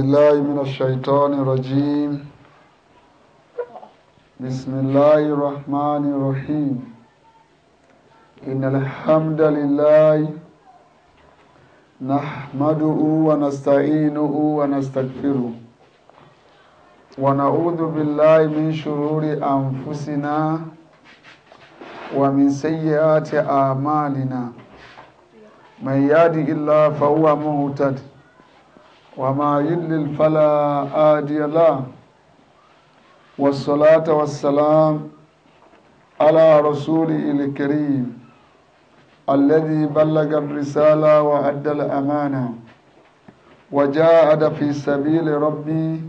الله من الشيطان الرجيم بسم الله الرحمن الرحيم إن الحمد لله نحمده ونستعينه ونستغفره ونعوذ بالله من شرور أنفسنا ومن سيئات أعمالنا من يهده الله فهو مهتد وما يلل فلا هادي له والصلاة والسلام على رسوله الكريم الذي بلغ الرسالة وأدى الأمانة وجاهد في سبيل ربي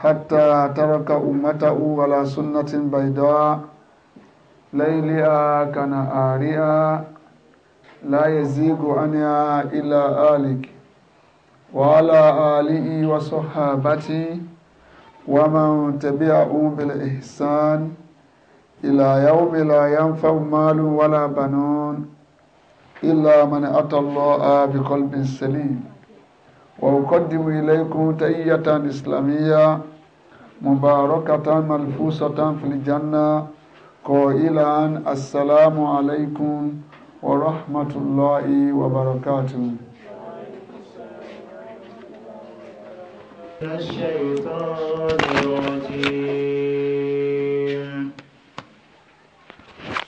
حتى ترك أمته على سنة بيضاء ليلها كنهارها لا يزيغ عنها إلا هالك وعلى آله وصحابته ومن تبعهم بالإحسان إلى يوم لا ينفع مال ولا بنون إلا من أتى الله بقلب سليم وأقدم إليكم تحية إسلامية مباركة ملفوسة في الجنة قائلا السلام عليكم ورحمة الله وبركاته الشيطان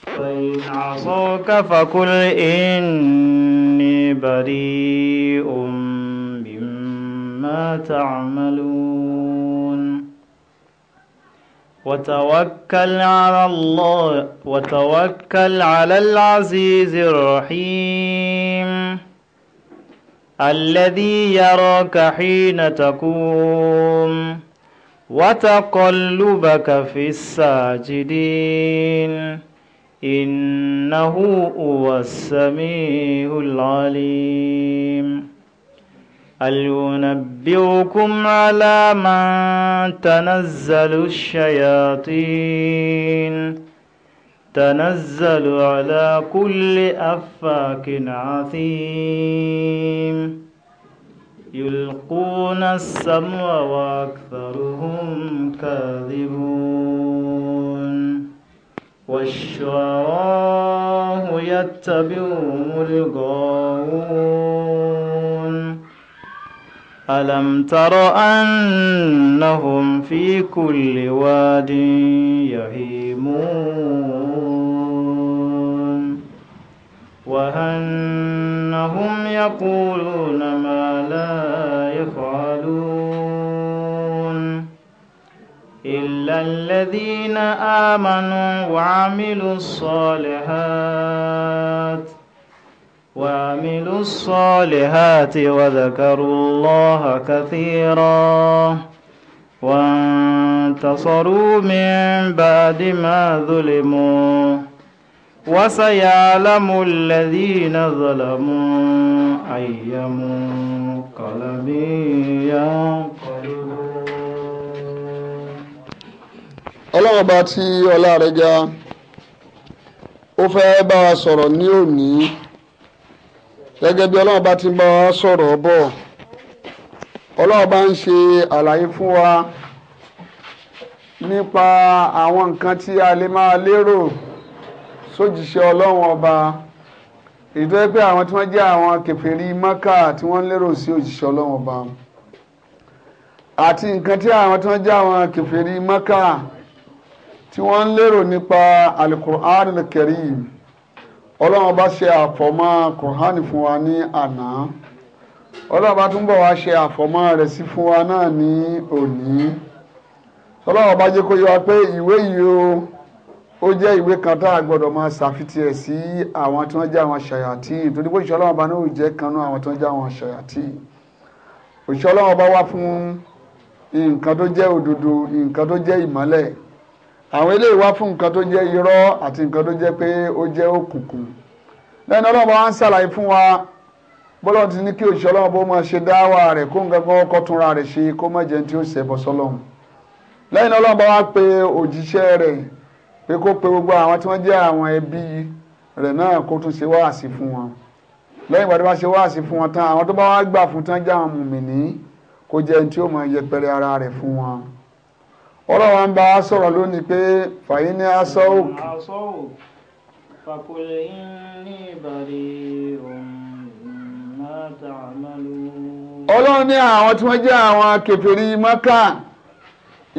فإن عصوك فقل إني بريء مما تعملون وتوكل على الله وتوكل على العزيز الرحيم الذي يراك حين تقوم وتقلبك في الساجدين إنه هو السميع العليم هل ينبئكم على من تنزل الشياطين تنزل على كل أفاك عثيم يلقون السمع وأكثرهم كاذبون والشعراء يتبعهم الغاوون ألم تر أنهم في كل واد يهيمون وأنهم يقولون ما لا يفعلون إلا الذين آمنوا وعملوا الصالحات وعملوا الصالحات وذكروا الله كثيرا وانتصروا من بعد ما ظلموا وسيعلم الذين ظلموا أي منقلب ينقلبون ọlọ́run ọba tí ọlá rẹ̀ ga ó fẹ́ bá wa sọ̀rọ̀ ní òní gẹ́gẹ́ bí ọlọ́run ọba ti bá wa sọ̀rọ̀ bọ̀ ọlọ́run ọba ń ṣe àlàyé fún wa nípa àwọn nǹkan tí a lè máa lérò sójíṣẹ́ ọlọ́run ọba èyí tó yẹ pé àwọn tí wọ́n jẹ́ àwọn kèfèrí Mákà tí wọ́n lérò sí òjíṣẹ́ ọlọ́run ọba àti nǹkan tí àwọn tí wọ́n jẹ́ àwọn kèfèrí Mákà tí wọ́n ń lérò nípa alukur'an al-Karim ọlọ́run ọba ṣe àfọ̀mọ́ kùránì fún wa ní àná ọlọ́run ọba tún bọ̀ wá ṣe àfọ̀mọ́ rẹ̀ sí fún wa náà ní òní ọlọ́run ọba jẹ́ kó yé wa pé ìwé yìí o ó jẹ́ ìwé kan tá a gbọ́dọ̀ máa ṣàfitì ẹ̀ sí àwọn tí wọ́n jẹ́ àwọn ṣàyàtì nítorí pé òṣìṣẹ́ ọlọ́wọ́n bá náà ò jẹ́ kan náà àwọn tí wọ́n jẹ́ àwọn ṣàyàtì òṣìṣẹ́ ọlọ́wọ́n bá wá fún nǹkan tó jẹ́ òdodo nǹkan tó jẹ́ ìmọ́lẹ̀ àwọn eléyìí wá fún nǹkan tó jẹ́ irọ́ àti nǹkan tó jẹ́ pé ó jẹ́ òkùnkùn lẹ́nu ọlọ́wọ́n bá ń ṣàlàyé fún wa bọ́lá ti ní kí bá wá pe òjíṣẹ́ rẹ̀ pé kó pe gbogbo àwọn tí wọ́n jẹ́ àwọn ẹbí rẹ̀ náà kó tún ṣe wáàsí fún wọn lẹ́yìn ìgbà tó bá ṣe wáàsí fún wọn tán àwọn tó bá wá gbà fún tán jẹ́ àwọn mùmìnì kó jẹ́ tí ó mọ iyẹpẹrẹ ara rẹ̀ fún wọn ọ̀rọ̀ wa ń bá a sọ̀rọ̀ lónìí pé fàyín ní aṣọ òkè فقل إني بريء مما تعملون ọlọ́run ní àwọn tí wọ́n jẹ́ àwọn kèfèrí Mákà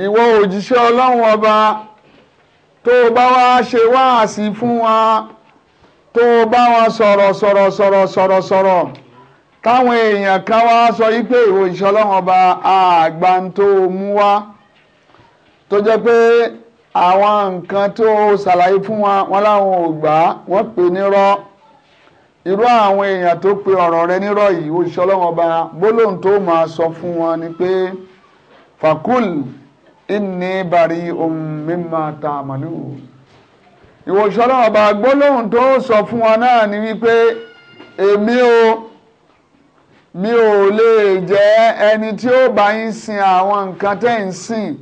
ìwọ òjíṣẹ́ ọlọ́run ọba tó o bá wá ṣe wáàsí fún wa tó o bá wa sọ̀rọ̀ sọ̀rọ̀ sọ̀rọ̀ sọ̀rọ̀ sọ̀rọ̀ táwọn èèyàn kan wá sọ yí pé ìwò ìṣọlọ́wọ́n ọba àgbà tó o mú wá tó jẹ́ pé àwọn nǹkan tó o ṣàlàyé fún wa wọn láwọn ò gbà wọ́n pè nírọ́ irú àwọn èèyàn tó pe ọ̀rọ̀ rẹ nírọ́ yìí ìwò ìṣọlọ́wọ́n ọba gbólóhùn tó máa sọ fún wọn ni pé fakul inni bari'un mimma ta'malun ìwòsàn ọba gbólóhùn tó sọ fún wa náà ni wípé èmi o mi ò lè jẹ́ ẹni tí ó bá yín sin àwọn nǹkan tẹ́ ń sìn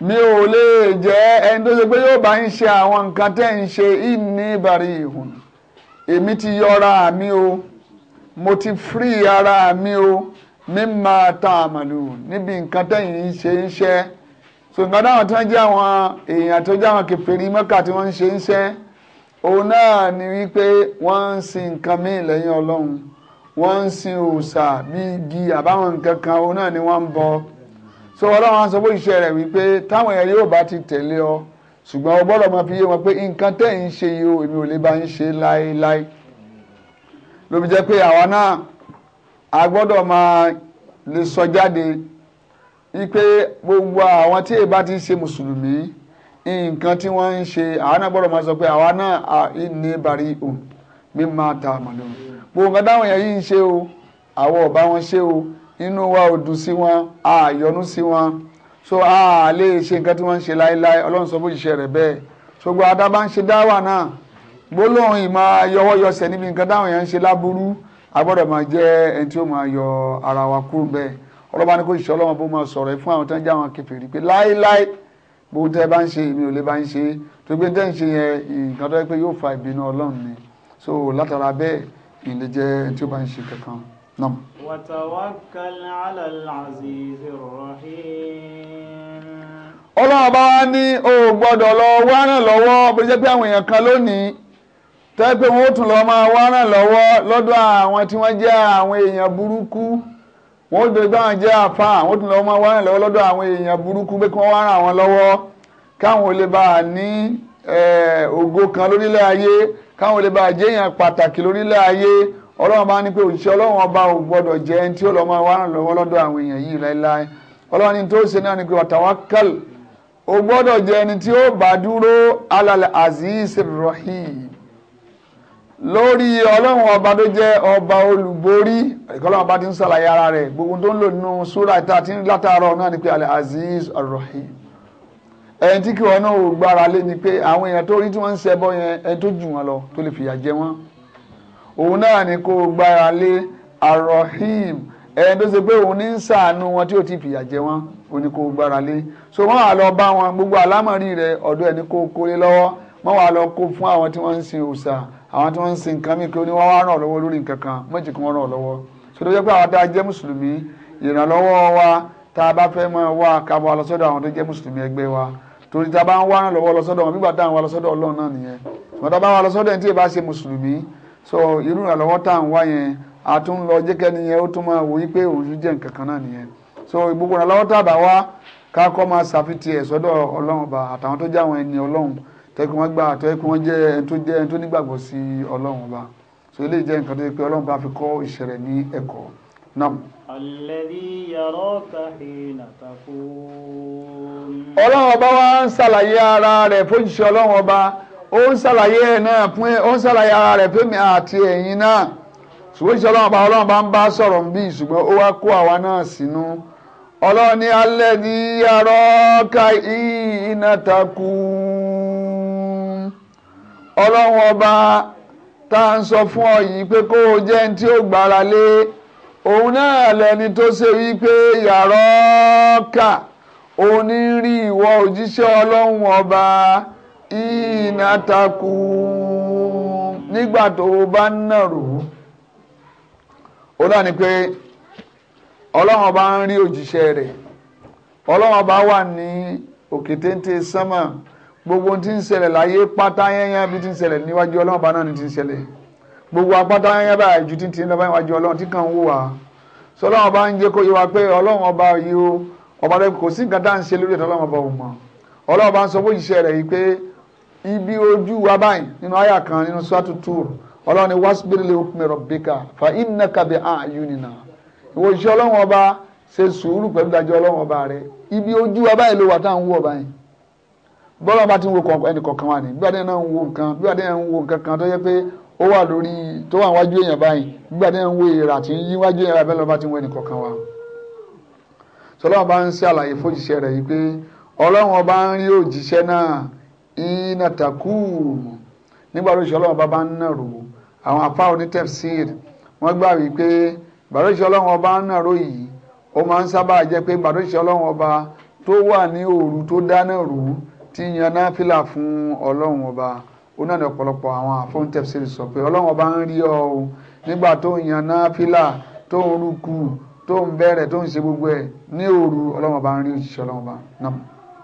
mi ò lè jẹ́ ẹni tó ṣe pé yóò bá ṣe àwọn nǹkan tẹ́ ń ṣe inni ti yọra mi o mo ti ara mi o. mímá tá a màlù níbi nǹkan tẹ̀yìn ṣe ń ṣẹ́ so nǹkan táwọn tó ń jẹ́ àwọn èèyàn tó jẹ́ àwọn kèfèrí Mẹ́kà tí wọ́n ń ṣe ń ṣẹ́ òun náà ni wípé wọ́n ń sin nǹkan míì lẹ́yìn Ọlọ́run wọ́n ń sin òòṣà bíi igi àbáwọn nǹkan kan òun náà ni wọ́n ń bọ so Ọlọ́run sọ fún iṣẹ́ rẹ̀ wípé táwọn ẹ̀rí ò bá ti tẹ̀lé ọ ṣùgbọ́n o gbọ́dọ̀ máa fi yé wọn pé nǹkan tẹ̀ ń ṣe yìí o èmi ò lè bá ń ṣe láéláé ló jẹ́ pé àwa náà a gbọ́dọ̀ máa lè sọ jáde wípé gbogbo àwọn tí èyí bá ti ṣe mùsùlùmí nǹkan tí wọ́n ń ṣe àwa náà gbọ́dọ̀ máa sọ pé àwa náà ní bari o mi máa ta àmàlẹ́ o gbogbo nǹkan táwọn èèyàn yìí ń ṣe o àwọn ò bá wọn ṣe o inú wa ò dùn sí wọn a yọ́nú sí wọn so a lè ṣe nǹkan tí wọ́n ń ṣe láéláé ọlọ́run sọ bójúṣe rẹ̀ bẹ́ẹ̀ ṣùgbọ́n adá bá ń ṣe dáwà náà gbólóhùn ìmọ̀ yọwọ́yọsẹ̀ níbi nǹkan táwọn èèyàn ń ṣe láburú a gbọ́dọ̀ máa jẹ́ ẹni tí ó máa yọ ara wa kúrò bẹ́ẹ̀ ọlọ́ba ní kó ṣiṣẹ́ ọlọ́wọ́n bó máa sọ̀rọ̀ fún àwọn tó ń jẹ́ àwọn kèfèrí pé láéláé bó tẹ́ bá ń ṣe èmi ò lè bá ń ṣe tó gbé tẹ́ ń ṣe yẹn nǹkan tó yẹ pé yóò fa ìbínú ọlọ́run ni so látara bẹ́ẹ̀ ìlè jẹ́ ẹni tí ó bá ń ṣe kankan náà. wa bá wá ní o gbọ́dọ̀ lọ wá náà lọ́wọ́ bó jẹ́ pé àwọn èèyàn kan lónìí tẹ́gbẹ́ wọ́n ó tún lọ máa wá ràn lọ́wọ́ lọ́dọ̀ àwọn tí wọ́n jẹ́ àwọn èèyàn burúkú wọ́n ó dé gbáwọn jẹ́ àfa àwọn ó tún lọ máa wá ràn lọ́wọ́ lọ́dọ̀ àwọn èèyàn burúkú pé wọ́n wá lọ́wọ́ káwọn ò lè bá a ní ògo kan lórílẹ̀ ayé káwọn ò lè bá a jẹ́ èèyàn pàtàkì lórílẹ̀ ayé ọlọ́run bá lórí ọlọ́run ọba tó jẹ́ ọba olùborí ìkọlọ́run ọba ti ń sàlàyé ara rẹ̀ gbogbo tó ń lò nínú súrà ìta tí ń látàárọ̀ náà ni pé al-aziz ar-rahim ẹni tí kí wọn náà ò gbára lé ni pé àwọn èèyàn tó rí tí wọ́n ń ṣẹbọ yẹn ẹni tó jù wọn lọ tó lè fìyà jẹ wọn òun náà ni kó gbára lé ar-rahim ẹni tó ṣe pé òun ní ń ṣàánú wọn tí ò ti fìyà jẹ wọn ó ní kó gbára lé so wọn wà lọ bá wọn gbogbo àlámọ̀rí rẹ̀ ọ̀dọ̀ ẹni kó kórè lọ́wọ́ wọn wà lọ kó fún àwọn tí wọ́n ń sin òòṣà àwọn tí wọ́n ń sin nǹkan mí kí ó ní wọ́n wá ràn lọ́wọ́ lórí nǹkan kan méjì kí wọ́n ràn lọ́wọ́ so tó jẹ́ pé àwọn tá a jẹ́ mùsùlùmí ìrànlọ́wọ́ wa tá a bá fẹ́ mọ́ wa ká wá lọ sọ́dọ̀ àwọn tó jẹ́ mùsùlùmí ẹgbẹ́ wa torí tá a bá ń wá ràn lọ́wọ́ lọ sọ́dọ̀ wọn bí gbàtà àwọn lọ́sọ́dọ̀ ọlọ́run náà nìyẹn wọ́n tá a bá wà lọ́sọ́dọ̀ ẹni tí ì bá ṣe mùsùlùmí so irú ìrànlọ́wọ́ tá à ń wá yẹn a tún lọ jẹ́kẹ́ nìyẹn ó tún máa wòye pé òun jẹ́ nǹkan kan náà nìyẹn so gbogbo ìrànlọ́wọ́ tá a bá wá ká kọ́ máa ṣàfitì ẹ̀ sọ́dọ̀ ọlọ́run bá àtàwọn tó jẹ́ àwọn ẹni ọlọ́run tẹ́kí wọ́n gbà tó yẹ kí wọ́n jẹ́ ẹni tó jẹ́ ẹni tó nígbàgbọ́ sí ọlọ́run ọba so eléyìí jẹ́ nǹkan tó yẹ pé ọlọ́run bá fi kọ́ ìṣẹ̀rẹ̀ ní ẹ̀kọ́ náà. alladhi yaraka hina taqum. ọlọ́run ọba wa ń ṣàlàyé ara rẹ̀ fójúṣe ọlọ́run ọba ó ń ṣàlàyé ẹ̀ náà fún ẹ ó ń ṣàlàyé ara rẹ̀ fún mi àti ẹ̀yin náà ṣùgbọ́n ọlọ́run ọba ọlọ́run bá ń bá sọ̀rọ̀ bí ṣùgbọ́n ó wá kó ọlọ́run ọba tá à ń sọ fún ọ yìí pé kó o jẹ́ ní tí ó gbára lé òun náà lẹni tó ṣe wípé yàrá kà òun rí ìwọ òjíṣẹ́ ọlọ́run ọba ìnàtàkù nígbà tó o bá ń nàró ó dà ní pé ọlọ́run ọba ń rí òjíṣẹ́ rẹ̀ ọlọ́run ọba wà ní òkè téńté sánmà. gbogbo tí ń ṣẹlẹ̀ láyé pátá yẹ́yẹ́ bí tí ń ṣẹlẹ̀ níwájú ọlọ́run bá náà ni tí ń ṣẹlẹ̀ gbogbo apátá yẹ́yẹ́ bá ìjú tí ń tiẹ̀ lọ́ba níwájú ọlọ́run tí kàn ń wò wá sọ ọlọ́run ọba ń jẹ́ kó yé wa pé ọlọ́run ọba yìí o ọba rẹ kò sí nǹkan tá ń ṣe lórí ẹ̀tọ́ ọlọ́run ọba ò mọ̀ ọlọ́run ọba ń sọ fún ìṣe rẹ̀ yìí pé ibi ojú wa báyìí nínú àyà kan nínú suratu Tur ọlọ́run ni wasbir li fa innaka bi a'yunina ìwọ ìṣe ọlọ́run ọba ṣe sùúrù pẹ̀lú ìdájọ́ ọlọ́run ọba rẹ ibi ojú wa ló wà tá à ń wò báyìí bọ́lá bá ti ń wo ẹnìkọ̀ọ̀kan wa ni bí adé náà ń wo nǹkan bí adé náà ń wo nǹkan kan tó yẹ pé ó wà lórí tó wà wájú èèyàn báyìí bí ti ń wo wa. sọlọ́wọ́n bá ń ṣe àlàyé fòjíṣẹ́ rẹ̀ yìí pé ọba ń rí òjíṣẹ́ náà iná takú nígbà bá ń àwọn afá onítẹ̀fsíìr wọ́n gbà tí yan náfìlà fún ọlọ́run ọba ó náà ní ọ̀pọ̀lọpọ̀ àwọn àfọ́ńtẹ̀sílì sọ pé ọlọ́run ọba ń rí ọ o nígbà tó ń yan náfìlà tó ń rúkú tó ń bẹ̀rẹ̀ tó ń ṣe gbogbo ẹ̀ ní òru ọlọ́run ọba ń rí òṣìṣẹ́ ọlọ́run ọba náà.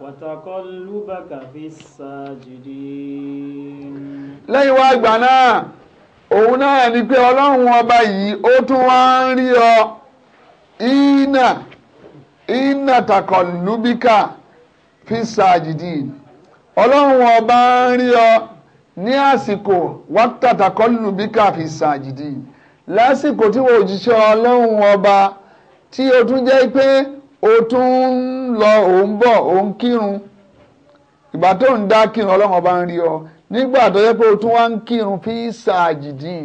wataqallubaka fis-sajidin. lẹ́yìn wá ìgbà náà òun náà ni pé ọlọ́run ọba yìí ó tún wá ń rí ọ ìnà ìnà taqallubika fis-sajidin ọlọ́run ọba ń rí ọ ní àsìkò wákàtàkọ́ lù bí káfí sàjìdì lásìkò tí wọ́n òjíṣẹ́ ọlọ́run ọba tí o tún jẹ́ pé o tún ń lọ òun bọ̀ òun kírun ìgbà tó ń dá kírun ọlọ́run ọba ń rí ọ nígbà tó jẹ́ pé o tún wá ń kírun fi sàjìdì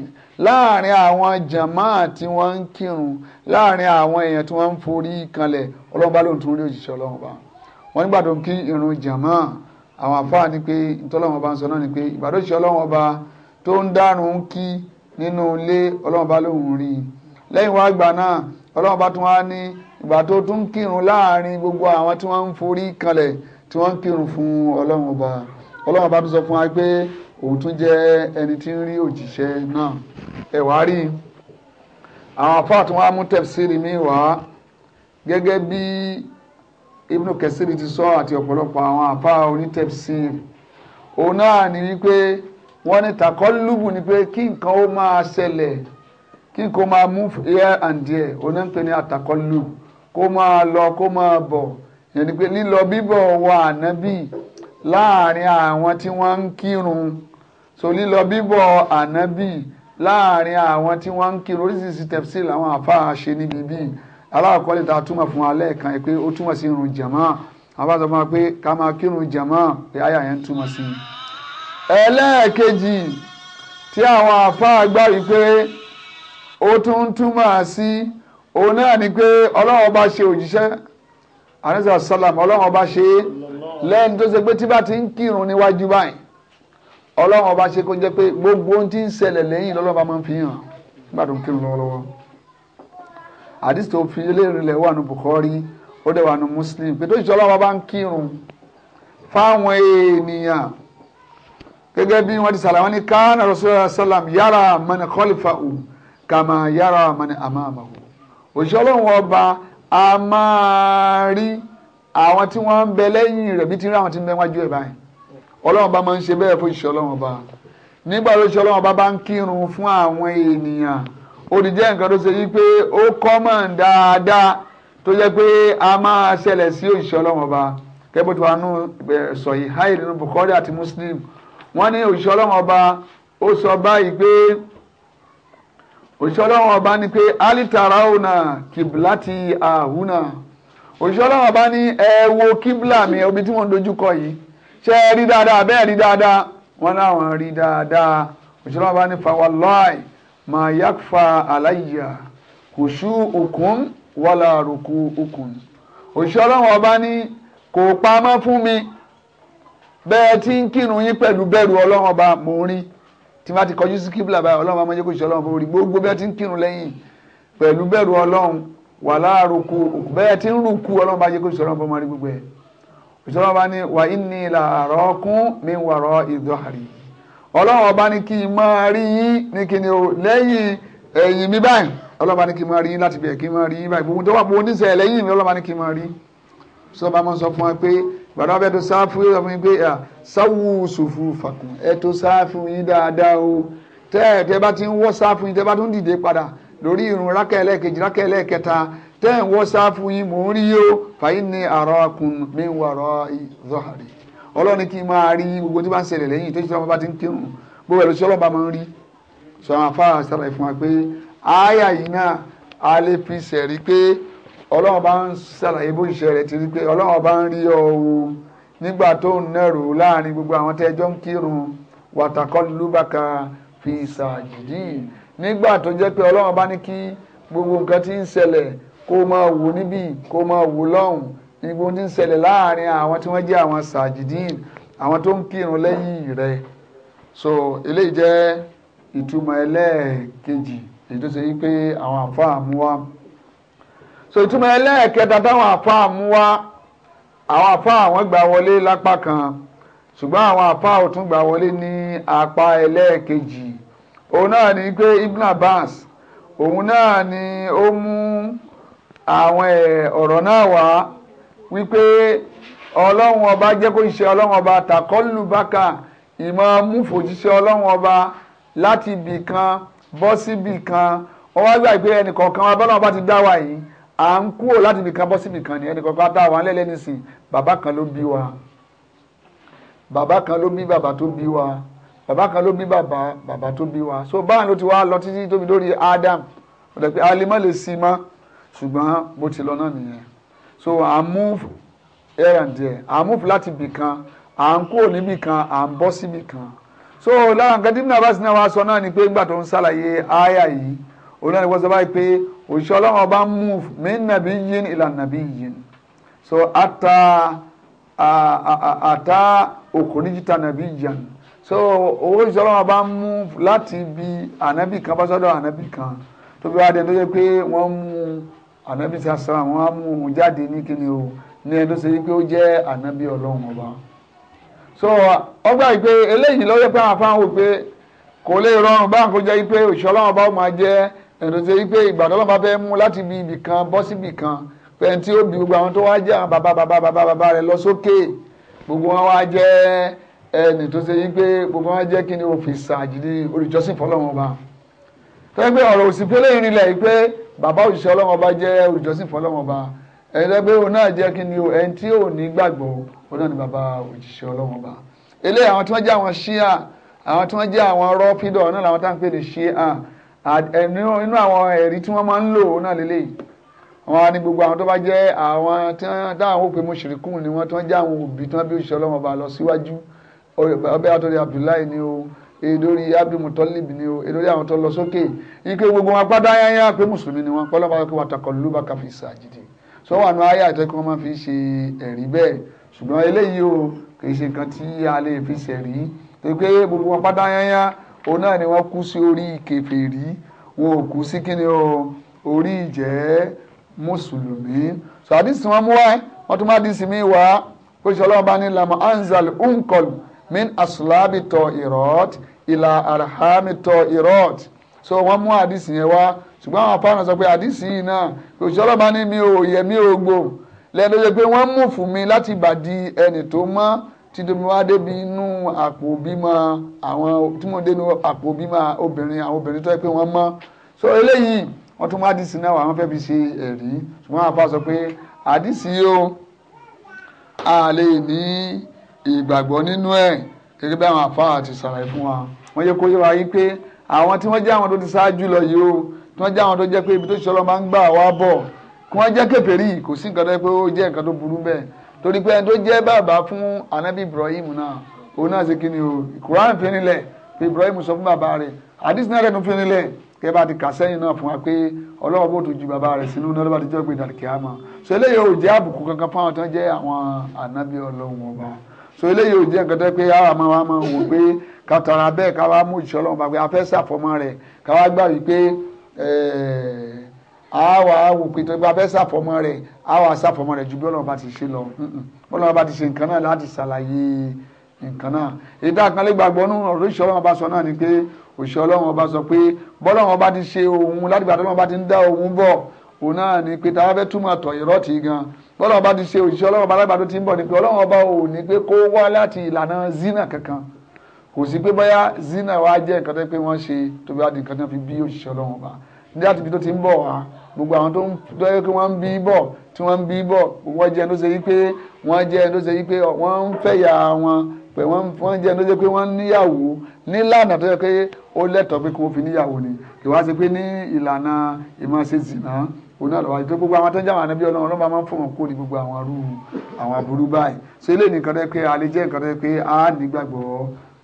láàrin àwọn jàmáà tí wọ́n ń kírun láàrin àwọn èèyàn tí wọ́n ń forí kanlẹ̀ ọlọ́run bá lóun tún rí òjíṣẹ́ ọlọ́run ọba wọn nígbà tó ń kí irun jàmáà àwọn àfáà ni pé ìtọ́lọ́wọ́n bá ń sọ náà ni pé ìbàdóṣe ọlọ́wọ́n bá tó ń dárun kí nínú ilé ọlọ́wọ́n bá lóhùn rí i lẹ́yìn wá gbà náà ọlọ́wọ́n bá tún wá ní ìgbà tó tún kírun láàrin gbogbo àwọn tí wọ́n ń forí kanlẹ̀ tí wọ́n ń kírun fún ọlọ́wọ́n bá ọlọ́wọ́n bá tún sọ fún wa pé òun tún jẹ́ ẹni tí ń rí òjíṣẹ́ náà ẹ̀ wá rí i àwọn àfáà tún wá mú tẹ̀síìrì míì wá gẹ́gẹ́ bíi Ibn Kathir ti sọ àti ọ̀pọ̀lọpọ̀ àwọn àpá onítẹ̀sír òun náà ni wípé wọ́n ní takọ́lùbù ni pé kí nǹkan ó máa ṣẹlẹ̀ kí nǹkan ó máa move here and there òun náà ń pè ní àtakọ́lùbù kó máa lọ kó máa bọ̀ yẹn ni pé lílọ bíbọ̀ wa ànábì láàrin àwọn tí wọ́n ń kírun so lílọ bíbọ̀ ànábì láàrin àwọn tí wọ́n ń kírun oríṣiríṣi tẹ̀síl àwọn àfáà ṣe níbi bíi aláàkọ́lẹ̀ tá a túmọ̀ fún wa lẹ́ẹ̀kan yìí pé ó túmọ̀ sí irun jàmá àbájọ máa pé ká máa kírun jàmá pé àyà yẹn túmọ̀ sí. ẹlẹ́ẹ̀kejì tí àwọn àfáà gbà wípé ó tún túmọ̀ sí òun náà ni pé ọlọ́run ọba ṣe òjíṣẹ́ anisa salam ọlọ́run ọba ṣe é lẹ́yìn tó ṣe pé tí bá ti ń kírun níwájú báyìí ọlọ́run ọba ṣe kó jẹ́ pé gbogbo ohun tí ń ṣẹlẹ̀ lẹ́yìn lọ́lọ́ba máa ń fi hàn nígbà tó ń kírun lọ́wọ́lọ́wọ́ àdìsí tó fi lérinlẹ̀ wà ní Bukhari ó dẹ̀ wà ní Muslim pé tó ìṣọ́lá wa bá ń kírun fáwọn ènìyàn gẹ́gẹ́ bí wọ́n ti sàlàyé ní kánà Rasulullah sallam yára mani khalifahu kàmá yára mani amamahu òṣìṣẹ́ ọlọ́run ọba a máa rí àwọn tí wọ́n ń bẹ lẹ́yìn rẹ̀ bí ti rí àwọn tí ń bẹ wájú ẹ̀ báyìí ọlọ́run ọba máa ń ṣe bẹ́ẹ̀ fún òṣìṣẹ́ ọlọ́run ọba nígbà tó ṣe ọlọ́run ọba bá ń kírun fún àwọn ènìyàn ó ti jẹ́ nǹkan tó ṣe yí pé ó kọ́mọ̀ dáadáa tó jẹ́ pé a máa ṣẹlẹ̀ sí òṣìṣẹ́ ọlọ́run ọba kẹ́bí tó wà nù sọ̀yìn háyè nínú Bukhari àti Muslim wọ́n ní òṣìṣẹ́ ọlọ́run ọba ó sọ báyìí pé òṣìṣẹ́ ọlọ́run ọba ní pé alitara ọ̀nà kìbìláti àhúnà òṣìṣẹ́ ọlọ́run ọba ní ẹ wo kíbìlà mi omi tí wọ́n ń dojúkọ yìí ṣé rí dáadáa bẹ́ẹ̀ rí dáadáa wọ́n láwọn rí dáadáa òṣìṣẹ́ ọlọ́run ọba ní fàwọ́láì ma yakfa alayya khushu'ukum wala ruku'ukum òṣìṣẹ́ ọlọ́run ọba ní kò pamọ́ fún mi bẹ́ẹ̀ tí ń kírun yín pẹ̀lú bẹ̀rù ọlọ́run ọba mò ń rí tí wọ́n ti kọjú sí kíbla báyìí ọlọ́run ọba mọ́jẹ́ kò ṣe ọlọ́run borí gbogbo bẹ́ẹ̀ tí ń kírun lẹ́yìn pẹ̀lú bẹ̀rù ọlọ́run wala ruku'ukum bẹ́ẹ̀ tí ń rúkú ọlọ́run ọba jẹ́ kò ṣe ọlọ́run ọba rí gbogbo ẹ̀ òṣìṣẹ́ ọlọ́run ọba ní wà inni la arakum min wara'i dhahri ọlọ́run ọba ní kí n máa rí yín ní kí ni o lẹ́yìn ẹ̀yìn mi báyìí ọlọ́run ọba ní kí n máa rí yín láti bẹ̀rẹ̀ kí n máa rí yín báyìí gbogbo tó wà pé oníṣẹ́ lẹ́yìn mi ọlọ́run ọba ní kí n máa rí sọba máa sọ fún wa pé gbàdúrà bẹ́ẹ̀ tó sáfù yóò sọ fún mi pé sáwù sùfù fàkùn ẹ tó sáfù yín dáadáa o tẹ́ ẹ tẹ́ bá ti ń wọ́ sáfù yín tẹ́ bá tún dìde padà lórí irun rákẹ́lẹ́ ọlọ́run ní kí n máa rí gbogbo tí wọ́n ń ṣẹlẹ̀ lẹ́yìn tó ṣe ọmọ bá ti ń kírun gbogbo ẹ̀rọ sí ọlọ́ba máa ń rí sọ àwọn afárá sára ìfún wa pé àáyà yìí náà a lè fi ṣẹ̀rí pé ọlọ́run bá ń ṣàlàyé bó ṣiṣẹ́ rẹ̀ ti rí pé ọlọ́run bá ń rí ọ o nígbà tó ń nẹ̀rù láàrin gbogbo àwọn tẹ́jọ́ ń kírun wàtàkọ́lùbàkà fi ṣàjìdì nígbà tó jẹ́ pé ọlọ́run bá ní kí gbogbo nǹkan tí ń ṣẹlẹ̀ kó máa wò níbí kó máa wò lọ́hùn níbi ohun tí ń ṣẹlẹ̀ láàrin àwọn tí wọ́n jẹ́ àwọn sàjìdín àwọn tó ń kírun lẹ́yìn rẹ̀ so eléyìí jẹ́ ìtumọ̀ ẹlẹ́ẹ̀kejì èyí tó ṣe yí pé àwọn àfáà mú wá so ìtumọ̀ ẹlẹ́ẹ̀kẹta táwọn àfáà mú wá àwọn àfáà wọ́n gbà wọlé lápá kan ṣùgbọ́n àwọn àfáà ò tún gbà wọlé ní apá ẹlẹ́ẹ̀kejì òun náà ni pé Ibn Abbas òun náà ni ó mú àwọn ọ̀rọ̀ náà wá wípé ọlọ́run ọba jẹ́ kó ṣe ọlọ́run ọba tàkọ́lù bákà ìmọ̀ múfòjíṣẹ́ ọlọ́run ọba láti ibì kan bọ́ síbì kan wọ́n wá gbà pé ẹnìkọ̀ọ̀kan wa ọba ti dá wa yìí à ń kúrò láti ibì kan bọ́ síbì kan ni ẹnìkọ̀ọ̀kan dá wa lẹ́lẹ́ nísìn bàbá kan ló bí wa bàbá kan ló bí bàbá tó bí wa bàbá kan ló bí bàbá bàbá tó bí wa so báyìí ló ti wá lọ títí tóbi lórí Adam ọ̀dọ̀ pé a lè má lè sí i mọ́ ṣùgbọ́n bó ti lọ náà nìyẹn so I move here and there I move láti ibì kan à ń kúrò níbì kan à ń bọ́ síbì kan so lára nǹkan tí Ibn Abbas náà wá sọ náà ni pé nígbà tó ń ṣàlàyé àyà yìí òun náà ni wọ́n sọ báyìí pé òṣìṣẹ́ ọlọ́run ọba ń move min nabiyyin ila nabiyyin so ata ata okunijita nabiyyan so owó òṣìṣẹ́ ọlọ́run ọba ń move láti ibi ànábì kan bá sọ́dọ̀ ànábì kan tó bí wá dé tó yẹ pé wọ́n mú un ànábì sí asọ́ra wọn á mú un jáde ní kíni o ní ẹni tó ṣe wípé ó jẹ́ ànábì ọlọ́run ọba so ọgbà ìpè eléyìí lọ́yẹ́ pé àwọn afáwọn wò pé kò lè rọrùn báwọn kò jẹ́ wípé òṣìṣẹ́ ọlọ́run ọba ó máa jẹ́ ẹni tó ṣe wípé ìgbà tó lọ́ba fẹ́ mú láti ibi ibì kan bọ́ síbì kan pẹ̀lú tí ó bi gbogbo àwọn tó wá jẹ́ àwọn bàbá bàbá bàbá bàbá rẹ̀ lọ sókè gbogbo wọn wá jẹ́ ẹni tó ṣe wípé gbogbo wọn jẹ́ kí ni òfìsà olùjọ́sìn fọlọ́run ọba tẹ́gbẹ́ ọ̀rọ̀ òsì pé lẹ́yìn rilẹ̀ yìí pé bàbá òṣìṣẹ́ ọlọ́run ọba jẹ́ olùjọ́sìn fún ọlọ́run ọba ẹ̀ẹ́dẹ́gbẹ́ òun náà jẹ́ kí ni o ẹni tí ò ní gbàgbọ́ òun náà ni bàbá òṣìṣẹ́ ọlọ́run ọba eléyìí àwọn tí wọ́n jẹ́ àwọn ṣíà àwọn tí wọ́n jẹ́ àwọn rọ́pídọ̀ náà làwọn tá à ń pè ní ṣíà inú àwọn ẹ̀rí tí wọ́n máa ń lò náà lélẹ́yìí wọn ní gbogbo àwọn tó bá jẹ́ àwọn táwọn ó pe mùṣírikùn ni wọ́n tí wọ́n jẹ́ àwọn òbí tí wọ́n bí òṣìṣẹ́ ọlọ́run ọba lọ síwájú ọbẹ̀ àtọ́lẹ̀ Abdullahi ni o èdórí e abdulmutallib ni o èdórí e àwọn tó lọ sókè ike gbogbo wọn pátá yáyá pé mùsùlùmí ni wọn pọlọpàá lọkọ wọn takọ lùbá káfí sàjìdì sọ wà nù ayé àtẹkùn wọn máa fi ṣe ẹ̀rí bẹ́ẹ̀ ṣùgbọ́n eléyìí o kì í ṣe nǹkan tí a lè fi ṣẹ̀rí pé gbogbo wọn pátá òun náà ni wọn kú sí orí kèfèrí wọn ò kú sí kíni o orí ìjẹ́ mùsùlùmí sọ àdìsí wọn mú wá wọn tún má dìsí mi wá ó ṣe ọlọ́run unkol min aslabi tọ ìrọ́tì ìlà arhamitọ irot so wọ́n mú àdìsí yẹn wá ṣùgbọ́n àwọn afáàná sọ pé àdìsí yìí náà òṣìṣẹ́ ọlọ́ba ní mi ò yẹ mi ò gbò lẹ́nu yẹ pé wọ́n mú fún mi láti ìbàdí ẹni tó mọ́ títí wá débi inú àpò bímọ àwọn tí mo àpò bímọ obìnrin àwọn obìnrin tó yẹ pé wọ́n mọ́ so eléyìí wọ́n tún mú àdìsí náà wá wọ́n fẹ́ fi ṣe ẹ̀rí ṣùgbọ́n àwọn afáà sọ pé àdìsí yìí ó a ní ìgbàgbọ́ nínú ẹ̀ gẹ́gẹ́ bí àwọn àfáà ti ṣàlàyé fún wa wọ́n yẹ kó yẹ wá yí pé àwọn tí wọ́n jẹ́ àwọn tó ti ṣáájú lọ yìí o tí wọ́n jẹ́ àwọn tó jẹ́ pé ibi tó ṣiṣẹ́ lọ máa ń gbà wá bọ̀ kí wọ́n jẹ́ kèfèrí kò sí nǹkan tó yẹ pé ó jẹ́ nǹkan tó burú bẹ́ẹ̀ torí pé ẹni tó jẹ́ bàbá fún anabi Ibrahim náà òun náà ṣe kíni o Quran fi nílẹ̀ pé Ibrahim sọ fún bàbá rẹ̀ àdìsí náà rẹ̀ tún fi nílẹ̀ kẹ́ bá ti kà sẹ́yìn náà fún wa pé Ọlọ́run bó tún ju bàbá rẹ̀ sínú náà lọ́ba tó jẹ́ pé ìdàkẹ́ àmọ́ ṣe eléyìí ò jẹ́ àbùkù kankan fáwọn tó ń jẹ́ àwọn anabi Ọlọ́run ọba so eléyìí ò jẹ́ nǹkan tó pé àwọn àmọ́ wa máa wò pé kàtàrà bẹ́ẹ̀ ká wá mú ìṣọ́ ọlọ́run bá pé a fẹ́ ṣàfọmọ́ rẹ̀ ká wá gbà wípé àwa eh, wò pé tó bá fẹ́ ṣàfọmọ́ rẹ̀ àwa ṣàfọmọ́ rẹ̀ ju bí ọlọ́run bá ti ṣe lọ ọlọ́run bá ti ṣe nǹkan náà láti ṣàlàyé nǹkan náà ìdá kan lè gbàgbọ́ nínú ọ̀rọ̀ ìṣọ́ ọlọ́run bá sọ náà ni pé òṣìṣẹ́ ọlọ́run ọba sọ pé bọ́lọ́run ọba ti ṣe òun látìgbà tó lọ́run ni pé táwa fẹ́ túmọ̀ tọ̀ bọ́lá ọba ti ṣe òṣìṣẹ́ ọlọ́run ọba alágbàdo ti ń bọ̀ ni pé ọlọ́run ọba ò ní pé kó wá láti ìlànà zina kankan kò sí pé bóyá zina wa jẹ́ nǹkan tó pé wọ́n ṣe tó bá di nǹkan tó fi bí òṣìṣẹ́ ọlọ́run ọba ní láti ibi tó ti ń bọ̀ wá gbogbo àwọn tó ń tọ́jú pé wọ́n ń bí bọ̀ tí wọ́n ń bí bọ̀ wọ́n jẹ́ tó ṣe yí pé wọ́n jẹ́ tó ṣe yí pé wọ́n ń fẹ̀yà wọn pé wọ́n jẹ́ tó ṣe pé wọ́n níyàwó nílànà tó yẹ pé ó lẹ́tọ̀ọ́ pé kí wọ́n fi níyàwó ni ìwá pé ní ìlànà ìmọ̀ ṣe zina òun náà lọ́wọ́ àti gbogbo àwọn tó ń jáwọn ànábí ọlọ́run ló máa ń fún wọn kó ní gbogbo àwọn arú àwọn aburú báyìí ṣe lè nìkan tẹ́ pé a lè jẹ́ nǹkan tẹ́ pé a nígbàgbọ́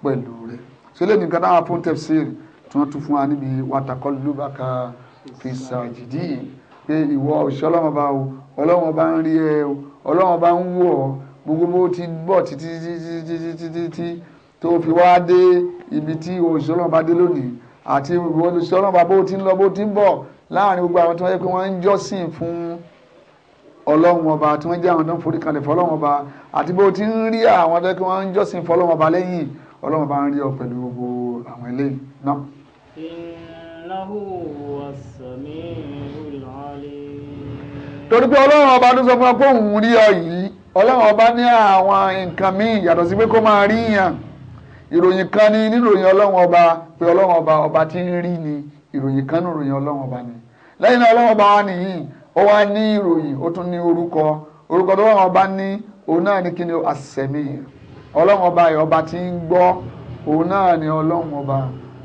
pẹ̀lú rẹ̀ ṣe lè nìkan táwọn fún tafsir tí wọ́n tún fún wa níbi wàtàkọ́ lóbákà fi sàjìdì pé ìwọ òṣìṣẹ́ ọlọ́run bá o ọlọ́run bá ń rí ẹ o ọlọ́run bá ń wò ọ́ gbogbo bó ti bọ̀ títí títí tó fi wá dé ibi tí òṣìṣẹ́ ọlọ́run bá dé lónìí àti òṣìṣẹ́ ọlọ́run bá bó ti ń lọ bó ti ń bọ̀ láàrin gbogbo àwọn tí wọ́n jẹ́ pé wọ́n ń jọ́sìn fún ọlọ́run ọba tí wọ́n jẹ́ àwọn tó ń forí kalẹ̀ fọlọ́run ọba àti bó ti ń rí àwọn tó jẹ́ pé wọ́n ń jọ́sìn fọlọ́run ọba lẹ́yìn ọlọ́run ọba ń rí ọ pẹ̀lú gbogbo àwọn eléyìí náà. innahu was-sami'ul 'alim. torí pé ọlọ́run ọba ló sọ fún wa pé òun rí ọ yìí ọlọ́run ọba ní àwọn nǹkan míì yàtọ̀ sí pé kó máa rí yàn ìròyìn kan ní níròyìn ọlọ́run ọba pé ọlọ́run ọba ọba ti ń rí ni ìròyìn kan ní ìròyìn ọlọ́run ọba ni lẹ́yìn náà ọlọ́run ọba wa nìyí ó wá ní ìròyìn ó tún ní orúkọ orúkọ tó wọ́n ọba ní òun náà ní kíni àsẹ̀mí ọlọ́run ọba yìí ọba tí ń gbọ́ òun náà ní ọlọ́run ọba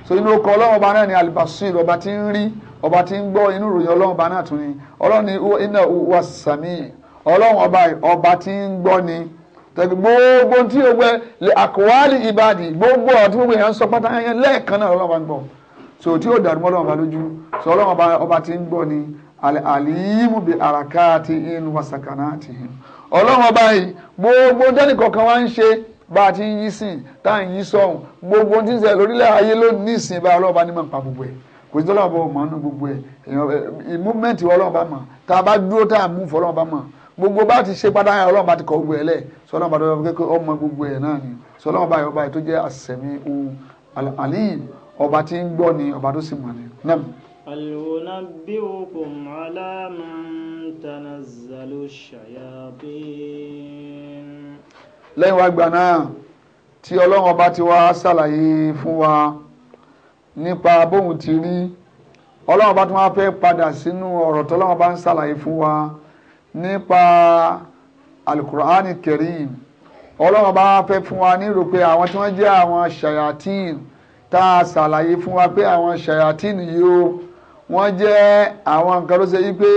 so inú orúkọ ọlọ́run ọba náà ní alibasir ọba tí ń rí ọba tí ń gbọ́ inú ìròyìn ọlọ́run ọba náà tún ni ọlọ́run ní iná wà sàmì ọlọ́run ọba ọba tí ń gbọ́ ni tẹ̀gbẹ́ gbogbo tí o gbẹ àkọ́wálì ìbàdí gbogbo ọ̀tún gbogbo èèyàn sọ pátá yẹn lẹ́ẹ̀kan náà ọlọ́run ọba ń gbọ́ so tí ó dàrú mọ́lọ́wọ́n bá lójú sọ ọlọ́wọ́n ọba ti ń gbọ́ ni àlìyímù bí àràká ti ń wà sàkánà ti hìn ọlọ́wọ́n ọba yìí gbogbo dẹ́nì kọ̀ọ̀kan wá ń ṣe bá a ti ń yí sìn tá à ń yí sọ̀hún gbogbo tí ń ṣe lórílẹ̀ ayé ló ní ìsìn bá ọlọ́wọ́n ọba ní màá pa gbogbo ẹ̀ kò sí tọ́lọ́wọ́n ọba mọ̀ nínú gbogbo ẹ̀ ìmúmẹ́ǹtì eh, gbogbo bá ti ṣe padà yẹn ọlọ́run bá ti kọ gbogbo ẹ̀ lẹ̀ sọlọ́run bá dọ́dọ́ kékeré ọmọ gbogbo ẹ̀ náà ni sọlọ́run bá yọ báyìí tó jẹ́ àsẹ̀mí ohun àlìyìn ọba tí ń gbọ́ ni ọba tó sì mọ̀ ni. أنبئكم على من تنزل الشياطين lẹ́yìn wá gbà náà tí ọlọ́run ọba ti wá ṣàlàyé fún wa nípa bóun ti rí ọlọ́run ọba tí wọ́n fẹ́ padà sínú ọ̀rọ̀ tọ́lọ́run ọba ń ṣàlàyé fún wa nípa alukur'ani kerim ọlọ́run ọba fẹ́ fún wa ní rò pé àwọn tí wọ́n jẹ́ àwọn ṣayatin tá a ṣàlàyé fún wa pé àwọn ṣàyàtìn yìí o wọ́n jẹ́ àwọn nǹkan ló ṣe yí pé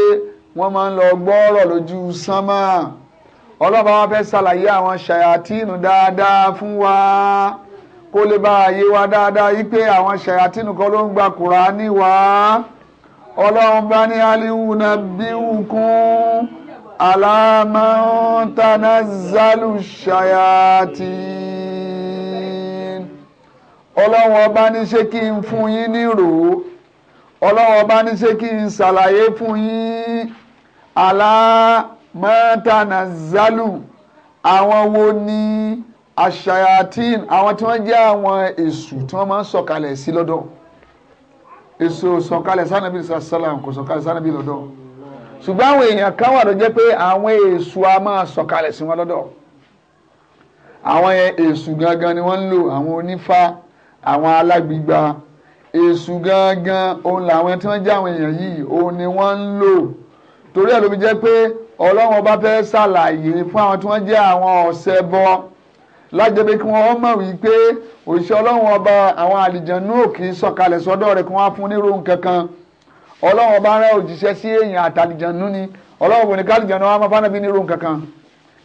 wọ́n máa ń lọ gbọ́rọ̀ lójú sánmà ọlọ́ba wa fẹ́ ṣàlàyé àwọn ṣàyàtìn dáadáa fún wa kó lè bá àyè wa dáadáa yí pé àwọn ṣàyàtìn kan ló ń gba Kùránì wa ọlọ́run bá ní aliwuna bíwùkún alámọ́ntánázálù ṣàyàtìn ọlọ́run ọba ní ṣé kí n fún yín nírò ọlọ́run ọba ní ṣé kí n ṣàlàyé fún yín alámọ́tànà zálù àwọn wo ni aṣayatin àwọn tí wọ́n jẹ́ àwọn èṣù tí wọ́n máa ń sọ̀kalẹ̀ sí lọ́dọ̀ èṣù sọ̀kalẹ̀ sànàbí sàlám kò sọ̀kalẹ̀ sànàbí lọ́dọ̀ ṣùgbọ́n àwọn èèyàn kan wà tó jẹ́ pé àwọn èṣù a máa sọ̀kalẹ̀ sí wọn lọ́dọ̀ àwọn èṣù gangan ni wọ́n ń lò àwọn onífá àwọn alágbígba èṣù gangan òun làwọn tí wọ́n jẹ́ àwọn èèyàn yìí òun ni wọ́n ń lò torí ẹ̀ ló fi jẹ́ pé ọlọ́run ọba fẹ́ ṣàlàyé fún àwọn tí wọ́n jẹ́ àwọn ọ̀sẹ̀ bọ́ lájẹbẹ kí wọ́n mọ̀ wípé òṣìṣẹ́ ọlọ́run ọba àwọn àlìjẹ̀nú òkè sọ̀kalẹ̀ sọ́dọ̀ rẹ̀ kí wọ́n á fún nírò kankan ọlọ́run ọba rẹ̀ òjíṣẹ́ sí èèyàn àtàlìjẹ̀nú ni ọlọ́run òbòní kálìjẹ̀nú wọn máa fánàbí nírò kankan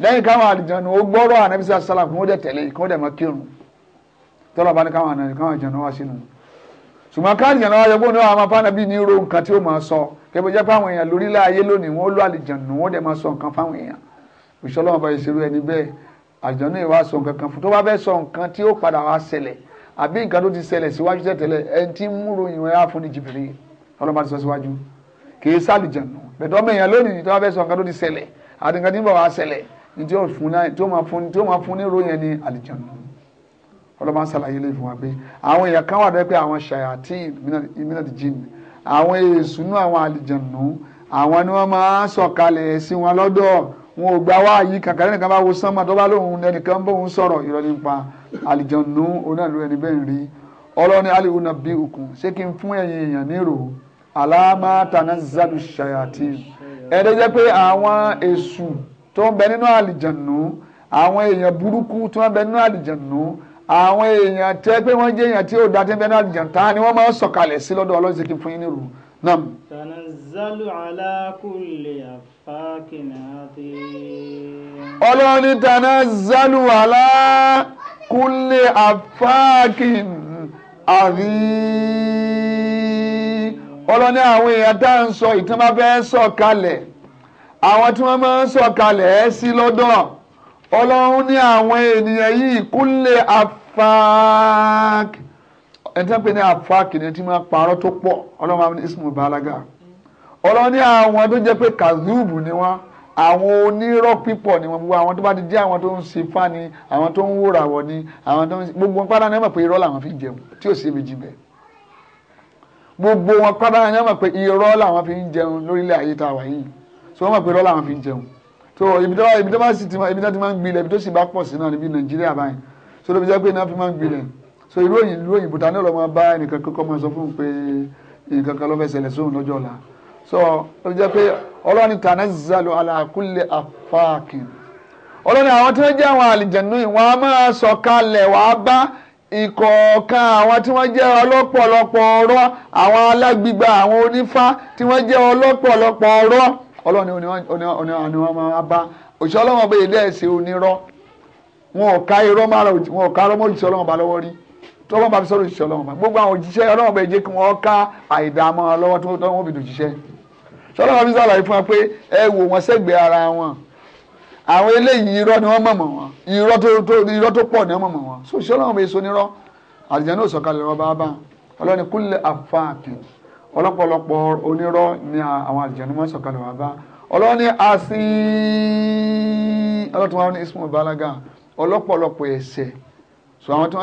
lẹ́yìn káwọn àlìjẹ̀nú ó gbọ́rọ̀ ànábísà sálà fún ó dẹ̀ tẹ̀lé kí tọ́lọ̀ bá ní káwọn àná káwọn ìjànà wá sínú ṣùgbọ́n káwọn ìjànà wá yọgbọ́n náà àwọn afáàná bíi ní irú nǹkan tí ó máa sọ kẹ́bí jẹ́ pé àwọn èèyàn lórílẹ̀ ayé lónìí wọ́n lọ àlìjànà wọ́n dẹ̀ máa sọ nǹkan fáwọn èèyàn òṣìṣọ́lọ́wọ́ bá ìṣerú ẹni bẹ́ẹ̀ àjọ̀nà ìwà sọ nǹkan kan fún tó bá fẹ́ sọ nǹkan tí ó padà wá ṣẹlẹ̀ àbí nǹkan tó ti ṣẹlẹ̀ síwájú tẹ̀tẹ̀lẹ̀ ẹni tí ń múrò ìwọ̀n ẹ̀ á fún ní ọlọ́mọ àṣàlàyé lè fún wa pé àwọn èèyàn kan wà dẹ́ pé àwọn ṣayatin ìmínà ti jìn àwọn èsù nú àwọn àlìjànú àwọn ni wọ́n máa ń sọ̀kalẹ̀ sí wọn lọ́dọ̀ wọn ò gbà wá yìí kàkà lẹ́nìkan bá wo sánmà tó bá lóhun ẹnìkan bóhun sọ̀rọ̀ irọ́ nípa àlìjànú onáàlú ẹni bẹ́ẹ̀ rí ọlọ́ni alihuna bí okùn ṣé kí n fún ẹ̀yin èèyàn nírò alámátàná zadu ṣayatin ẹ̀ẹ́dẹ́ jẹ́ pé àwọn èsù tó ń bẹ nínú àlìjànú àwọn èèyàn burúkú tó ń bẹ nínú àlìjànú àwọn èèyàn tẹ́ pé wọ́n jẹ́ èèyàn tí ó dá tí ń náà jẹun ta ni wọ́n máa ń sọ̀kalẹ̀ sí lọ́dọ̀ ọlọ́run kí fún yín ní náà. tanazzalu ala kulli affakin athim. ọlọ́run ní tanazzalu ala kulli affakin athim. ọlọ́run ní àwọn èèyàn tá à ń sọ ìtàn máa fẹ́ sọ̀kalẹ̀ àwọn tí wọ́n máa ń sọ̀kalẹ̀ sí lọ́dọ̀ ọlọ́run ní àwọn ènìyàn yìí kúnlẹ̀ afak ẹni tí wọ́n ní afak ni tí wọ́n parọ́ tó pọ̀ ọlọ́run máa ń balaga ọlọ́run ní àwọn tó jẹ́ pé kazubu ni wọ́n àwọn onírọ́ pípọ̀ ni wọ́n gbogbo àwọn tó bá ti jẹ́ àwọn tó ń ṣe fá ni àwọn tó ń wúrà wọ̀ ni àwọn tó ń gbogbo wọn pátá ni wọ́n mọ̀ pé irọ́ làwọn fi jẹun tí ò sí ibi jìbẹ̀ gbogbo wọn pátá ni wọ́n mọ̀ pé irọ́ làwọn fi ń jẹun lórílẹ̀ ayé tá a wà yìí so wọ́n mọ̀ pé irọ́ làwọn fi ń jẹun so ibi tó ibi tó bá sì ti ibi tó ti máa ń gbilẹ̀ ibi tó sì bá pọ̀ sí náà níbi nàìjíríà báyìí so lóbi jẹ́ pé iná fi máa ń gbilẹ̀ so irú òyìn irú òyìn bùtá náà lọ máa bá ẹnìkan kọ́kọ́ máa sọ fún un pé nǹkan kan ló fẹ́ sóhun lọ́jọ́ ọ̀la so lóbi jẹ́ pé ọlọ́ni tanazzalu ala kulli afáàkìn ọlọ́ni àwọn tí wọ́n jẹ́ àwọn àlìjẹ̀nú ìwọ̀n á máa sọ kalẹ̀ wàá bá ìkọ̀ọ̀kan àwọn tí wọ́n jẹ́ ọlọ́pọ̀lọpọ̀ ọ̀rọ̀ àwọn alágbígba àwọn onífá tí wọ́n jẹ́ ọlọ́pọ̀lọpọ̀ ọ̀rọ̀ ọlọ́run ni wọ́n máa bá òṣìṣẹ́ ọlọ́run ọba ilé ẹ̀sìn onírọ́ wọn ò ká irọ́ máa rọ wọn ò ká ọmọ òṣìṣẹ́ ọlọ́run ọba lọ́wọ́ rí tí ọlọ́run bá fi sọ́dọ̀ òṣìṣẹ́ ọlọ́run ọba gbogbo àwọn òṣìṣẹ́ ọlọ́run ọba èjì kí wọ́n ká àìdààmọ́ lọ́wọ́ tó wọ́n fi dòṣìṣẹ́ ṣọlọ́run ọba fi sàlàyé fún wa pé ẹ wò wọ́n sẹ́gbẹ̀ẹ́ ara wọn àwọn eléyìí irọ́ ni wọ́n mọ̀mọ̀ wọn irọ́ tó pọ̀ ni wọ́n mọ̀mọ̀ wọn so òṣìṣẹ́ ọlọ́run ọba èso nírọ́ àtìjẹ́ náà sọ̀kalẹ̀ ọba bá ọlọ́run kúlẹ̀ àfáàkì ọlọ́pọ̀lọpọ̀ onírọ́ ni àwọn àlìjẹ̀nu máa ń sọ̀kalẹ̀ wá bá ọlọ́wọ́ ní asín ọlọ́tún ní ismu balaga ọlọ́pọ̀lọpọ̀ ẹ̀ṣẹ̀ so àwọn tí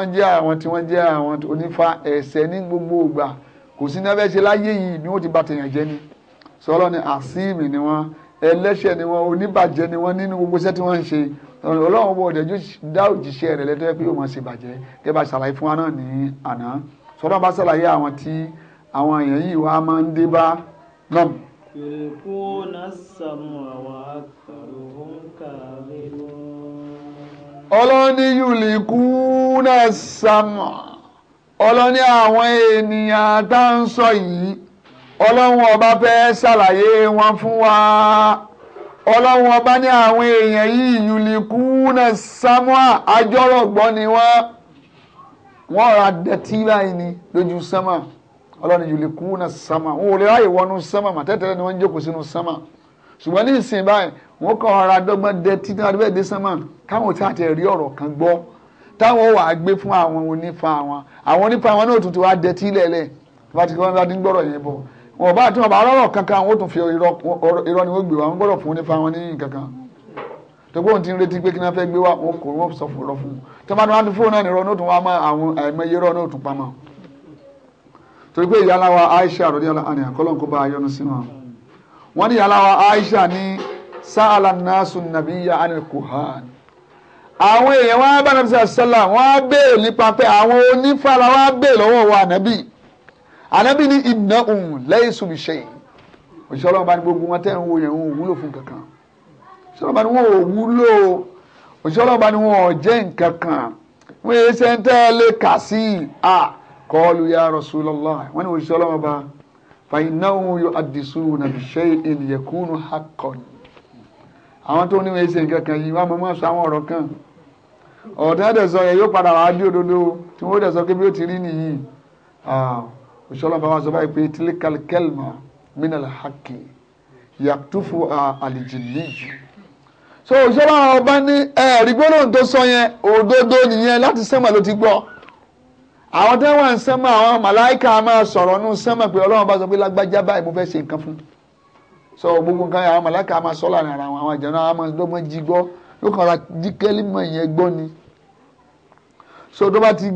so ọlọ́wọ́ ní asíìmì ni wọ́n ẹlẹ́ṣẹ̀ ni wọ́n oníbàjẹ́ ni wọ́n nínú gbogbo iṣẹ́ tí wọ́n ń ṣe ọlọ́wọ́ bọ̀ ọ̀dẹ́jú dá òjíṣẹ́ rẹ̀ lẹ́tọ́ pé yóò mọ̀ ṣe bàjẹ́ kẹ́ bá ṣàlàyé fún wa náà ní àná sọ́dọ̀ bá ṣàlàyé àwọn tí àwọn èèyàn yìí wá máa ń dé bá náà. yòlùkúnà sàmù àwọn akàròhún kàrí lọ. ọlọ́ni yòlùkúnà sàmù ọlọ́ni àwọn ènìyàn tá ń sọ yìí ọlọ́run ọba fẹ́ ṣàlàyé wọn fún wa ọlọ́run ọba ní àwọn èèyàn yìí yùlìkúnà sámúà àjọrọ̀gbọ́ ni wọ́n wọ́n ra dẹ̀tí báyìí ni lójú sámúà ọlọ́ni yòlíkú na sámà wọn ò lè ráyè wọnú sámà mà tẹ́tẹ́lẹ́ ni wọ́n ń jókòó sínú sámà ṣùgbọ́n ní ìsìn báyìí wọ́n kọ́ ara dọ́gbọ́n dẹ títí adúbẹ́ dé sámà káwọn tí a ti ọ̀rọ̀ kan gbọ́ táwọn wà á gbé fún àwọn onífa wọn àwọn onífa wọn náà tuntun wá dẹ tí lẹ́lẹ̀ bá ti bá dín gbọ́rọ̀ yẹn bọ̀ wọn bá tún ọba arọ́rọ̀ kankan àwọn ó tún fi irọ́ ni wọ́n gbé wa wọ́n gbọ́dọ̀ fún onífa wọn ní kankan tọ́gbọ́n ohun tí ń retí pé kí n fẹ́ gbé wa wọn kò wọ́n sọ fún ọ̀rọ̀ fún un tọ́mọ́tò wọn á tún fóònù náà nírọ̀ náà tún wá mọ́ àwọn àìmọye rọ̀ náà tún pamọ́ torí pé ìyá aláwa Aisha rọ̀dí àní àkọ́lọ́n kó bá a yọnu sínú àwọn wọ́n ní ìyá Aisha ní sáàlà nasu ya anil kuhan àwọn èèyàn wá bá nàbí sàlá wọ́n á béèrè nípa pé àwọn onífàlà wá béèrè lọ́wọ́ wa nàbí ànábì ní ìnà òun lẹ́yìn sùn ṣe òṣìṣẹ́ ọlọ́run bá ní gbogbo wọn tẹ́ ń wo yẹn òun wúlò fún kankan òṣìṣẹ́ ọlọ́run bá ní wọn ò wúlò òṣìṣẹ́ ọlọ́run bá ní wọn ò jẹ́ nǹkan kan wọ́n ṣe ń tẹ́ lè kà sí i kọ́ọ̀lù ya Rasulullah wọ́n ní òṣìṣẹ́ ọlọ́run ọba fàìnáwó yóò àdìsú nàbì ṣe ìlẹ̀kùnú hakọ̀ ni àwọn tó ní ẹsẹ̀ nǹkan kan yìí wọ́n mọ̀ mọ́ sọ àwọn ọ̀rọ̀ kan ọ̀dọ́ ẹ̀dẹ̀ sọ yẹ yóò padà wàá dí òdodo tí wọ́n dẹ̀ sọ ó ti rí nìyí òṣìṣẹ́ ọlọ́run ọba sọ báyìí pé tilkal kalma minal haki yàtúfù àlìjìnnì so òṣìṣẹ́ ọlọ́run ọba ní ẹ̀ẹ́dì gbólóhùn tó sọ yẹn òdodo nìyẹn láti sẹ́mà ló ti gbọ́ àwọn tó wà ń sẹ́mọ̀ àwọn màláìka máa sọ̀rọ̀ nù sẹ́mọ̀ pé ọlọ́run bá sọ pé lágbájá báyìí mo fẹ́ ṣe nǹkan fún so gbogbo nǹkan àwọn màláìka máa sọ láàrin ara wọn àwọn àjànà àwọn máa dọ́gbọ́n jí gbọ́ yóò kàn ra jí kẹ́límọ̀ yẹn gbọ́ ni so tó bá ti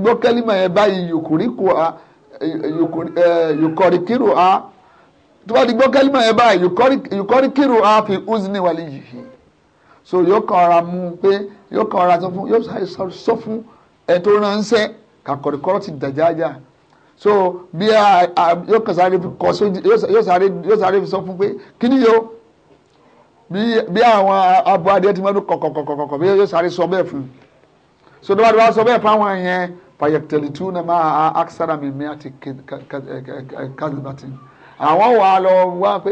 gbọ́ kẹ́límọ̀ yẹn báyìí yòkòrí a, á tó bá ti gbọ́ kẹ́límọ̀ yẹn báyìí yòkòrí kírò fi uzni wà lè yìí so yóò kàn ra mú pé yóò kàkọ̀rìkọ́rọ́ ti dàjájà so bí yóò kàn sáré kọ sójú yóò sáré fi sọ fún pé kí ni yóò bí àwọn abo adé ti mọ́dún kọ̀kọ̀kọ̀kọ̀ bí yóò sáré sọ bẹ́ẹ̀ fún un so ní wàá ní wàá sọ bẹ́ẹ̀ fáwọn yẹn fàyẹ̀tẹ̀lìtù náà máa àkísàrà mi mi àti kazibati àwọn wà á lọ wá pé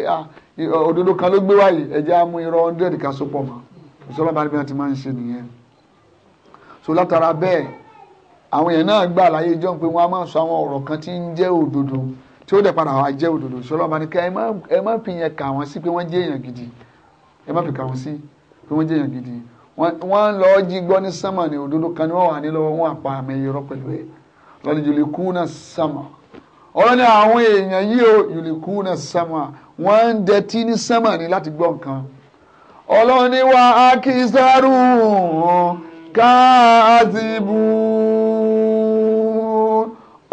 òdodo kan ló gbé wáyé ẹ̀jẹ̀ á mú irọ́ hundred kan so pọ̀ mọ́ ìṣọ́lá bá ní bí máa ń ṣe nìyẹn so látara bẹ́ẹ̀ àwọn èèyàn náà gbà láyé jọ pé wọ́n á máa sọ àwọn ọ̀rọ̀ kan tí ń jẹ́ òdodo tí ó dẹ̀ padà wá jẹ́ òdodo ṣọlọ́ bá ní kí ẹ má fi yẹn kà wọ́n sí pé wọ́n jẹ́ èèyàn gidi ẹ má fi kà wọ́n sí pé wọ́n jẹ́ èèyàn gidi wọ́n lọ jí gbọ́ ní sánmà ní òdodo kan ni wọ́n wà ní lọ́wọ́ wọn àpá àmì irọ́ pẹ̀lú ẹ̀ lọ́dún jùlẹ̀ kú náà sánmà ọ̀rọ̀ ni àwọn èèyàn yìí ó yùlìkú náà sánmà wọ́n ń dẹtí ní sánmà ní láti gbọ́ nǹkan ọlọ́run ni wà á kí sárùn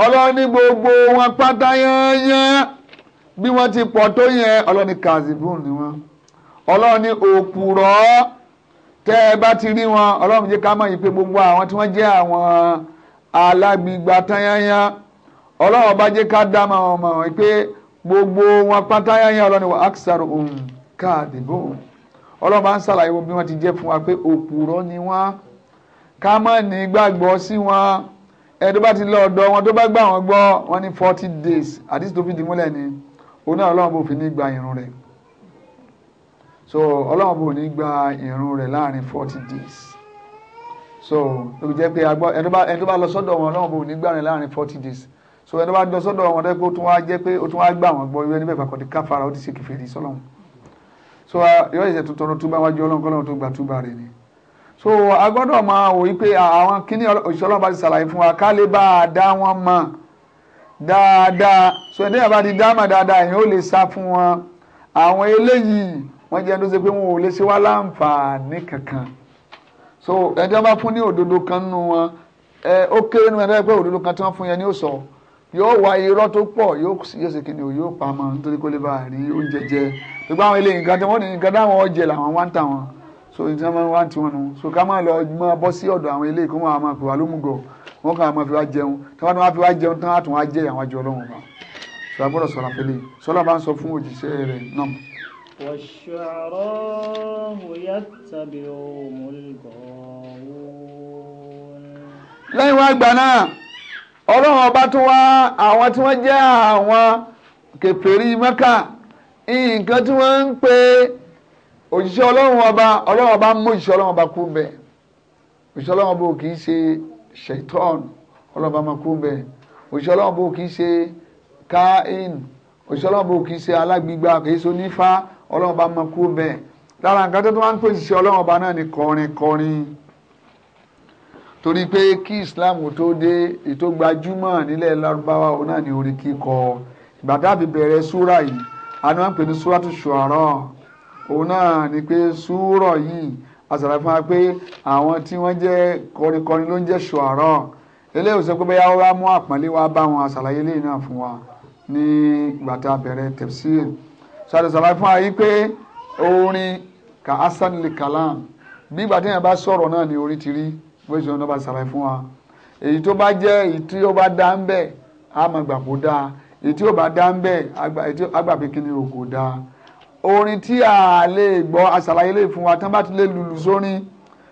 ọlọ́run ní gbogbo wọn pátá yányán bí wọ́n ti pọ̀ tó yẹn ọlọ́run ní kazibun ni wọ́n ọlọ́run ní òpùrọ́ tẹ́ ẹ bá ti rí wọn ọlọ́run jẹ́ ká mọ̀ yìí pé gbogbo àwọn tí wọ́n jẹ́ àwọn alágbègbà tán yányán ọlọ́run bá jẹ́ ká dá mọ́ wọn mọ̀ pé gbogbo wọn pátá yányán ọlọ́run ní wọ́n aksaru um kazibun ọlọ́run bá ń ṣàlàyé bí wọ́n ti jẹ́ fún wa pé òpùrọ́ ni wọ́n ká má ní gbàgbọ́ sí wọn ẹni tó bá ti lọ ọ̀dọ̀ wọn tó bá gbà wọ́n gbọ́ wọn ní forty days àdìsí tó fi dì múlẹ̀ ni òun náà ọlọ́run bò fi ní gba ìrun rẹ̀ so ọlọ́run bò ní gba ìrun rẹ̀ láàrin forty days so ó jẹ́ pé ẹni tó bá lọ sọ́dọ̀ wọn ọlọ́run bò ní gbà rẹ̀ láàrin forty days so ẹni tó bá lọ sọ́dọ̀ wọn rẹ̀ pé ó tún wá jẹ́ pé ó tún wá gbà wọ́n gbọ́ irú ẹni bẹ́ẹ̀ pàkọ́ ti káfara ó ti ṣe kìfèrè sọ́lọ́run so yọ ìṣẹ̀ tuntun tó bá wájú ọlọ́run kọ́lọ́run tó gbà túbà rẹ̀ ni so a gbọ́dọ̀ máa wò wípé àwọn kíní òṣìṣẹ́ ọlọ́run bá ti ṣàlàyé fún wa ká lè bá a dá wọn mọ̀ dáadáa so ẹni àbá ti dá mọ̀ dáadáa èyí ó lè sá fún wọn àwọn eléyìí wọ́n jẹ́ ẹni tó ṣe pé wọn ò lè ṣe wá láǹfààní kankan so ẹni tí wọ́n bá fún ní òdodo kan nínú wọn ẹ ó kéré nínú ẹni tó pé òdodo kan tí wọ́n fún yẹn ni ó sọ yóò wá irọ́ tó pọ̀ yóò ṣe kíni yóò pa mọ́ nítorí kó lè bá rí oúnjẹ jẹ gbogbo àwọn eléyìí nǹkan tí wọ́n ní so ní sẹ́wọ́n wá tí wọ́n so ká máa lọ máa bọ́ sí ọ̀dọ̀ àwọn eléyìí kó máa máa fi wá lómùgọ̀ wọ́n kàn máa fi wá jẹun tí wọ́n máa fi wá jẹun tí wọ́n á tún wá jẹ́ àwọn àjọ ọlọ́run ọba so a gbọ́dọ̀ sọ̀rọ̀ àfẹ́lẹ́ sọlá bá ń sọ fún òjíṣẹ́ rẹ̀ náà. lẹ́yìn wá gbà náà ọlọ́run ọba tún wá àwọn tí wọ́n jẹ́ àwọn kèfèrí Mẹ́kà nǹkan tí wọ́n ń pè é òjíṣẹ́ ọlọ́run ọba ọlọ́run ọba mú òjíṣẹ́ ọlọ́run ọba kú bẹ́ẹ̀ òjíṣẹ́ ọlọ́run ọba kì í ṣe ṣẹ̀tọ́n ọlọ́run ọba kú bẹ́ẹ̀ òjíṣẹ́ ọlọ́run ọba kì í ṣe káín òjíṣẹ́ ọlọ́run ọba kì í ṣe alágbígbá kì ṣe onífá ọlọ́run ọba mọ kú bẹ́ẹ̀ lára nǹkan tó tó máa ń pèsè sí ọlọ́run ọba náà ni kọrin kọrin torí pé kí Islam tó dé ètò gbajúmọ̀ nílẹ̀ lárúbáwá òun ni orin kíkọ ìgbà tá a fi bẹ̀rẹ̀ súrà òun náà ni pé súrọ̀ yìí àṣàlà fún wa pé àwọn tí wọ́n jẹ́ kọrinkọrin ló ń jẹ́ ṣùárọ̀ eléyìí sọ pé bẹ́ẹ̀ wọ́n bá mú àpọ́nlé wa bá wọn àṣàlàyé eléyìí náà fún wa ní gbàtà bẹ̀rẹ̀ tafsir ṣàṣàlà fún wa yìí pé orin ka asan lè kalam bí ìgbà téèyàn bá sọ̀rọ̀ náà ni orin ti rí bó ṣe ọ̀nà bá ṣàlàyé fún wa èyí tó bá jẹ́ èyí tí ó bá dá ń bẹ̀ á mọ̀ dáa èyí tí bá dá ń bẹ̀ àgbà ni o orin tí a lè gbọ́ aṣàlàyé lè fún wa tán bá ti lè lùlù sórin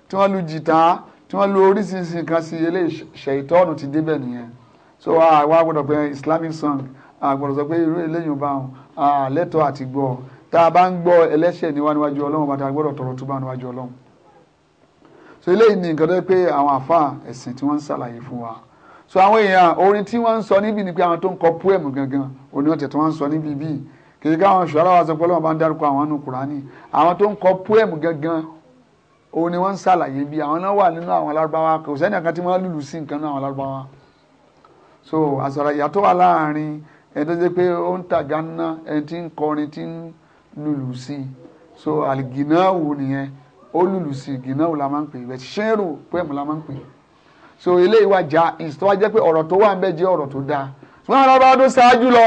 tí wọ́n lu jìtá tí wọ́n lu oríṣiríṣi nǹkan sí eléyìí ṣètọ́ọ̀nù ti débẹ̀ nìyẹn so àwa gbọ́dọ̀ pé islamic song àgbọ̀dọ̀ sọ pé irú eléyìí bá wọn lẹ́tọ̀ọ́ àti gbọ́ tá a bá ń gbọ́ ẹlẹ́ṣẹ̀ níwájú ọlọ́run bàtà gbọ́dọ̀ tọrọ túbà níwájú ọlọ́run so eléyìí ni nǹkan tó yẹ pé àwọn àfa ẹ̀sìn tí wọ́n ń ṣàlàyé fún wa so àwọn èèyàn orin tí wọ́n ń sọ níbi ni pé àwọn tó ń kọ poem gangan òní ọ̀tẹ̀ tí wọ́n ń sọ níbi bíi kì í ká àwọn ṣọ́ra wa sọ pé ọlọ́run bá ń dárúkọ àwọn nù kùránì àwọn tó ń kọ poem gangan òun ni wọ́n ń ṣàlàyé bí àwọn náà wà nínú àwọn alárúbáwá kò sẹ́ni àká tí wọ́n lùlù sí nǹkan nínú àwọn alárúbáwá so àṣàrà ìyàtọ̀ wà láàrin ẹni tó jẹ́ pé ó ń tàgá ná ẹni tí ń kọrin tí ń lùlù sí so àlìgìnáwò nìyẹn ó lùlù sí gìnáwò la máa ń pè bẹ́ẹ̀ ṣẹ́rù poem la máa ń pè so eléyìí wà já ìsìtọ́wá jẹ́ pé ọ̀rọ̀ tó wà ń bẹ́ẹ̀ jẹ́ ọ̀rọ̀ tó dáa ṣùgbọ́n àwọn alárúbáwá tó ṣáájú lọ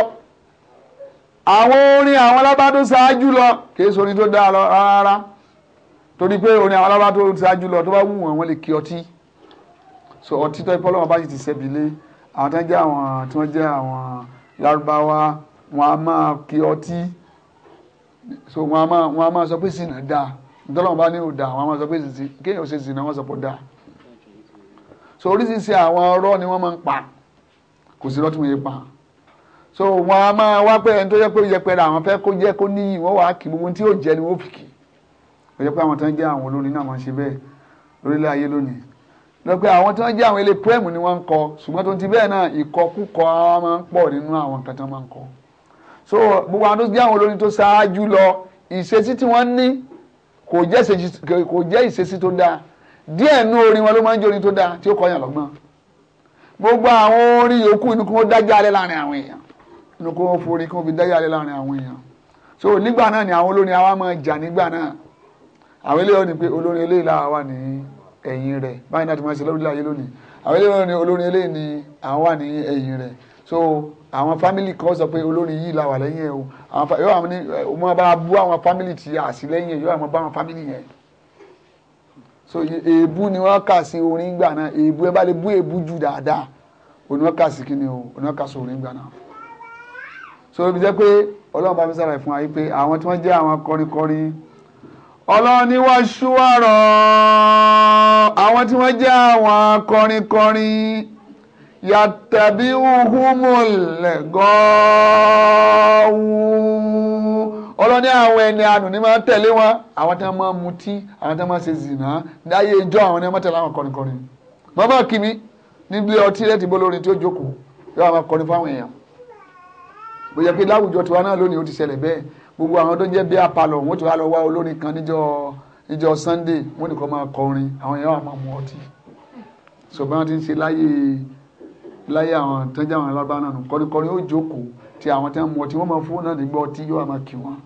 àwọn orin àwọn alábá tó ṣáájú lọ kì í ṣe orin tó dáa lọ rárá torí pé orin àwọn alábá ṣáájú lọ tó bá wù wọn wọn lè kí ọtí so ọtí tó ìpọ́lọ́wọ́n bá sì ti ṣẹ́bi lé àwọn tó ń jẹ́ àwọn tí wọ́n jẹ́ àwọn lárúbáwá wọn a máa kí ọtí so wọn a máa wọn a máa sọ pé sìnà dáa ìtọ́lọ́wọ́n bá ní ò dáa wọn a máa sọ pé kéèyàn ṣe sìnà wọn sọ pé dáa so oríṣiríṣi àwọn ọ̀rọ̀ ni wọ́n máa ń pa kò sí lọ́tún yẹn pa so wọn a máa wá pé ẹni tó yẹ pé yẹpẹrẹ àwọn fẹ́ kó jẹ́ kó níyì wọ́n wàá kì gbogbo tí yóò jẹ ni wọ́n fi kì ó yẹ pé àwọn tó ń jẹ́ àwọn olórin náà máa ń ṣe bẹ́ẹ̀ lórílẹ̀ ayé lónìí lọ pé àwọn tó ń jẹ́ àwọn ilé pírẹ́mù ni wọ́n ń kọ ṣùgbọ́n tó ti bẹ́ẹ̀ náà ìkọkúkọ máa ń pọ̀ nínú àwọn nǹkan tó máa ń kọ so gbogbo àwọn tó jẹ́ àwọn olórin tó ṣáájú lọ ìṣesí tí wọ́n ní kò jẹ́ ìṣesí tó dáa díẹ̀ nú orin wọn ló máa ń jẹ́ orin tó dáa tí ó kọyàn lọ́gbọ́n gbogbo àwọn orin yòókù inú kí wọ́n dájà alẹ́ láàrin àwọn èèyàn nínú kó forí kó fi dáyà láàrin àwọn èèyàn so nígbà náà ni àwọn olórin àwa máa jà nígbà náà àwọn eléyìí ni pé olórin eléyìí làwa wà ní ẹ̀yìn rẹ̀ báyìí náà ti máa ṣe lórílẹ̀ ayé lónìí àwọn eléyìí ni olórin eléyìí ni àwọn wà ní ẹ̀yìn rẹ̀ so àwọn family kan sọ pé olórin yìí làwà lẹ́yìn ẹ̀ o àwọn yóò àwọn ní ọmọ bá bú àwọn fámìlì tí àṣìlẹ́yìn ẹ̀ yóò àwọn bá àwọn fámìlì yẹn so e, èébú ni wọ́n kà sí orin gbà náà èébú ẹ bá lè bú èébú jù dáadáa òní wọ́n kà sí kí ni o òní wọ́n kà sí orin gbà náà so ibi jẹ́ pé ọlọ́run bá fi sára ìfún wa yìí pé àwọn tí wọ́n jẹ́ àwọn kọrinkọrin ọlọ́run ni wọ́n ṣúwárọ̀ àwọn tí wọ́n jẹ́ àwọn kọrinkọrin yàtàbí húmùlẹ̀ gọ́ọ̀hún ọlọ́ni àwọn ẹni àánú ni máa tẹ̀lé wọn àwọn tí wọ́n máa mutí àwọn tí wọ́n máa ṣe zìnà láyé ìjọ àwọn ni wọ́n máa tẹ̀lé àwọn kọrinkọrin bàbá kìíní níbi ọtí rẹ̀ ti bọ́ lórí tí ó jókòó yóò máa kọrin fáwọn èèyàn bó jẹ́ pé láwùjọ tiwa náà lónìí ó ti ṣẹlẹ̀ bẹ́ẹ̀ gbogbo àwọn tó jẹ́ bí apalọ̀ wọ́n ti wá lọ wá olórin kan níjọ́ níjọ́ Sunday wọ́n nìkan máa kọrin àwọn èèyàn máa mu ọtí ṣùgbọ́n wọ́n ti ń ṣe láyé láyé àwọn tẹ́jà àwọn alábá náà kọrinkọrin ó jókòó ti àwọn tẹ́ ń mu ọtí wọ́n máa fún náà nígbà ọtí yóò máa kì wọ́n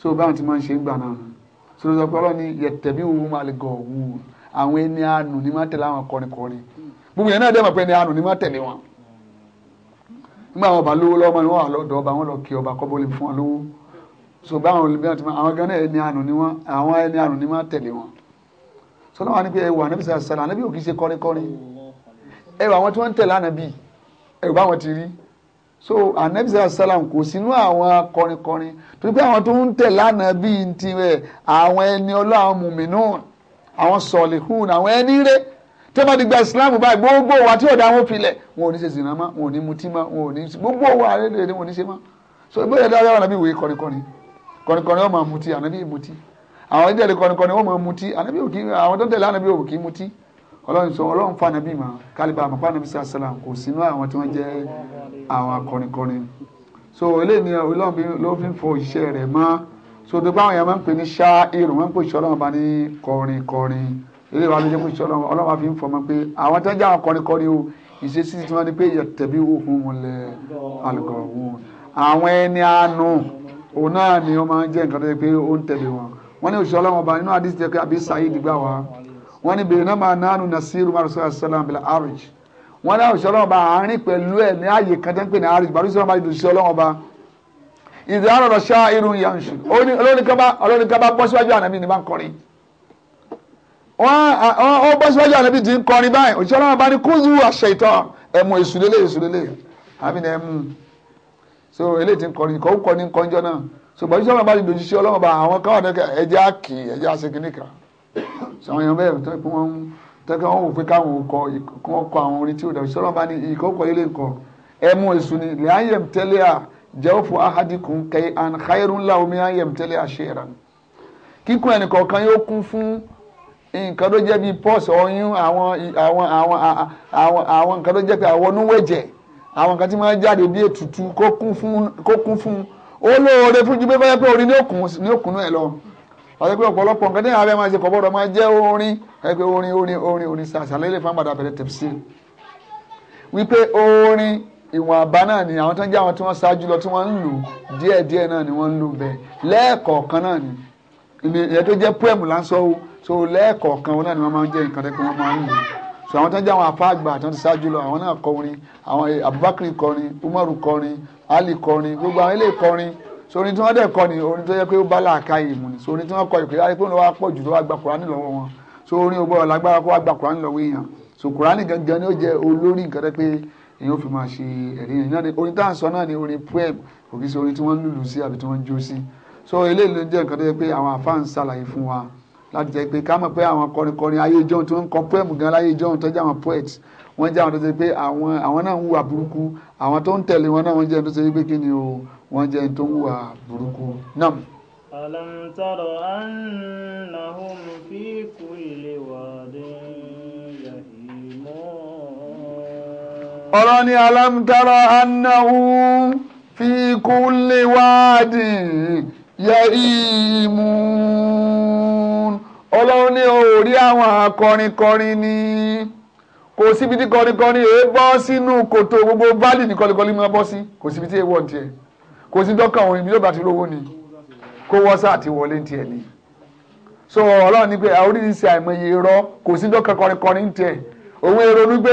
so báwọn ti máa ń ṣe ń gbà náà so ló yẹ̀tẹ̀bí wo máa lè gọ̀ wù àwọn ẹni àánú ni máa tẹ̀lé àwọn kọrinkọrin gbogbo yẹn náà dẹ́ mọ̀ pé ẹni àánú ni máa tẹ̀lé wọn nígbà àwọn ọba lówó lọ́wọ́ ni wọ́n wà lọ́dọ̀ ọba wọn lọ kí ọba kọ́bọ̀ lè fún wọn lówó so báwọn olùbíyàn ti máa àwọn gan náà ẹni àánú ni wọn àwọn ẹni àánú ni wọn tẹ̀lé wọn sọlá wà ní pé ẹwà ànábì sàlẹ̀ sàlẹ̀ ànábì ò kì í ṣe kọrinkọrin ẹwà àwọn tí wọ́n ń tẹ̀lé ànábì ẹwà báwọn ti rí so ànábì sàlẹ̀ sàlẹ̀ kò sínú àwọn kọrinkọrin torí pé àwọn tó ń tẹ̀lé ànábì ti rẹ̀ àwọn ẹni ọlọ́ àwọn mùmínú àwọn sọ̀lẹ̀hún àwọn ẹni rẹ̀ tí wọ́n bá ti gba islam báyìí gbogbo wa tí ọ̀dà wọn filẹ̀ wọn ò ní ṣe zìnnà mọ́ wọn ò ní mutí mọ́ wọn ò ní gbogbo wa rẹ̀ ni wọn ò ní ṣe mọ́ so ìgbésẹ̀ yẹn dára ànábì wòye kọrinkọrin kọrinkọrin wọn máa mutí ànábì mutí àwọn ìdílé kọrinkọrin wọn máa mutí ànábì òkì àwọn tó ń tẹ̀lé ànábì òkì mutí ọlọ́run sọ ọlọ́run fa ànábì mà kálíbà àmọ́ fún ànábì sàlám kò sínú àwọn tí wọ́n jẹ́ àwọn akọrinkọrin so eléyìí ni ọlọ́run ló fi ń fọ iṣẹ́ rẹ̀ mọ́ so tó bá àwọn yẹn máa ń pè ní ṣáà irun wọ́n ń ilé wa ló jẹ́ kó ṣe ọlọ́wà fi ń fọmọ pé àwọn tẹ́jà akọrinkọri o ìṣesí tí wọ́n ní pé tẹ̀bí òhun múlẹ̀ alùpùpù àwọn ẹni àánú òun náà ni ó máa ń jẹ́ nǹkan tó yẹ pé ó ń tẹ̀lé wọn wọ́n ní òṣìṣẹ́ ọlọ́wọ́n ọba nínú àdìsí jẹ́ àbí Saheed gbà wá wọ́n ní bèrè náà máa nánú nasiru marusa salam bila arj wọ́n ní òṣìṣẹ́ ọlọ́wọ́n ọba àárín pẹ̀lú ẹ̀ ní ààyè kan tẹ́ ń pè ní arj barusa ọba ìdòṣìṣẹ́ ọlọ́wọ́n ọba ìdí àrọ̀rọ̀ ṣáà irun yanṣu olórí kan bọ́ síwájú àná mi bá ń kọrin wọ́n bọ́ síwájú ànábì tí ń kọrin báyìí òṣìṣẹ́ ọlọ́run bá ní kúzù àṣẹ ìtọ́ ẹ̀mú èṣù lélẹ̀ àmì ní ẹ̀mú so eléyìí tí ń kọrin ìkọ́ kọ́ ní kọ́njọ́ náà so bọ́ síwájú ọlọ́run bá ní dòṣìṣẹ́ ọlọ́run bá àwọn káwọn náà ẹ̀jẹ̀ àkì ẹ̀jẹ̀ àṣekínìkà so àwọn èèyàn bẹ́ẹ̀ tó pé wọ́n tẹ́kẹ́ wọ́n wò pé káwọn kọ àwọn orin tí ò dàbí sọ́lọ́run bá ni lè á yẹm tẹ́lẹ̀ à jẹ́wọ́ fún ahadikun kẹ́yìn àǹkáyẹ̀rún láwọn mi á yẹm tẹ́lẹ̀ à ṣe ẹ̀ràn kíkún ẹnìkọ̀ọ̀kan yóò kún fún nǹkan tó jẹ́ bíi pọ́ọ̀sì ọyún àwọn àwọn àwọn àwọn àwọn nǹkan tó jẹ́ pé àwọn onúwẹ̀jẹ̀ àwọn nǹkan tí wọ́n jáde bí ètùtù kó kún fún kó kún fún ó lóore fún ju pé báyọ̀ pé orin ní òkun ní òkun náà lọ wọ́n ti pé ọ̀pọ̀lọpọ̀ nǹkan tí àwọn abẹ́ máa ṣe kọ̀ bọ́dọ̀ máa jẹ́ orin ẹ pé orin orin orin orin sàṣàlẹ́ ilé fáwọn àbẹ̀rẹ̀ tẹ̀sí wípé orin ìwọ̀n àbá náà ni àwọn tó ń jẹ́ àwọn tí wọ́n ṣáájú lọ tí wọ́n ń lò díẹ̀díẹ̀ náà ni wọ́n ń lò bẹ́ẹ̀ lẹ́ẹ̀kọ̀ọ̀kan náà ni ìyẹn tó jẹ́ poem lásán so lẹ́ẹ̀kọ̀ọ̀kan wọn náà ni wọ́n máa ń jẹ́ nǹkan tẹ́kọ̀ wọ́n máa ń lò so àwọn tó ń jẹ́ àwọn afá àgbà tó ń ti ṣáájú lọ àwọn náà kọrin àwọn eh, Abubakar kọrin Umaru kọrin Ali kọrin gbogbo àwọn eléyìí kọrin so orin tí wọ́n dẹ̀ kọ ni orin tó yẹ pé ó bá làákàyè mu ni so orin tí wọ́n kọ ìpínlẹ̀ ayé pé wọ́n wá pọ̀ jù tó wá gba Kùránì lọ́wọ́ wọn so orin ògbọ́ ọ̀làgbára kó wá gba Kùránì lọ́wọ́ èèyàn so kurani gangan ni ó jẹ́ olórí nǹkan tẹ́ pé èyàn ó fi máa ṣe ẹ̀rí yẹn náà ni orin tá à ń sọ náà ni orin poem kò kí ṣe orin tí wọ́n lùlù sí àbí tí wọ́n jó sí so eléyìí ló jẹ́ nǹkan tó yẹ pé àwọn àfáà ń ṣàlàyé fún wa láti jẹ́ pé ká mọ̀ pé àwọn kọrinkọrin ayé john tó ń kọ poem gan láyé john tó jẹ́ àwọn poet wọ́n jẹ́ àwọn tó ṣe pé àwọn náà ń hùwà burúkú àwọn tó ń tẹ̀lé wọn náà wọ́n jẹ́ tó ṣe pé kí ni o wọ́n jẹ́ tó ń hùwà burúkú náà. alam tara annahum fi kulli wadin yahimun. ọ̀rọ̀ ni alam annahum fi kulli wadin yẹ̀rìmùn ọlọ́run ní orí àwọn akọrinkọrin ni kò síbi tí kọrinkọrin èé bọ́ sínú kòtò gbogbo báàlì ní kọlinkọrin máa bọ́ sí kò síbi tí èé wọ̀ ní tiẹ̀ kò sí dọ́kàn òun ibi tó bá ti lówó ni kó wọ́sà àti wọlé ní tiẹ̀ ni so ọlọ́run ní pé oríṣiríṣi àìmọye irọ́ kò sí dọ́kàn kọrinkọrin ní tiẹ̀ òun èrò ní pé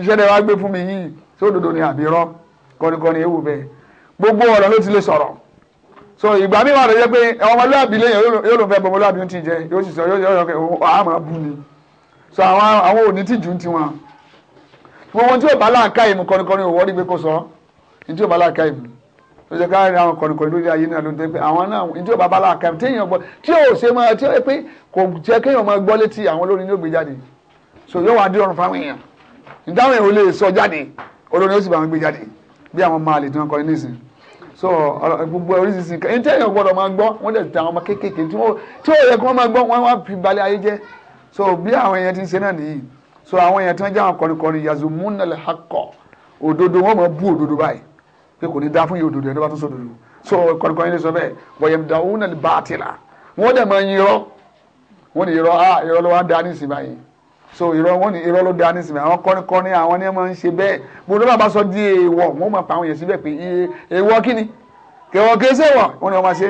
ìṣẹ̀lẹ̀ wa gbé fún mi yìí sódodo ni àbí irọ́ kọrinkọrin èèwù bẹ́ẹ̀ gbogbo ọ̀rọ̀ ló ti lè sọ̀rọ̀ so ìgbà mi wà ló yẹ pé ọmọlúàbí lẹ́yìn yóò ló fẹ́ bọ ọmọlúàbí ó ti jẹ yóò sì sọ yóò yọ pé àá ni so àwọn àwọn òní tìjú ti wọn gbogbo tí ò bá láǹkà ìmú kọ́nikọ́ni òwò rí pé kò sọ ní tí ò bá láǹkà ìmú tó jẹ káàrin àwọn kọ̀nìkọ̀nì lórí ayé náà ló ń tẹ́ pé àwọn náà ní tí ò bá bá láǹkà ìmú téèyàn gbọ́ tí ò ṣe máa tí ó pé kò jẹ́ kéèyàn máa gbọ́ létí àwọn olórin ló gbé jáde so yóò wá dírọ̀rùn fáwọn èèyàn ìdáhùn èèyàn ò lè sọ jáde olórin ó sì bá wọn gbé jáde bí àwọn máa lè tí wọ́n kọrin nísìnyí so gbogbo oríṣiríṣi nǹkan ẹni tí èèyàn gbọ́dọ̀ máa gbọ́ wọ́n dẹ̀ ta àwọn ọmọ kéékèèké tí ó yẹ kí wọ́n máa gbọ́ wọ́n wá fi balẹ̀ ayé jẹ́ so bí àwọn èèyàn ti ń ṣe náà nìyí so àwọn èèyàn tí wọ́n jẹ́ àwọn kọ̀rìnkọ̀rìn yazu múnalẹ̀ hakọ̀ òdodo wọ́n máa bú òdodo báyìí pé kò ní dá fún yìí òdodo ẹni bá tún sọ òdodo so kọ̀rìnkọ̀rìn lè sọ bẹ́ẹ̀ wọ̀yẹ̀mdàwọ́n náà bá àtìlà wọ́n dẹ̀ máa yin irọ́ wọ́n ní irọ́ ah irọ́ ló wá dá nísìnyí báyìí so irọ́ wọn ni irọ́ ló da nísìnyí àwọn kọ́ni-kọ́ni àwọn ni wọ́n ń ṣe bẹ́ẹ̀ bó ló bá bá sọ di èèwọ̀ wọ́n máa pa àwọn èèyàn síbẹ̀ pé èèwọ̀ kí ni kẹwọ́ kéésè wọ̀ wọ́n ni wọ́n máa ṣe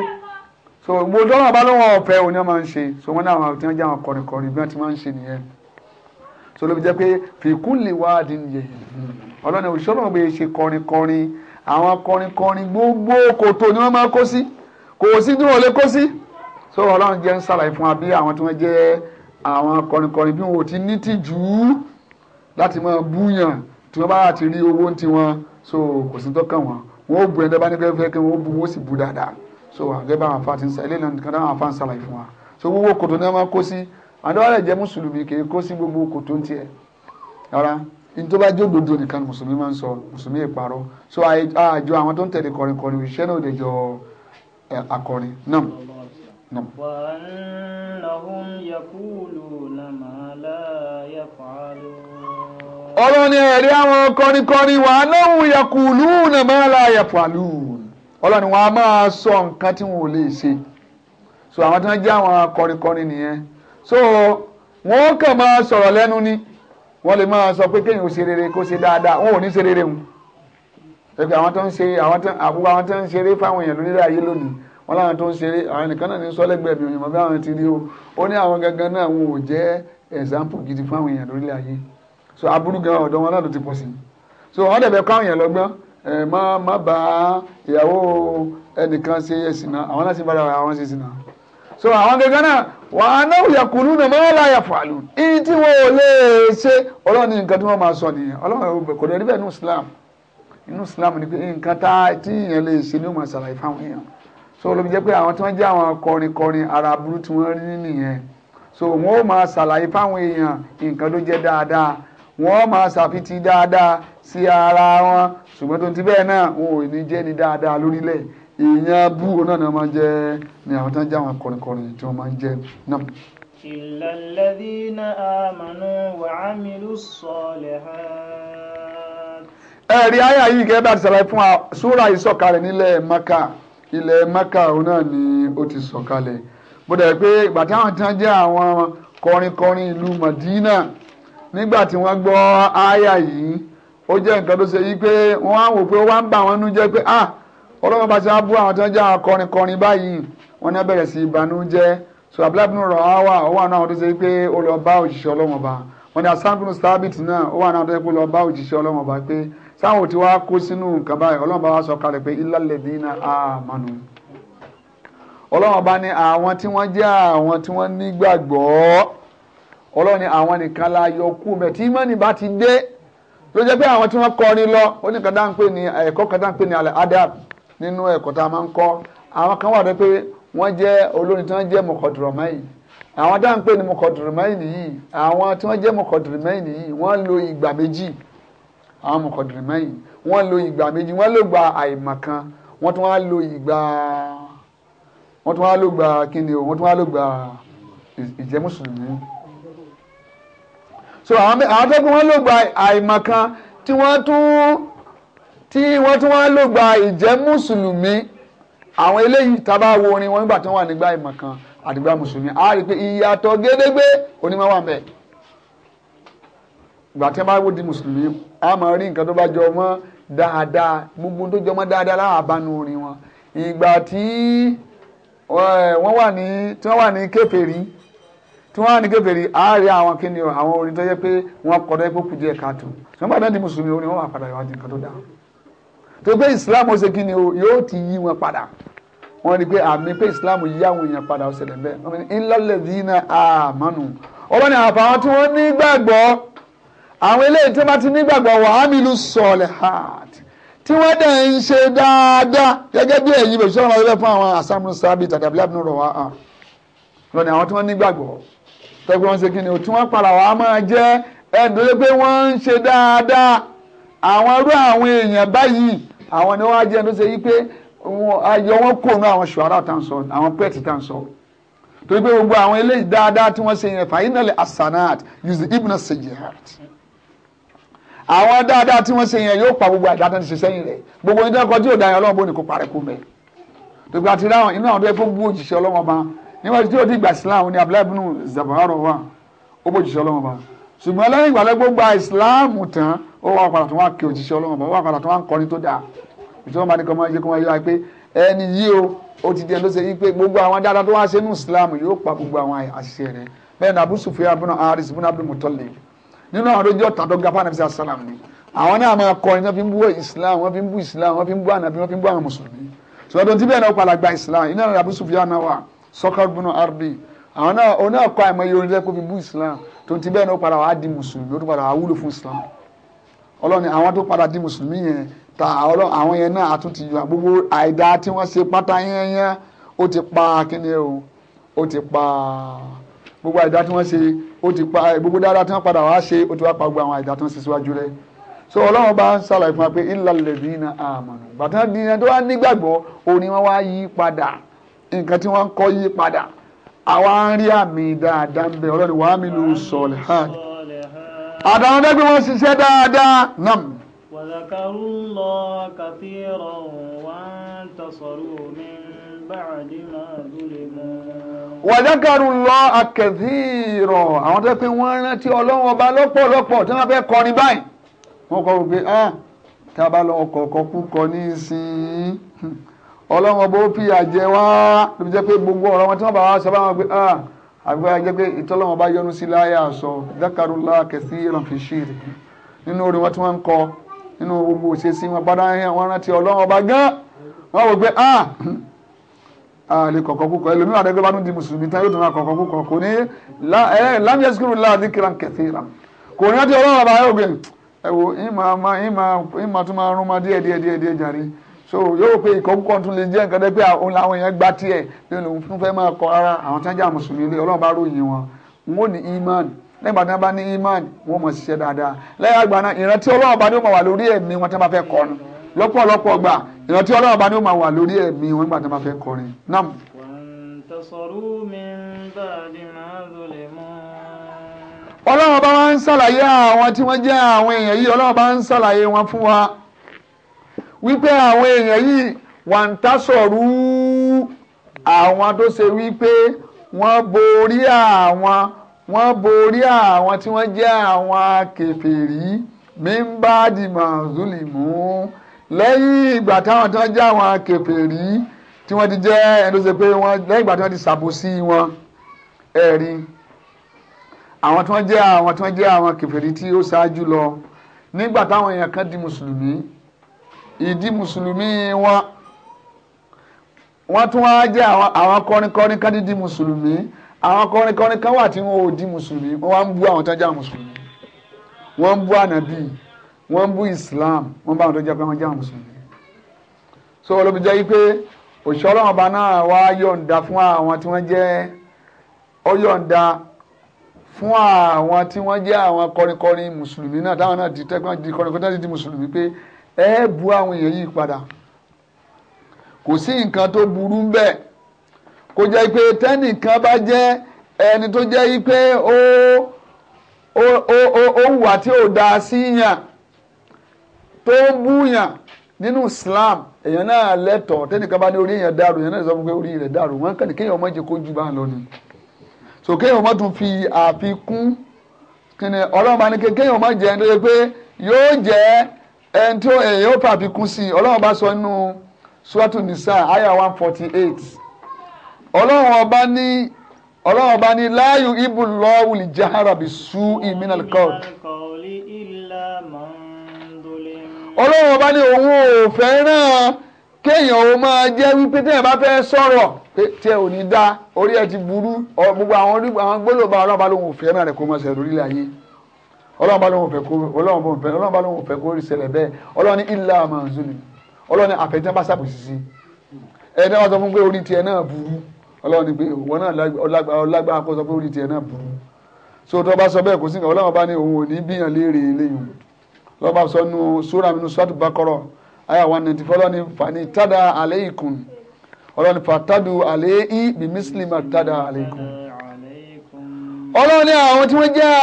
so bó lọ́wọ́ bá lọ́wọ́ ọ̀fẹ́ òní wọ́n máa ń ṣe so wọ́n ní àwọn tí wọ́n jẹ́ àwọn kọ́ni-kọ́ni bí wọ́n ti máa ń ṣe nìyẹn so ló fi jẹ́ pé fìkúlì wáàdì nìyẹn ọlọ́ni òṣìṣẹ́ náà bẹ́ẹ̀ ṣe kọ́ni-kọ́ni àwọn kọ́ni-kọ́ni gbogbo kòtò ni wọ́n máa kó sí kò sí tí wọ́n lè kó sí so ọlọ́run jẹ́ ń ṣàlàyé fún wa bí àwọn tí wọ́n jẹ́ àwọn kọrinkọrin bí wọn ò ti ní tìjú láti máa búyàn tí wọ́n bá ti rí owó ti wọn so kò sí tọ́kàn wọn wọn ò bu ẹni bá ní fẹ́ fẹ́ kí wọn ó bu wọn ó sì bu dáadáa so àgẹ́ bá àwọn afa ti ń sa ilé náà nìkan táwọn afa ń sàlàyé fún wa so gbogbo kòtò ní wọn máa kó sí àdéhùn jẹ́ mùsùlùmí kì í kó sí gbogbo kòtò ń tiẹ̀ rárá ní tó bá jó dodo nìkan mùsùlùmí máa ń sọ mùsùlùmí ìparọ́ so àjọ àwọn tó ń tẹ̀lé kọrinkọrin òṣìṣẹ́ náà lè jọ akọrin náà. نعم وأنهم يقولون ما لا ni ẹ̀rí àwọn kọ́nikọ́ni wà náà yakulu na máa la yàfàlù ọlọ́run ni wọ́n á máa sọ nǹkan tí wọ́n ò lè ṣe so àwọn tí wọ́n jẹ́ àwọn kọ́nikọ́ni nìyẹn so wọ́n kàn máa sọ̀rọ̀ lẹ́nu ni wọ́n lè máa sọ pé kéèyàn ò ṣe rere kó ṣe dáadáa wọ́n ò ní ṣe rere wọn ẹgbẹ́ àwọn tó ń ṣe àwọn tó ń ṣeré fáwọn èèyàn lórí ayé lónìí wọn láwọn tó ń ṣeré àwọn nìkan náà ní sọ́lẹ́gbẹ̀ẹ́ mi òyìnbó bí àwọn ti rí o ó ní àwọn gangan náà wọn ò jẹ́ example gidi fún àwọn èèyàn lórílẹ̀ ayé so aburú gan ọ̀dọ̀ wọn náà ló ti pọ̀ sí so wọ́n dẹ̀ bẹ kọ́ àwọn èèyàn lọ́gbọ́n ẹ̀ má má bá ìyàwó ẹnìkan ṣe ẹ̀sìn náà àwọn láti bára àwọn ṣe ẹ̀sìn náà so àwọn gangan náà wà á náà yàkùnú náà má la yà fàlù iye tí wọn ò lè ṣe ọlọ́run ní nǹkan tí wọ́n máa sọ nìyẹn ọlọ́run kò dẹ̀ níbẹ̀ nínú Islam nínú Islam ni pé nǹkan tá tí èèyàn lè ṣe ni ó máa ṣàlàyé fáwọn èèyàn so ló fi pé àwọn tí wọ́n jẹ́ àwọn kọrinkọrin ara burú tí wọ́n rí nìyẹn so wọ́n ó máa ṣàlàyé fáwọn èèyàn nǹkan ló jẹ́ dáadáa wọ́n máa ṣàfitì dáadáa sí ara wọn ṣùgbọ́n tó ti bẹ́ẹ̀ náà wọn ò ní jẹ́ ni dáadáa lórílẹ̀ èèyàn bú náà ni wọ́n máa ń ni àwọn tí wọ́n jẹ́ àwọn kọrinkọrin tí wọ́n máa ń jẹ́ náà. إلا الذين آمنوا وعملوا الصالحات. ẹ̀rí àyà yìí gẹ́gẹ́ bá ti ṣàlàyé fún wa súrà ìsọ̀kalẹ̀ nílẹ̀ Mẹ́kà ilẹ̀ mẹ́kà òun náà ni ó ti sọ̀kalẹ̀ bó dẹ̀ pé ìgbà táwọn tí wọ́n jẹ́ àwọn kọrinkọrin ìlú Madina nígbà tí wọ́n gbọ́ áyà yìí ó jẹ́ nǹkan tó ṣe yí pé wọ́n á wò pé ó wá ń bà wọ́n pé ah ọlọ́run bá bú àwọn tí jẹ́ àwọn kọrinkọrin báyìí wọ́n ní bẹ̀rẹ̀ sí ìbànújẹ́ so ó wà náà wà náà pé ó lọ bá táwọn tí wàá kó sínú nǹkan báyìí ọlọ́run bá wá sọ kalẹ̀ pé ilalladina amanu ọlọ́run bá ní àwọn tí wọ́n jẹ́ àwọn tí wọ́n nígbàgbọ́ ọlọ́run ní àwọn nìkan la yọ kú mẹ́ tí mọ́nì bá ti dé ló jẹ́ pé àwọn tí wọ́n kọrin lọ ó ní kàdá ń pè ní ẹ̀kọ́ kàdá ń pè ní adab nínú ẹ̀kọ́ tá a máa ń kọ́ àwọn kan wà lọ pé wọ́n jẹ́ olórin tí wọ́n jẹ́ mọ̀kọ̀dùrọ̀mẹ́yìn àwọn dá ń ní mọ̀kọ̀dùrọ̀mẹ́yìn yìí àwọn tí wọ́n jẹ́ mọ̀kọ̀dùrọ̀mẹ́yìn yìí wọ́n lo ìgbà méjì àwọn mọ̀kọ̀dìrìmẹ́yìn wọ́n lo ìgbà méjì wọ́n lo gba àìmọ̀kan wọ́n tún wá lo ìgbà wọ́n tún wá ló gba kíni o wọ́n tún wá ló gba ìjẹ́ mùsùlùmí. so àwọn tó kún wọ́n lo gba àìmọ̀kan tí wọ́n tún tí wọ́n tún wá ló gba ìjẹ́ mùsùlùmí àwọn eléyìí tábà wo orin wọn nígbà tí wọ́n wà nígbà àìmọ̀kan àdìgbà mùsùlùmí a pé ìyàtọ̀ gédégbé onímọ̀ wà bẹ́ẹ̀ ìgbà tí wọ́n bá wò di mùsùlùmí a máa rí nǹkan tó bá jọ mọ́ dáadáa gbogbo tó jọ mọ́ dáadáa láàbánu orin wọn ìgbà tí eh, wọ́n wà ní tí wọ́n wà ní kèfèrí tí wọ́n wà ní kèfèrí a rí àwọn kíni àwọn orin tó yẹ pé wọ́n kọ́ dẹ́ kókù díẹ̀ káàtó tí wọ́n bá dá di mùsùlùmí orin wọ́n wà padà yọ àti nǹkan tó dáa tó pé Islam ó ṣe kíni o yóò ti yí wọn padà wọ́n rí pé àmì pé Islam yí àwọn èèyàn padà ó ṣẹlẹ̀ bẹ́ẹ̀ wọ́n ní ńlá lẹ́dínà àmánù ọlọ́ni àfàwọn tí wọ́n ní àwọn eléyìí tí wọ́n bá ti nígbàgbọ́ wàhámìlú sọ̀lẹ̀ hàt tí wọ́n dẹ̀ ń ṣe dáadáa gẹ́gẹ́ bí ẹ̀yin bẹ̀ sọ́run ọ̀rẹ́ fún àwọn asámúlù sábì tàbí abúlé abúlé rọ̀ wá hàn lọ́ni àwọn tí wọ́n nígbàgbọ́ tẹ́gbẹ́ wọn ṣe kí ni ò tí wọ́n para wàá máa jẹ́ ẹ̀dùn pé wọ́n ń ṣe dáadáa àwọn irú àwọn èèyàn báyìí àwọn ni wọ́n á jẹ́ ẹni tó ṣe yí pé ayọ̀ wọn kò ní àwọn ṣùwárà tá à ń sọ àwọn pẹ́ẹ̀tì tá à ń sọ torí pé gbogbo àwọn eléyìí dáadáa tí wọ́n ṣe yẹn fàyínàlẹ̀ asanat yusuf ibn sejihat àwọn dáadáa tí wọ́n ṣe yẹn yóò pa gbogbo àdáta ti ṣe sẹ́yìn rẹ̀ gbogbo ẹni tó kọ tí yóò da yẹn ọlọ́run bó ni kò parẹ́ kú mẹ́ gbogbo àti ráwọn inú àwọn tó yẹ fún bú òjìṣẹ́ ọlọ́run ọba níwájú tí yóò di ìgbà Islam ní Abdullahi ibn wa, wà ó bó òjìṣẹ́ ọlọ́run ọba ṣùgbọ́n lẹ́yìn ìgbà lẹ́gbó Islam tán ó wà padà tó wà kí òjìṣẹ́ ọlọ́run ọba ó wà padà tó wà ń kọrin tó dáa òjìṣẹ́ ọlọ́run ọba ní kọ́ máa yẹ Islam yóò pa gbogbo àwọn àṣìṣe ni Abu Sufyan ibn Haris ibn Abdul Muttalib nínú àwọn ojú ọ̀tàn tó gapá anabi sàlám ni àwọn náà máa kọ iná fi ń bú islam wọ́n fi ń bú islam wọ́n fi ń bú anabi wọ́n fi ń bú àwọn mùsùlùmí sọdọ̀ tí bẹ́ẹ̀ náà padà gba islam iná Abu Sufyan náà wà sọ́kàt bùnú arbi àwọn náà òun náà kọ àìmọye orin lẹ́kọ́ fi bú islam tó ti bẹ́ẹ̀ náà padà wà á di mùsùlùmí ó tún padà wà á wúlò fún islam ọlọ́ni àwọn tó padà di mùsùlùmí yẹn ta àwọn yẹn náà àtúntì yọ gbogbo àìdá tí wọ́n ṣe pátá yẹn yẹn ó ti pa kíni o ó ti pa gbogbo àìdá tí wọ́n ṣe ó ti pa gbogbo dáadáa tí wọ́n padà wá ṣe ó ti wá pa gbogbo àwọn àìdá tó ń ṣe síwájú so ọlọ́run bá ń ṣàlàyé fún wa pé ìlàlẹ̀bí iná àmọ̀nà bàtà nìyẹn tó wá nígbàgbọ́ òun ni wọ́n wá yí padà nǹkan tí wọ́n ń kọ́ yí padà àwa ń rí àmì dáadáa ń ọlọ́run wàá mi lù sọ̀lẹ̀ hàn àtàwọn ẹgbẹ́ wọn ṣiṣẹ́ dáadáa nam. wàlàkàrú lọ kàfíìrọ̀ wà tọ̀sọ̀rọ̀ mi. بعد ما ظلموا وذكروا الله كثيرا àwọn tó pé wọ́n rántí Ọlọ́run ọba lọ́pọ̀lọpọ̀ tí wọ́n fẹ́ kọrin báyìí wọ́n kọ́ pé ah tá a bá lọ kọ̀ọ̀kọ́ kú kọ nísìnyí Ọlọ́run ọba ó fìyà jẹ wá lóbi jẹ́ pé gbogbo ọ̀rọ̀ wọn tí wọ́n bá wá sọ bá wọn pé ah àgbẹ̀rẹ̀ jẹ́ pé ìtọ́lọ́wọ́n bá yọnu sí láyà sọ dákàrú láàkẹ́ sí ìrànfi ṣíìrì nínú orin wọn tí wọ́n ń kọ nínú gbogbo òṣèṣin ah àlè kọ̀kọ́ kúkọ ẹlòmíràn àdẹ́gbẹ́ bá tún di mùsùlùmí tán yóò tún máa kọ̀kọ́ kúkọ kò ní lámìyẹ sukuru láàdí kíran kẹfì ra kò ní láti ọlọ́run àbáyọ ògbìn ẹ̀wò ìmọ̀ tún máa rún ma díẹ̀ díẹ̀ díẹ̀ díẹ̀ jàre so yóò pé ìkọ̀ kúkọ tún lè jẹ́ nǹkan tẹ́ pé òun làwọn èèyàn gbá tiẹ̀ bí òun tún fẹ́ máa kọ ara àwọn tí wọ́n jẹ́ mùsùlùmí ilé ọlọ́run bá ròyìn wọn wọn ò ní imán lẹ́yìn bàtà bá ní imán wọn mọ̀ ṣiṣẹ́ dáadáa lẹ́yìn àgbà náà ìrántí ọlọ́run bá ní ó mọ̀ wà lórí ẹ̀mí wọn tí wọ́n lọ́pọ̀lọpọ̀ gbà ìrántí ọlọ́run bá ní ó máa wà lórí ẹ̀mí wọn nígbà tí wọ́n fẹ́ kọrin náà. ọlọ́run bá wọn ń ṣàlàyé àwọn tí wọ́n jẹ́ àwọn èèyàn yìí ọlọ́run bá ń ṣàlàyé wọn fún wa wípé àwọn èèyàn yìí wà ń tásọ̀rú àwọn tó ṣe wípé wọ́n borí àwọn wọ́n borí àwọn tí wọ́n jẹ́ àwọn kèfèrí mímbádìmọ̀ zulimu lẹ́yìn ìgbà táwọn tán jẹ́ àwọn kèfèrí tí wọ́n ti jẹ́ ẹni tó ṣe pé wọ́n lẹ́yìn ìgbà tí wọ́n ti ṣàbòsí wọn ẹ̀rí àwọn tí wọ́n jẹ́ àwọn tí wọ́n jẹ́ àwọn kèfèrí tí ó ṣáájú lọ nígbà táwọn èèyàn kan di mùsùlùmí ìdí mùsùlùmí wọn wọ́n tún wá jẹ́ àwọn kọrinkọrin kan dídí mùsùlùmí àwọn kọrinkọrin kan wà tí wọn ò di mùsùlùmí wọ́n wá ń bú àwọn tán jẹ́ àwọn mùsùlùmí wọ́n ń bú ànábì wọ́n bú Islam wọ́n bá wọn tó jẹ́ pé wọ́n jẹ́ àwọn so olóbi jẹ́ wípé òṣìṣẹ́ ọlọ́run ọba náà wá yọ̀ǹda fún àwọn tí wọ́n jẹ́ ó yọ̀ǹda fún àwọn tí wọ́n jẹ́ àwọn kọrinkọrin mùsùlùmí náà táwọn náà ti tẹ́gbọ́n di kọrinkọrin di mùsùlùmí pé ẹ bu àwọn èèyàn yìí padà kò sí nǹkan tó burú ń bẹ̀ kò jẹ́ pé tẹ́nìkan bá jẹ́ ẹni tó jẹ́ wípé ó wà tí ò dáa sí tó búyàn nínú Islam èèyàn náà lẹ́tọ̀ọ́ tẹ́nìkan bá ní orí èèyàn dàrú èèyàn náà sọ fún pé orí rẹ̀ dàrú wọ́n kàn ní kéèyàn ọmọ jẹ́ kó jù bá ń lọ ni so kéèyàn ọmọ tún fi àfikún kíni ọlọ́run bá ní kéèyàn ọmọ jẹ́ ẹni pé yóò jẹ́ ẹni tó èèyàn ó fàfikún sí ọlọ́run bá sọ nínú Suratu Nisa aya one forty eight ọlọ́run ọba ní ọlọ́run ọba ní láàyò ibùlọ́wùlì jahara bisu iminal kọ́ọ̀d ọlọ́run ọba ní òun ò fẹ́ràn kéèyàn ò máa jẹ́ wípé téèyàn bá fẹ́ sọ̀rọ̀ pé tí ẹ ò ní dá orí ẹ ti burú gbogbo àwọn àwọn gbólóba ọlọ́run ọba lòun ò fẹ́ràn rẹ̀ kó mọ̀ sẹ́rù orílẹ̀ ayé ọlọ́run ọba lòun ò fẹ́ kó ọlọ́run ọba lòun ò fẹ́ kó rí ṣẹlẹ̀ bẹ́ẹ̀ ọlọ́run ní ilà àmàzùnì ọlọ́run ní àfẹ́tẹ́ bá ṣàbòsí sí ẹ̀ náà wọ́n sọ fún pé orí tiẹ̀ náà burú ọlọ́run ní pé ìwọ náà lágbára kó sọ pé orí tiẹ̀ náà burú so tó bá sọ bẹ́ẹ̀ kò sí nǹkan ọlọ́run ọba lọ́ba sọ nu sura mi nu suratu bakọ́rọ̀ aya one ninety four ọlọ́ni fani tada aleikum ọlọ́ni fatadu alei bi muslima tada aleikum ọlọ́ni àwọn tí wọ́n jẹ́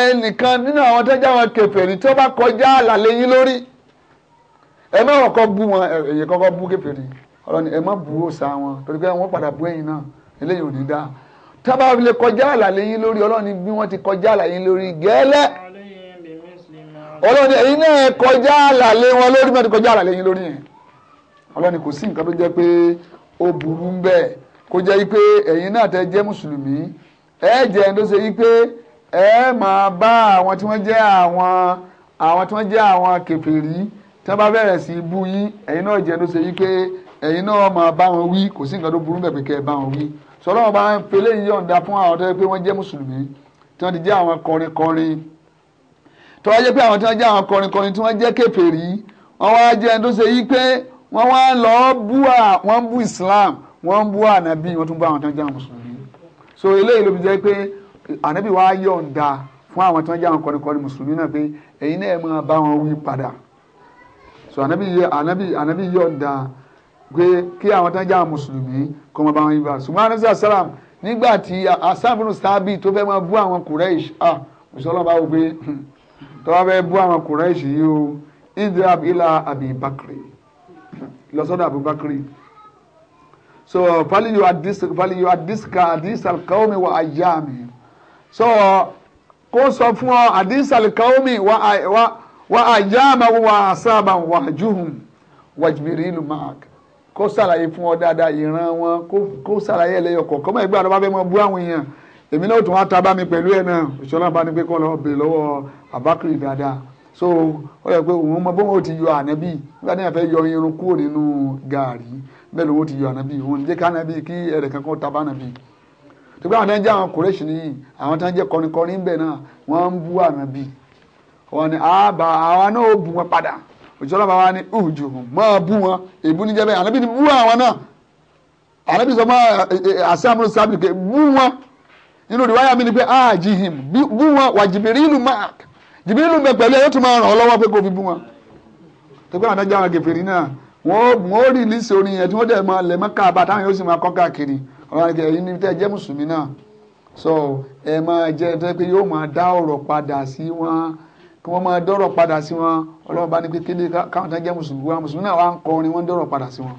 ẹnìkan nínú àwọn tó jẹ́ àwọn kèfèrí tí wọ́n bá kọjá àlàlé yín lórí ẹ má kọ́kọ́ bú wọn ẹ̀yẹ kọ́kọ́ bú kèfèrí ọlọ́ni ẹ má bú òòsà wọn torí pé wọ́n padà bú ẹ̀yin náà eléyìí ò ní dáa tábà lè kọjá àlàlé yín lórí ọlọ́ni bí wọ́n ti kọjá àlàlé yín lórí gẹ́lẹ́ ọlọ́ni ẹ̀yin náà kọjá àlàlé wọn lórí mẹ́rin kọjá àlàlé yín lórí yẹn ọlọ́ni kò sí nǹkan tó jẹ́ pé ó burú ń bẹ́ẹ̀ kó jẹ́ wípé ẹ̀yin náà tẹ́ jẹ́ mùsùlùmí ẹ jẹ́ ẹni tó ṣe wípé ẹ máa bá àwọn tí wọ́n jẹ́ àwọn àwọn tí wọ́n jẹ́ àwọn kèfèrí tí wọ́n bá bẹ̀rẹ̀ sí bú yín ẹ̀yin náà jẹ́ ẹni tó ṣe wípé ẹ̀yin náà máa bá wọn wí kò sí nǹkan tó burú bẹ́ẹ̀ pé kẹ́ ẹ bá wọn wí sọlọ́wọ́n bá ń pelé yíyọ̀ǹda fún àwọn tó yẹ pé wọ́n jẹ́ mùsùlùmí tí wọ́n ti jẹ́ àwọn kọrin kọrin tó wá jẹ́ pé àwọn tí wọ́n jẹ́ àwọn kọrinkọrin tí wọ́n jẹ́ kèfèrí wọ́n wá jẹ́ ẹni tó ṣe yí pé wọ́n wá lọ bú à wọ́n bú Islam wọ́n bú ànábì wọ́n tún bú àwọn tí wọ́n jẹ́ àwọn mùsùlùmí so eléyìí ló fi jẹ́ pé ànábì wá yọ̀ǹda fún àwọn tí wọ́n jẹ́ àwọn kọrinkọrin mùsùlùmí náà pé ẹ̀yin náà máa bá wọn wí padà so ànábì ànábì yọ̀ǹda pé kí àwọn tí wọ́n jẹ́ àwọn mùsùlùmí kọ́ máa bá wọn yí padà ṣùgbọ́n ànábì sàlám nígbà tí asáfùnù sábì tó fẹ́ máa bú tọ́wọ́ bẹ́ẹ̀ bú àwọn Kùráìṣì yìí o idhab ila abibakri. lọ́sọ́dọ̀ abubakiri so faliyu adiska faliyu adiska adisal kaomi wa ayami so kó sọ fún ọ adisal kaomi wa wa wa ayama wa asaba wa juhum wajibiri ilu maak kó sàlàyé fún ọ dáadáa ìran wọn kó sàlàyé ẹlẹyọkọ kọ́mọ ẹgbẹ́ àdọ́bàbẹ́ mọ bú àwọn èèyàn èmi náà tún wá ta bá mi pẹ̀lú ẹ̀ náà ìṣọ́lá bá ní pé kọ́ lọ bèrè lọ́wọ́ Abakiri dáadáa so ó yẹ pé òun mọ bóun ti yọ ànábì nígbà tí wọn fẹ́ yọ irun kúrò nínú gàárì bẹ́ẹ̀ lòun ti yọ ànábì òun ní jẹ́ ká ànábì kí ẹ̀rẹ̀ kankan ta bá ànábì tùgbọ́n àwọn tó ń jẹ́ àwọn kòrèṣì nìyí àwọn tó ń jẹ́ kọrinkọrin ń bẹ̀ náà wọ́n ń bú ànábì wọn ni àbá àwa náà ó bú wọn padà òṣìṣẹ́ bàbá wa ni ùjò máa bú wọn èbú níjẹ́ bẹ́ẹ̀ ànábì ni bú àwọn náà ànábì sọ fún àṣẹ àmúlò sábì nínú ìwáyà mi ni pé àjìhìm ah, bú wọn wà jìbìrìlù mark jìbìrìlù bẹ pẹ̀lú ẹ̀ yóò tún máa ràn ọ́ lọ́wọ́ pé kò fi bú wọn. tẹ́gbẹ́ àwọn adájọ́ àwọn kẹfìrí náà wọ́n ó rí lísì orin yẹn tí wọ́n dẹ̀ máa lẹ̀ mọ́ káàbà táwọn yóò sì máa kọ́ káàkiri ọ̀rọ̀ ẹ̀yin ni tẹ́ jẹ́ mùsùlùmí náà so ẹ máa jẹ́ tẹ́ pé yóò máa dá ọ̀rọ̀ padà sí wọn kí wọ́n máa dọ́rọ̀ padà sí wọn ọlọ́run bá ní pé kéde káwọn tán jẹ́ mùsùlùmí wa mùsùlùmí náà wá ń kọ orin wọ́n dọ́rọ̀ padà sí wọn.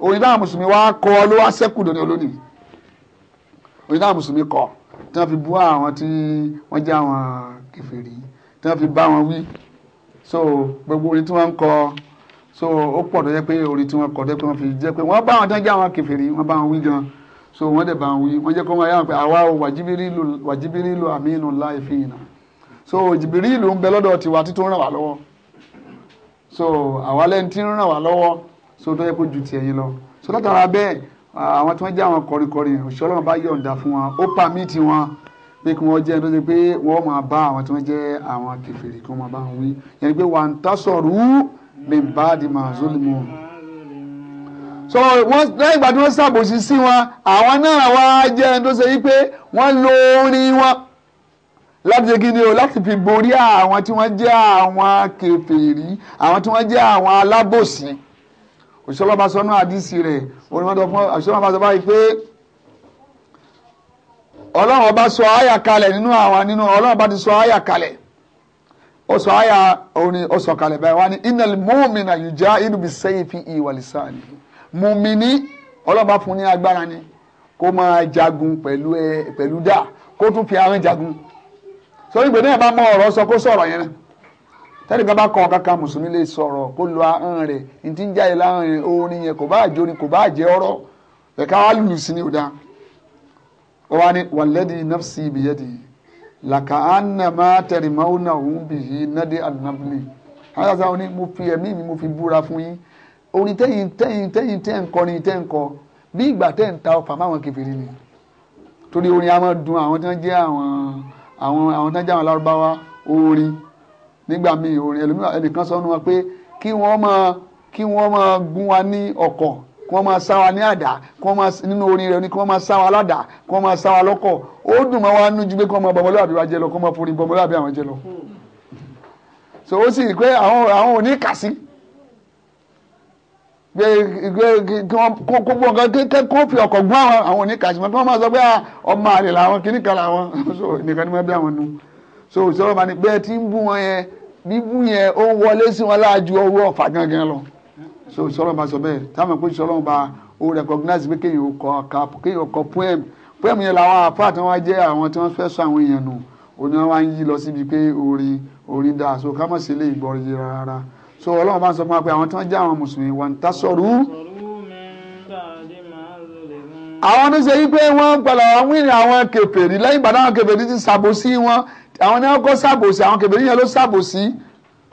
orin táwọn mùsùlùmí wá kọ ló wá sẹ́kù lónìí olónìí orin táwọn mùsùlùmí kọ tí wọ́n fi bú àwọn tí wọ́n jẹ́ àwọn kèfèrí tí wọ́n fi bá wọn wí so gbogbo orin tí wọ́n ń kọ so ó pọ̀ tó jẹ́ pé orin tí wọ́n kọ jẹ́ pé wọ́n fi jẹ́ pé wọ́n bá àwọn tí wọ́n jẹ́ àwọn kèfèrí wọ́n bá wọn wí gan so wọ́n dẹ̀ bá wọn wí wọ́n jẹ́ kó wọn pé àwa o wàjíbírí lo àmínú láì fi hìnà so jìbìrí ìlú ń bẹ lọ́dọ̀ tiwa títún ràn wá lọ́wọ́ so àwa lẹ́ni tí ń ràn wá lọ́wọ́ so tó yẹ kó ju tiẹ̀ yín lọ so látara bẹ́ẹ̀ àwọn tí wọ́n jẹ́ àwọn kọrinkọrin òṣìṣẹ́ ọlọ́run bá yọ̀ǹda fún wọn ó pàmìtì wọn pé kí wọ́n jẹ́ ẹni tó ṣe pé wọ́n máa bá àwọn tí wọ́n jẹ́ àwọn kèfèrí kí wọ́n máa bá wọn wí yẹn ni pé wà ń tásọ̀rù mi bá di màá zolimu. so wọ́n lẹ́yìn ìgbà tí wọ́n ṣàbòsí sí wọn àwọn náà wá jẹ́ ẹni tó ṣe wípé wọ́n lo orin wọn láti ṣe kíni o láti fi borí àwọn tí wọ́n jẹ́ àwọn kèfèrí àwọn tí wọ́n jẹ́ àwọn alábòsí òṣìṣẹ́ ọlọ́ba sọ náà àdìsí rẹ̀ onímọ̀tò fún òṣìṣẹ́ ọlọ́ba sọ báyìí pé ọlọ́run ọba sọ àyà kalẹ̀ nínú àwọn nínú ọlọ́run ọba ti sọ àyà kalẹ̀ ó sọ àyà orin ó sọ kalẹ̀ báyìí wá ní inal mọ́mìnà yìjà ìlú bí sẹ́yìn kó jagun pẹ̀lú ẹ pẹ̀lú dà kó tún fi àwọn jagun sọ ìgbẹ́ náà bá mọ ọ̀rọ̀ sọ kó sọ̀rọ̀ yẹn náà tẹ́nìkan bá kọ kankan mùsùlùmí lè sọ̀rọ̀ kó lo ahọ́n rẹ̀ ní ti ń jáde láhọ́n rẹ̀ orin yẹn kò bá àjò orin kò bá àjẹ́ ọ̀rọ̀ ẹ̀ka wá lùlù sí ni ò dáa ó wá ní wàlẹ́dì nafsi bìyẹ́dì làkà ánàmá tẹ̀rìmọ́nà òun bìyí nádé àdùnàbìlì ayáza ó ní mo fi ẹ̀mí mi mo fi búra fún yín orin tẹ́yìn tẹ́yìn tẹ́yìn tẹ́ ń kọrin tẹ́ ń bí ìgbà tẹ́ ni torí orin a máa dùn àwọn tí orin nígbà míì orin ẹlòmíràn ẹnìkan sọ nu wa pé kí wọ́n máa kí wọ́n máa gún wa ní ọkọ̀ kí wọ́n máa sá wa ní àdá kí wọ́n máa nínú orin rẹ̀ ni kí wọ́n máa sá wa ládàá kí wọ́n máa sá wa lọ́kọ̀ ó dùn mọ́ wa nú ju pé kí wọ́n máa bọ̀mọ́lẹ́ àbí wa jẹ lọ kí wọ́n máa forí bọ̀mọ́lẹ́ àbí àwọn jẹ lọ. so ó sì rí pé àwọn àwọn ò ní kà sí pé kí wọ́n kó gbọ́ nǹkan kó fi ọkọ̀ gbọ́ àwọn àwọn ò ní kà sí mọ́ kí wọ́n máa sọ pé ọmọ àlè làwọn kíníkan làwọn nìkan ni wọ́n bí àwọn nu so sọ̀rọ̀ bá ní pé ẹ ti ń bú wọn yẹn bíbú yẹn ó ń wọlé sí wọn láàjú owó ọ̀fà gangan lọ so sọ̀rọ̀ bá sọ bẹ́ẹ̀ táwọn pé sọ̀rọ̀ bá ó recognize pé kéèyàn kọ kap kéèyàn kọ poem poem yẹn làwọn àfáà tí wọ́n jẹ́ àwọn tí wọ́n fẹ́ sọ àwọn èèyàn nù òní wọn wá ń yí lọ síbi pé orin orin dáa so ká mọ̀ sí ilé ìgbọ́ yìí rárá so ọlọ́run bá ń sọ fún wa pé àwọn tí wọ́n jẹ́ àwọn mùsùlùmí wọn ta sọ̀rọ̀ àwọn tó ṣe yí pé wọ́n padà wọ́n wíìrì àwọn kèfèrí lẹ́yìn ìbàdàn àwọn kèfèrí ti ṣàbòsí wọn àwọn ní wọn kọ́ ṣàbòsí àwọn kẹfẹ́ níyẹn ló ṣàbòsí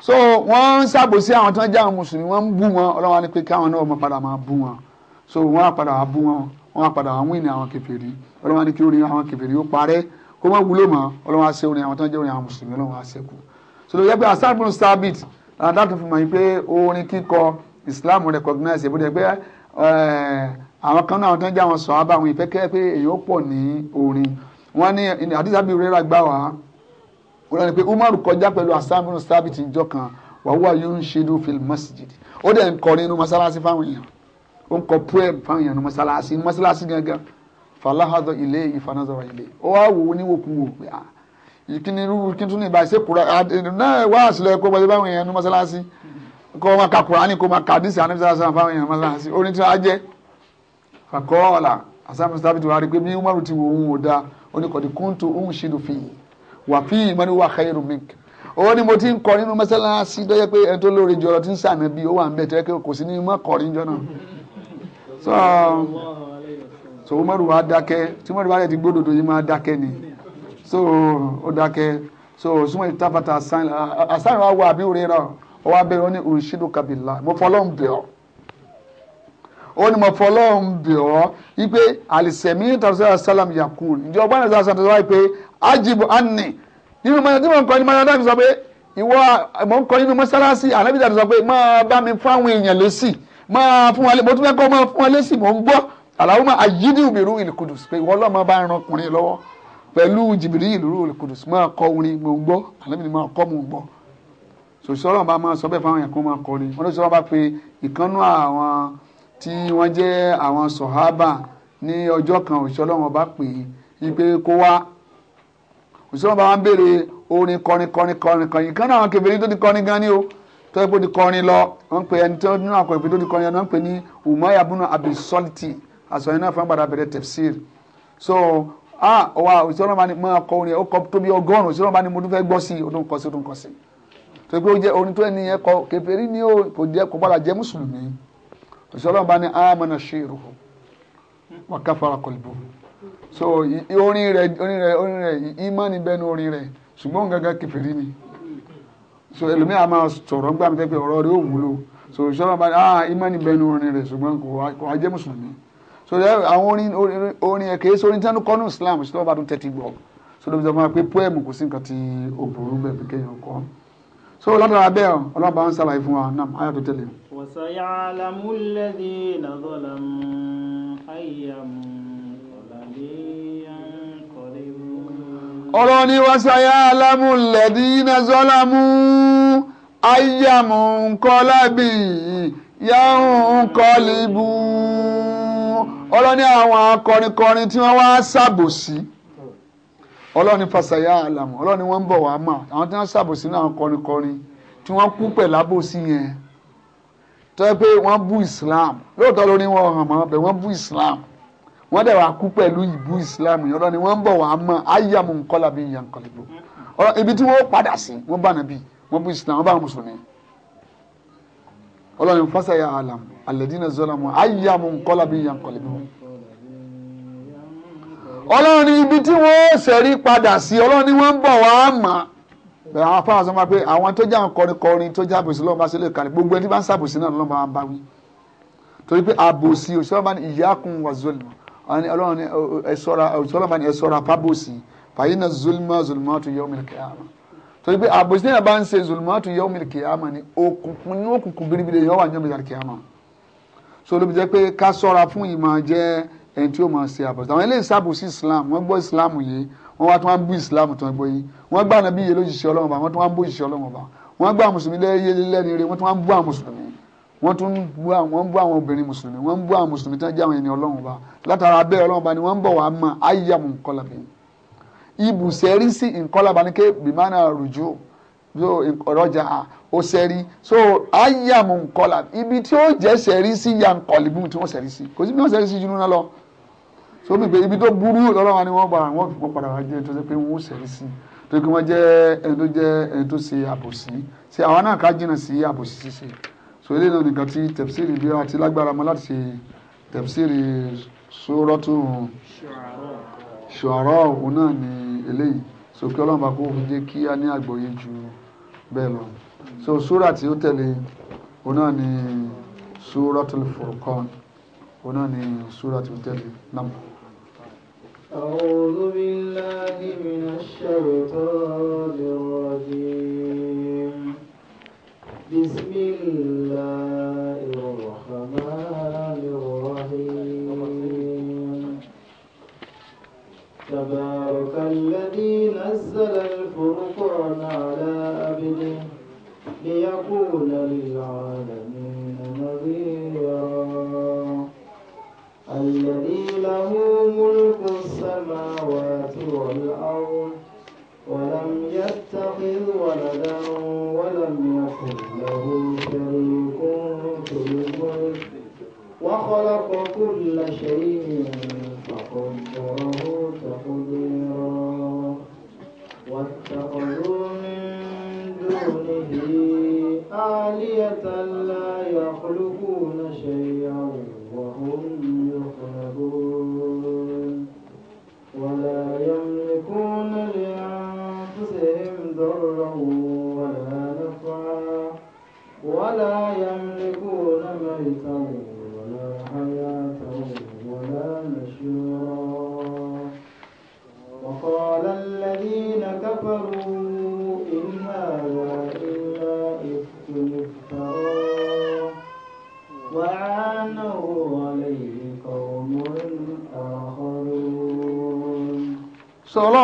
so wọ́n ń ṣàbòsí àwọn tí wọ́n jẹ́ àwọn mùsùlùmí wọ́n ń bú wọn ọlọ́wọ́n ni pé káwọn náà wọ́n padà máa bú wọn so wọ́n á padà wá bú wọn wọ́n á padà wá wíìnì àwọn kèfèrí ọlọ́wọ́n ni kí orin àwọn kèfèrí ó parẹ́ kó má wúlò mọ́ ọlọ́wọ́n á ṣe orin àwọn tí wọ́n jẹ́ orin àwọn mùsùlùmí ọlọ́wọ́n á ṣẹ́kù so ló yẹ pé asarfun sabit adáàtú fún mi pé orin kíkọ Islam recognize ìbúdẹ pé eh, àwọn kan náà tó ń jẹ́ àwọn sọ̀rọ̀ àbáwọn ìfẹ́kẹ́ pé èèyàn pọ̀ wọ́n ní àdìsábì rẹ̀ gbà wá ó lọ ní pé Umaru kọjá pẹ̀lú asaminu sábìtì ìjọ kan wàhùwà yóò ń ṣe ní fil masjid ó dẹ̀ ń kọrin inú mọ́sálásí fáwọn èèyàn ó ń kọ prayer fáwọn èèyàn inú mọ́sálásí inú mọ́sálásí gangan falahadọ ilé ìfanazọrọ ilé ó wá wò ó níwòkuwò pé ah ìkíni irú kí tún ní ìbá ṣe kura ah, náà wá àṣìlọ ẹ̀kọ́ bọ́sẹ̀ fáwọn èèyàn inú mọ́sálásí kó máa ka Kùránì kó máa ka dísì àníbísàlásán fáwọn èèyàn mọ́sálásí orin Umaru ti wò ó ń wò dáa ó wà fi ìmọ̀ ni wà khairu mink owó ni mo ti ń kọ nínú mọ́sálásí tó yẹ pé ẹni tó lóore jọrọ ti ń sànà bí ó wà ń bẹ̀ tẹ́ kò sí ní mọ́ kọrin jọ náà so so umaru wa dákẹ́ tí umaru wa rẹ̀ ti gbódòdó yìí máa dákẹ́ ni so ó dákẹ́ so súnmọ́ ìtafàtà àsáyìn wa wà bí òrera ọ wá bẹ̀rẹ̀ ó ní òṣìṣẹ́dọ̀ kabila mo fọlọ́ ń bẹ̀ ọ́ ó ní mo fọlọ́ ń bẹ̀ ọ́ wípé àlìsẹ̀mí tàbí sàlám yakun ìjọba náà sàlám tàbí sàlám wípé ajibu anni nínú mọ́tò tí mo ń kọ́ ní mọ́tò tí mo sọ pé ìwọ mo ń kọ́ nínú mọ́sálásí ànábì tàbí sọ pé máa bá mi fún àwọn èèyàn lésì máa fún wọn mo tún fẹ́ kọ́ máa fún wọn lésì mo ń gbọ́ àlàó máa àyídìí mi rú ìlùkùdùs pé ìwọ ọlọ́mọ bá ń ran ọkùnrin lọ́wọ́ pẹ̀lú jìbìrì ìlú rú ìlùkùdùs máa kọ orin mo ń gbọ́ ànábì máa kọ́ mo ń gbọ́ sòṣọ́rọ̀ bá máa sọ bẹ́ẹ̀ fáwọn èèyàn kó máa kọrin wọ́n ló sọ bá pé mùsùlùmí bá wá ń béèrè orin kọrin kọrin kọrin kọrin kan náà àwọn kẹfẹ́rí tó ti kọrin gan ni o tó yẹ kó ti kọrin lọ wọ́n pe ẹni tó nínú àkọ́kọ́ tó ti kọrin ẹni wọ́n pe ní umaya bunu abisoliti àsọyìn náà fún padà bẹ̀rẹ̀ tafsir so ah wa òṣèlú bá ní mọ ọkọ orin ó kọ tóbi ọgọ́rùn òṣèlú bá ní mo tún fẹ́ gbọ́ sí i o tún kọ sí i ó tún kọ sí i tó pé ó jẹ orin tó ẹni yẹn kọ kẹfẹ́rí ni o kò jẹ kó padà jẹ mùsùlùmí òṣèlú bá ní amana shiruhu wa kafara qalbuhu so orin rẹ̀ orin rẹ̀ orin rẹ̀ ìmọ̀ ní bẹ́ẹ̀ orin rẹ̀ ṣùgbọ́n gángan kẹfìrí ni so ẹlòmíì a máa sọ̀rọ̀ gbà mí tẹ́pẹ́ ọ̀rọ̀ rẹ̀ ò wúlò so ìṣọ́nà bá ah ìmọ̀ ní bẹ́ẹ̀ orin rẹ̀ ṣùgbọ́n kò wá jẹ́ mùsùlùmí so àwọn orin orin ẹ̀ kìí sórin tẹ́nu kọ́nù Islam ṣùgbọ́n bá tún tẹ́tí gbọ́ so lóbi sọ pé poem kò sí nǹkan tí ò bẹ́ẹ̀ fi kéèyàn kọ́ so látara bẹ́ẹ̀ ọlọ́run bá ń ṣàlàyé fún wa náà ayé tó tẹ̀lé. wàsàyà alamúlẹ́dì nàdọ́làmù ayé àmú. ọlọ́ni wáṣáyá alámúlẹ̀dí iná zọ́lámú ayàmù ńkọ́lábì yáhùn ńkọ́líbù ọlọ́ni àwọn akọrinkọrin tí wọ́n wá ṣàbòsí ọlọ́ni fàṣàyà àlàmù ọlọ́ni wọ́n ń bọ̀ wá mà àwọn tí wọ́n ṣàbòsí náà kọrinkọrin tí wọ́n kú pẹ̀lú àbòsí yẹn tó pé wọ́n bú Islam lóòótọ́ lórí wọn hàn mọ́ bẹ́ẹ̀ wọ́n bú Islam wọ́n dẹ̀ wá kú pẹ̀lú ìbú ìsìlámù yọ̀rọ̀ ni wọ́n ń bọ̀ wá mọ́ ayélujára nǹkọ́lá bí ìyá nǹkan lẹ́gbọ̀ ọ̀rọ̀ ibi tí wọ́n padà sí wọ́n bá nàbí wọ́n bú ìsìlámù wọ́n bá mùsùlùmí ọlọ́run fásitì ayé alam alẹ́dínà zọ́lámù ayélujára nǹkọ́lá bí ìyá nǹkan lẹ́gbọ̀ ọlọ́run ni ibi tí wọ́n ṣẹ̀rí padà sí ọlọ́run ni wọ́n ń bọ̀ wá mọ́ àwọn afáwọn sọ ma pé àwọn tó jẹ́ àkọrin kọrin tó jẹ́ àbòsí lọ́wọ́ bá ṣe lè kàlẹ̀ gbogbo ẹni bá ń ṣàbòsí náà lọ́wọ́ bá ń bá wí torí pé àbòsí òṣèlú bá ní ìyá kun wà zọ́lùmọ́ ọlọ́run ní ẹ̀sọ́ra ọlọ́run ní ẹ̀sọ́ra pábòsì fàyín náà zulma zulma tu yọ mílíkì àmà torí pé àbòsí náà bá ń ṣe zulma tu yọ mílíkì àmà ni òkùnkùn ní òkùnkùn biribiri yọ wà ní mílíkì àmà so ló fi jẹ́ pé ká sọ́ra fún ìmọ̀ jẹ́ ẹni tí ó máa ṣe àbòsí àwọn eléyìí sábòsí islam wọ́n gbọ́ islam yìí wọ́n wá tí wọ́n bú islam tó ń gbọ́ yìí wọ́n gbà náà bí iye lójijì ọlọ́run ọba wọ́n tí wọ́n bú ìṣẹ́ ọlọ́run ọba wọ́n gbà mùsùlùmí lẹ́yẹ lẹ́ni rẹ̀ wọ́n tí wọ́n bú àwọn mùsùlùmí wọ́n tún bú àwọn ń bú àwọn obìnrin mùsùlùmí wọ́n ń bú àwọn mùsùlùmí tí wọ́n jẹ́ àwọn ènìyàn ọlọ́run ọba látara bẹ́ẹ̀ ọlọ́run ọba ni wọ́n ń bọ̀ wá mọ́ ayéyàmù nkọ́làbí ibùsẹ̀rí sí nkọ́làbá ni ké bìmánà rùjò ọ̀rọ̀jà ó sẹ́rí so ayéyàmù nkọ́làbí ibi tí ó jẹ́ sẹ́rí sí ya nkọ́lìbù tí wọ́n sẹ́rí sí kò sí bí wọ́n sẹ́rí sí jùlọ náà so mi pé ibi tó burú lọ́lọ́wọ́ ni wọ́n bá wọn padà wá jẹ́ tó ṣe pé wọ́n sẹ́rí sí torí pé wọ́n jẹ́ ẹni tó jẹ́ ẹni tó ṣe so eléyìí náà nìkan tí tẹ̀fsìrì bí àti lágbára mọ́ láti ṣe tẹ̀fsìrì sórọ́tù ṣùárọ̀ òun náà ni eléyìí so kí ọlọ́run bá kó fi jẹ́ kí a ní àgbọ́yé ju bẹ́ẹ̀ lọ so sóra tí ó tẹ̀lé òun náà ni suratul furqan òun náà ni sóra tí ó tẹ̀lé náà. أعوذ بالله من الشيطان الرجيم بسم الله الرحمن الرحيم تبارك الذي نزل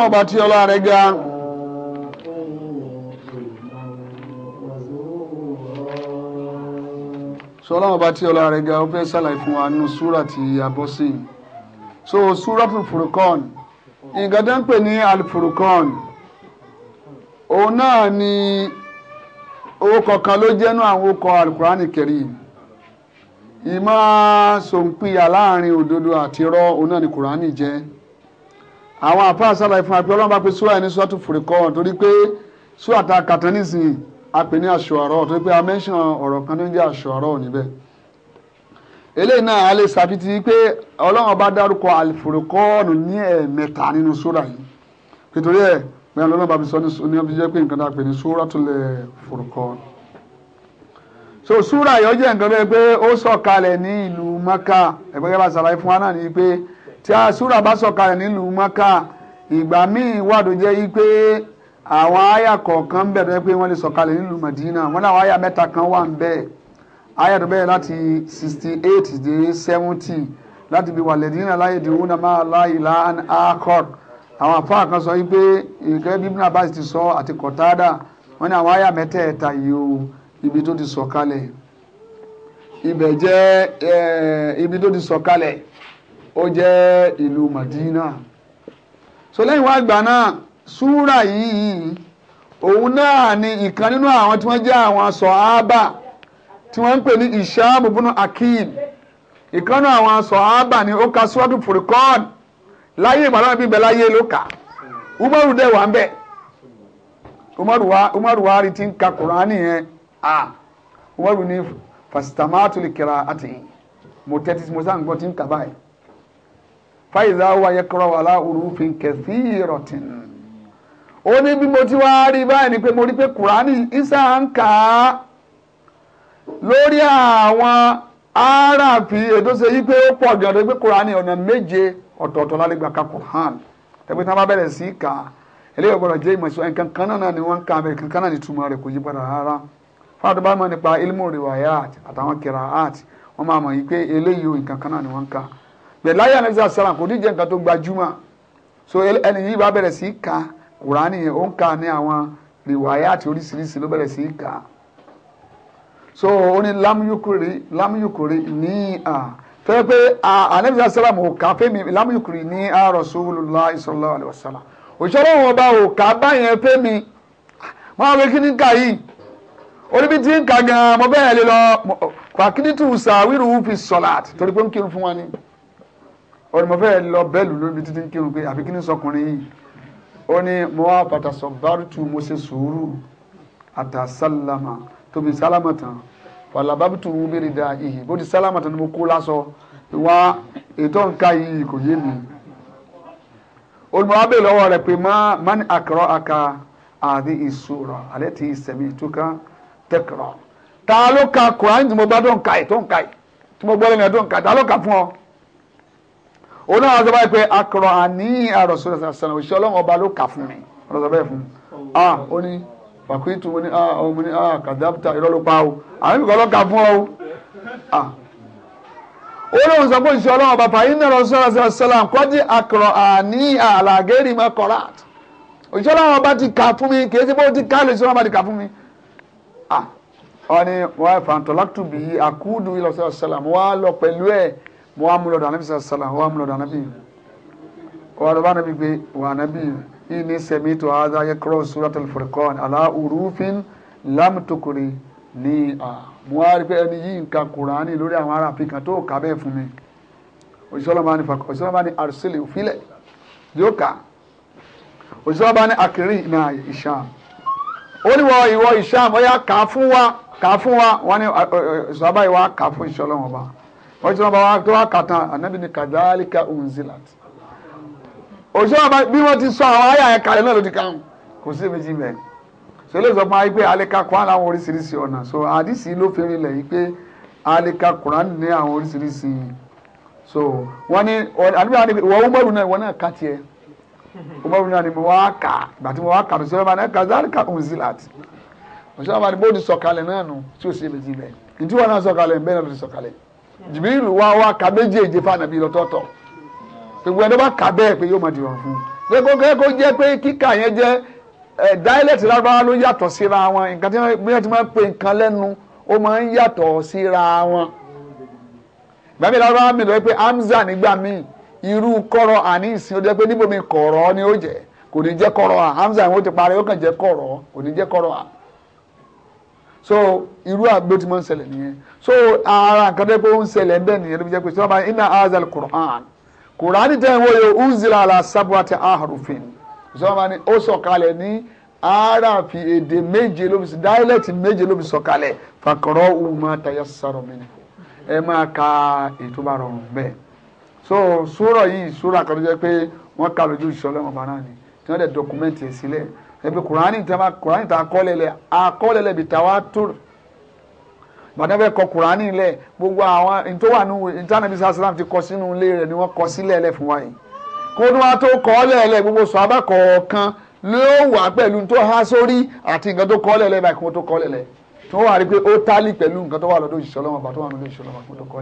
ọlọ́run ọba tí ọlá rẹ̀ ga. so ọlọ́run ọba tí ọlá rẹ̀ ga ó fẹ́ ṣàlàyé fún wa nínú súrà tí a bọ́ sí i so súrà Al-Furqan nǹkan tó ń pè ní Al-Furqan òun náà ni orúkọ kan ló jẹ́nu àwọn orúkọ Al-Qur'ani ìmọ̀ sòǹpìyà láàrin òdodo àti irọ́ òun náà ni Kùránì jẹ́ àwọn àfáà sàlàyé fún wa pé ọlọ́run ẹni pe tó fòrè kọ́ torí pé a nísìnyí pè ní aṣọ àrọ́ torí pé a ọ̀rọ̀ kan tó ń jẹ́ aṣọ àrọ́ níbẹ̀ eléyìí náà a lè ṣàfitì pé ọlọ́run dárúkọ kọ́ ọ̀nù ní ẹ̀ẹ̀mẹ́ta nínú yìí ẹ̀ sọ ní ọbí jẹ́ pé nǹkan tí a súrà bá sọ̀kalẹ̀ nílùú mọ́kà ìgbà míì wà tó jẹ́ yí pé àwọn àyà kọ̀ọ̀kan bẹ̀ tó jẹ́ pé wọ́n lè sọ̀kalẹ̀ nílùú Madina wọ́n láwọn àyà mẹ́ta kan wà ń bẹ̀ àyà tó bẹ̀rẹ̀ láti sixty eight dé seventy láti bí wàlẹ̀dínà láyé dìrú náà máa láyé láàn ákọ́r àwọn àfáà kan sọ wípé ìkẹ́ bíbélà bá ti sọ àti kọ̀tádà wọ́n ní àwọn àyà mẹ́tẹ̀ẹ̀ta yìí o ibi tó ti sọ̀kalẹ̀ ibẹ̀ jẹ́ ibi tó ti sọ̀kalẹ̀ ó jẹ́ ìlú Madina so lẹ́yìn wá gbà náà súrà yìí òun náà ni ìkan nínú àwọn tí wọ́n jẹ́ àwọn sọ̀hábà tí wọ́n ń pè ní Isham bunu ìkan nínú àwọn sọ̀hábà ni ó ka síwájú furikọ́ọ̀nù láyé ìgbàlọ́ bíbẹ láyé ló kà Umaru dẹ̀ wà ń bẹ̀ Umaru wa Umaru wa rí ti ń ka Kùránì yẹn Umaru ní fasitamaatu kira àti mo tẹ́tí mo sáà ń gbọ́ ti ń kà báyìí fáìlà wà yẹ kọ́rọ̀ wà láwùrú fi kẹ̀sí ìrọ̀tìn ó ní bí mo ti wá rí báyìí ni pé mo rí pé kùránì isa ń kà á lórí àwọn aráàfin ètò ṣe yí pé ó pọ̀ gan tó pé kùránì ọ̀nà méje ọ̀tọ̀ọ̀tọ̀ lálégbà ka kùránì tẹ́gbẹ́ tí wọ́n bá bẹ̀rẹ̀ sí í kà á eléyìí ọ̀gbọ́dọ̀ jẹ́ ìmọ̀ ìṣọ́ nǹkan kan náà ni wọ́n ń ka abẹ́ kankan náà ni túmọ̀ rẹ̀ kò yí padà rárá fáwọn tó bá mọ̀ nípa ilmu riwayat àtàwọn kiraat ni wọ́n ń gbẹ̀láyà nàìjíríà sàlám kò ní jẹ́ nǹkan tó gbajúmọ̀ so ẹni yìí bá bẹ̀rẹ̀ sí í ka kùránì yẹn ó ń ka ní àwọn rìwáyà àti oríṣiríṣi ló bẹ̀rẹ̀ sí í ka so ó ní lámúyúkúrì lámúyúkúrì ní à fẹ́ pé ànàìjíríà sàlám ò ká fẹ́mi lámúyúkúrì ní àròsúlùlá sallallahu alaihi wasallam òṣèré wọn bá ò ká báyẹn fẹ́mi máa wé kí ní ká yìí oríbi tí ń ka gan-an mo bẹ́ẹ̀ lè lọ fàkínítù sàwírù fi sọ̀lá torí pé ń kírun fún wa ni ó ní mo fẹ́ lọ bẹ́ẹ̀lù lóbi títí kírun pé àbí kí ni sọkùnrin yìí ó ní mo wá bàtà sọ bárùtù mo ṣe sùúrù àtà sálámà tóbi sálámà tán wàlà bábùtù wù mí da ìhì bó ti sálámà tán ni mo kó lásọ ìwà ètò nǹka yìí kò yé mi ó ní mo wá bẹ́ẹ̀ lọ́wọ́ rẹ̀ pé má ní àkàrọ̀ àka àdí ìṣòro àlẹ́ ti ìsẹ̀mí ìtúkà tẹ̀kọ̀rọ̀ ta ló ka Kùránì tí mo gbá tó ń ka yìí tó ń ka yìí tí mo gbọ́ lẹ́nu ẹ̀ tó ń ka ta ló ka fún ọ òun náà sọ báyìí pé akọrọ àní àròsọ sàṣàṣàn òṣìṣẹ́ ọlọ́run ọba ló kà fún mi ọ̀rọ̀ sọ fún ah ó ní wàkúrìtù ó ah ọmọ ní ah kàdápítà irọ́ ló pa o àmì kọ́ ló kà fún ọ o ah ó lóun sọ pé òṣìṣẹ́ ọlọ́run ọba fàyín náà rọ sọ́ra sàṣàṣàn kọ́ di akọrọ àní àlàgẹ́rì mọ́ kọ́ra òṣìṣẹ́ ọlọ́run ti kà fún mi kì ah ọ ni wọ́n fàǹtọ̀láktù bíi àkúdù ìlọsọ̀rọ̀ sàlám wà lọ pẹ̀lú ẹ̀ mo wá mú lọ́dọ̀ anabi sàlá mo wá mú lọ́dọ̀ anabi wà lọ́dọ̀ anabi pé wà anabi yìí ní sẹ́mi tó aza yẹ kúrọ̀ suratul furqan ala urufin lamtukuri ní a mo wá pé ẹni yìí nǹkan kùránì lórí àwọn ará àfikà tó kà bẹ́ẹ̀ fún mi òṣìṣọ́lọ́mọ ni fàkọ́ òṣìṣọ́lọ́mọ ni àrùsílẹ̀ òfilẹ̀ yóò kà òṣìṣọ́lọ́mọ ni àkìrí náà ìṣàn ó ní wọ ìwọ ìṣàn bóyá kà á fún wa kà á fún wa wọn ni ìṣọ́lọ́mọ ìwà kà wọ́n ti wọ́n bá wá tó wá kàtà ànábì ní kàdálíkà unzilat òṣèlú ọba bí wọ́n ti sọ àwọn àyà ẹ̀ kalẹ̀ náà ló ti kàn kò sí èméjì bẹ́ẹ̀ so eléyìí sọ fún wa pé alẹ́ ka Quran oríṣiríṣi ọ̀nà so àdìsí ló fi rinlẹ̀ yìí pé alẹ́ ka Quran ní àwọn oríṣiríṣi so wọ́n ní àdìbò àwọn ìwọ ọmọlù náà ìwọ náà ká tiẹ̀ ọmọlù náà ni mo wá kà ìgbà tí mo wá kà tó sọ́yọ́ bá náà kazalika unzilat òṣèlú ọba ni bó ti sọ̀kalẹ̀ náà nù tí ò sí èméjì bẹ́ẹ̀ ìdíwọ́ náà sọ̀kalẹ̀ bẹ́ẹ̀ náà ló ti sọ̀kalẹ̀ jìbìrìlù wá wá ka méjèèje fànàbí lọ́tọ̀ọ̀tọ̀ gbogbo ẹni bá kà bẹ́ẹ̀ pé yóò máa dìrọ̀ fún un gbẹ́kọ̀ọ́ kó jẹ́ pé kíkà yẹn jẹ́ dialect lárúbáwá ló yàtọ̀ síra wọn nǹkan tí wọ́n ti máa ń pe nǹkan lẹ́nu ó máa ń yàtọ̀ síra wọn ìgbà mi lárúbáwá mi lọ pé hamza nígbà míì irú kọ́rọ̀ àní ìsìn ó jẹ́ pé níbo mi ni ó jẹ́ kò ní jẹ́ à ìwọ́n ti parí ó kàn jẹ́ so irú àgbo tí mo ń ṣẹlẹ̀ nìyẹn so ara nǹkan tó yẹ pé ó ń ṣẹlẹ̀ ń bẹ̀ nìyẹn ló fi jẹ́ pé sọ́ba iná azal quran quran tẹ̀ ń wọ́yọ̀ unzila ala sabuati aharufin sọ́ba ni ó sọ̀kalẹ̀ ní arafi èdè méje ló fi sí dialect méje ló fi sọ̀kalẹ̀ fàkọ̀rọ̀ uma tayassara min ẹ máa ka ètò bá rọrùn bẹ́ẹ̀ so sura yìí sura kan tó jẹ́ pé wọ́n kà lójú ìṣọ́lẹ̀ wọn bá náà ni tí wọ́n ẹbí Kurani, tẹ́ Kurani kùránì tá a kọ́ lẹ́lẹ̀ a kọ́ lẹ́lẹ̀ bí tawatur bàtẹ́fẹ́ kọ kùránì lẹ̀ gbogbo àwọn ìtọ́wà nù ìtànàbí sàlám ti kọ sínú ilé rẹ̀ ni wọ́n kọ sílẹ̀ lẹ̀ fún wa yìí kó ní wàá tó kọ́ lẹ́lẹ̀ gbogbo sàhábà kọ̀ọ̀kan ló wà pẹ̀lú tó há sórí àti nǹkan tó kọ́ lẹ́lẹ̀ báyìí kó tó kọ́ lẹ́lẹ̀ tó wà rí pé ó tálì pẹ̀lú nǹkan tó wà lọ́dọ̀ òṣìṣẹ́ ọlọ́mọba tó wà lọ́dọ̀ òṣìṣẹ́ ọlọ́mọba kó tó kọ́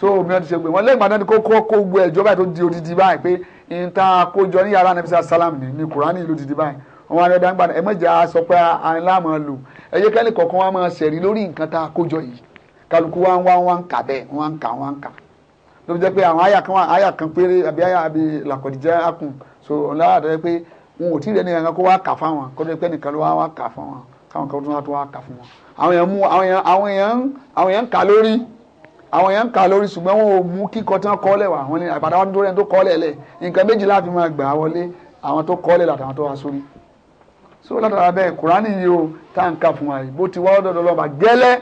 so omi ọtí ṣe gbé wọn lẹ́gbàá dáni kó kó kó gbé ẹjọ́ báyìí tó di odidi báyìí pé ìta kójọ ní yàrá nàbísà sálàmù ní kùránì ló didi báyìí àwọn ará dáńgbà ẹ mọ̀jà sọ pé àárín láàmú lò ẹ jẹ́ kẹ́lẹ́ kọ̀ọ̀kan wa máa ṣẹ̀rí lórí nǹkan tá a kójọ yìí kálukú wa ń wá wa ń kà bẹ́ẹ̀ wọ́n ń kà wọ́n ń kà ló fi jẹ́ pé àwọn àyà kan àyà kan péré àbí àyà àbí làkọ̀dìjà akùn so ọ̀la àdàrẹ́ pé wọn ò tí ì rẹ́ nìkan kó wá kà fáwọn kó tó pẹ́ nìkan ló wá kà fáwọn káwọn kan tó wá kà fún wọn àwọn èèyàn mú àwọn èèyàn àwọn èèyàn àwọn èèyàn kà lórí àwọn èèyàn kà lórí ṣùgbọ́n wọn ò mú kíkọ tí wọ́n kọ́ lẹ̀ wá àwọn ni àbàdàn wọn tó kọ́ lẹ̀ lẹ̀ nǹkan méjì láti máa gbà wọlé àwọn tó kọ́ lẹ̀ látàwọn tó wá sórí so látara bẹ́ẹ̀ kùránì yìí o tá à ń kà fún wa yìí bó ti wá ọ̀dọ̀ ọlọ́ba gẹ́lẹ́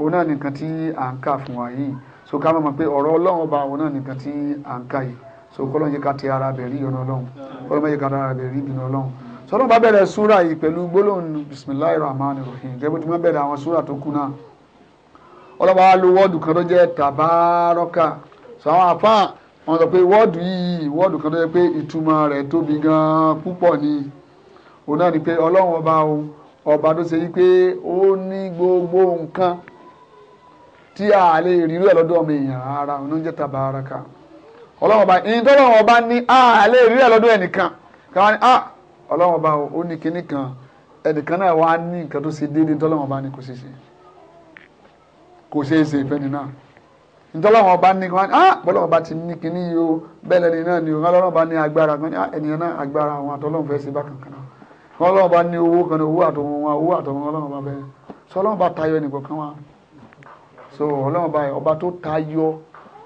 òun náà nìkan tí à ń kà fún wa yìí so ká mọ̀ pé ọ̀rọ̀ ọlọ́run ọba òun náà nìkan tí à ń kà yìí so kọ́lọ́n yìí ká ti ara bẹ̀ rí ọ̀nà ọlọ́run kọ́lọ́n yìí ká ara bẹ̀ rí ìbínú ọlọ́run sọlọ́ bá bẹ̀rẹ̀ súrà yìí pẹ̀lú gbólóhùn bisimilahi so àwọn àfáà wọn sọ pé wọ́ọ̀dù yìí wọ́ọ̀dù kan tó òun náà ni pé ọlọ́run ọba o ọba tó ṣe yí pé ó ní gbogbo nǹkan tí a lè rí rẹ̀ lọ́dọ̀ ọmọ èèyàn ara òun ló ń jẹ́ tabaraka ọlọ́run ọba ìyìn tó ọlọ́run ọba ní a lè rí rẹ̀ lọ́dọ̀ ẹnìkan káwọn ni a ah, ọlọ́run ọba ó ní kinní kan ẹnìkan náà wá ní nǹkan tó ṣe déédéé tọ́lọ́run ọba ní kò ṣe ṣe kò ṣe é ṣe ìfẹ́ni náà ntọ́lọ́wọ́n ọba ní kan ah bọ́lọ́wọ́n ọba ti ní kinní yìí o bẹ́ẹ̀ lẹ́ni náà ni o ọlọ́wọ́n ọba ní agbára kan ní ah, ènìyàn náà agbára àwọn àtọ́lọ́wọ́n fẹ́ ṣe bákan kan wọn lọ́wọ́ bá ní owó kan ní owó àtọmọ wọn owó àtọmọ wọn lọ́wọ́ bá bẹ́ẹ̀ sọ ọlọ́wọ́ bá tayọ ẹnì kọ̀ọ̀kan wa so ọlọ́wọ́ bá ọba tó tayọ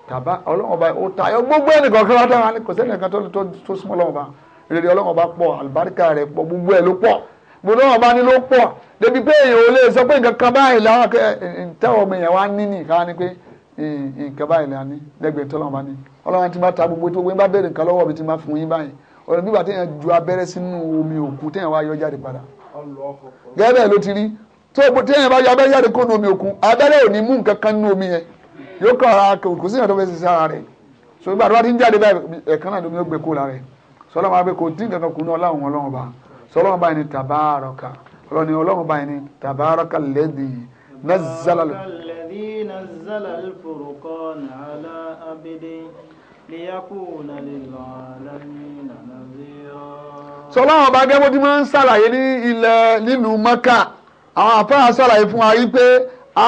tàbá ọlọ́wọ́ bá ó tayọ gbogbo ẹnì kọ̀ọ̀kan wa dára kò sẹ́ni kan tó súnmọ́ ọlọ́wọ́ bá rere ọlọ́wọ́ bá pọ̀ àlùbáríkà rẹ̀ pọ̀ gbogbo ẹ̀ ló pọ̀ gbogbo ọlọ́wọ́ bá ní ló pọ̀ débi pé èèyàn ò lè sọ pé nǹkan kan báyìí làwọn tẹ́wọ̀ ọmọ èèyàn wa ní nìkan ni pé nǹkan báyìí là ní lẹ́gbẹ̀ẹ́ tọ́lọ́wọ́ bá ní ọlọ́wọ́ ti máa ta gbogbo tó gbé bá bẹ̀rẹ̀ nǹkan lọ́wọ́ mi ti máa fún yín báyìí ọ̀rọ̀ bíbà téèyàn ju abẹ́rẹ́ sínú omi òkun téèyàn wá yọ jáde padà gẹ́gẹ́ bẹ́ẹ̀ ló ti rí tó téèyàn bá yọ abẹ́rẹ́ jáde kó nu omi òkun abẹ́rẹ́ ò ní mú nǹkan kan nínú omi yẹn yóò kọ́ ara kò sí ìyàn tó fẹ́ ṣiṣẹ́ ara rẹ̀ so ìgbà tó bá ti ń jáde báyìí ẹ̀kan náà lómi ó gbé kó la rẹ̀ sọlọ́ máa gbé kó tí nǹkan kan kù náà láwọn ọlọ́run bá sọlọ́run báyìí ni tàbárọ̀kà ọlọ́run báyìí ni tàbárọ̀kà lẹ́dí nazzala sọláwọn ọba gẹ́gẹ́ bó ti máa ń ṣàlàyé ní ilẹ̀ nílùú mọ́kà àwọn àfáà ṣàlàyé fún wa wípé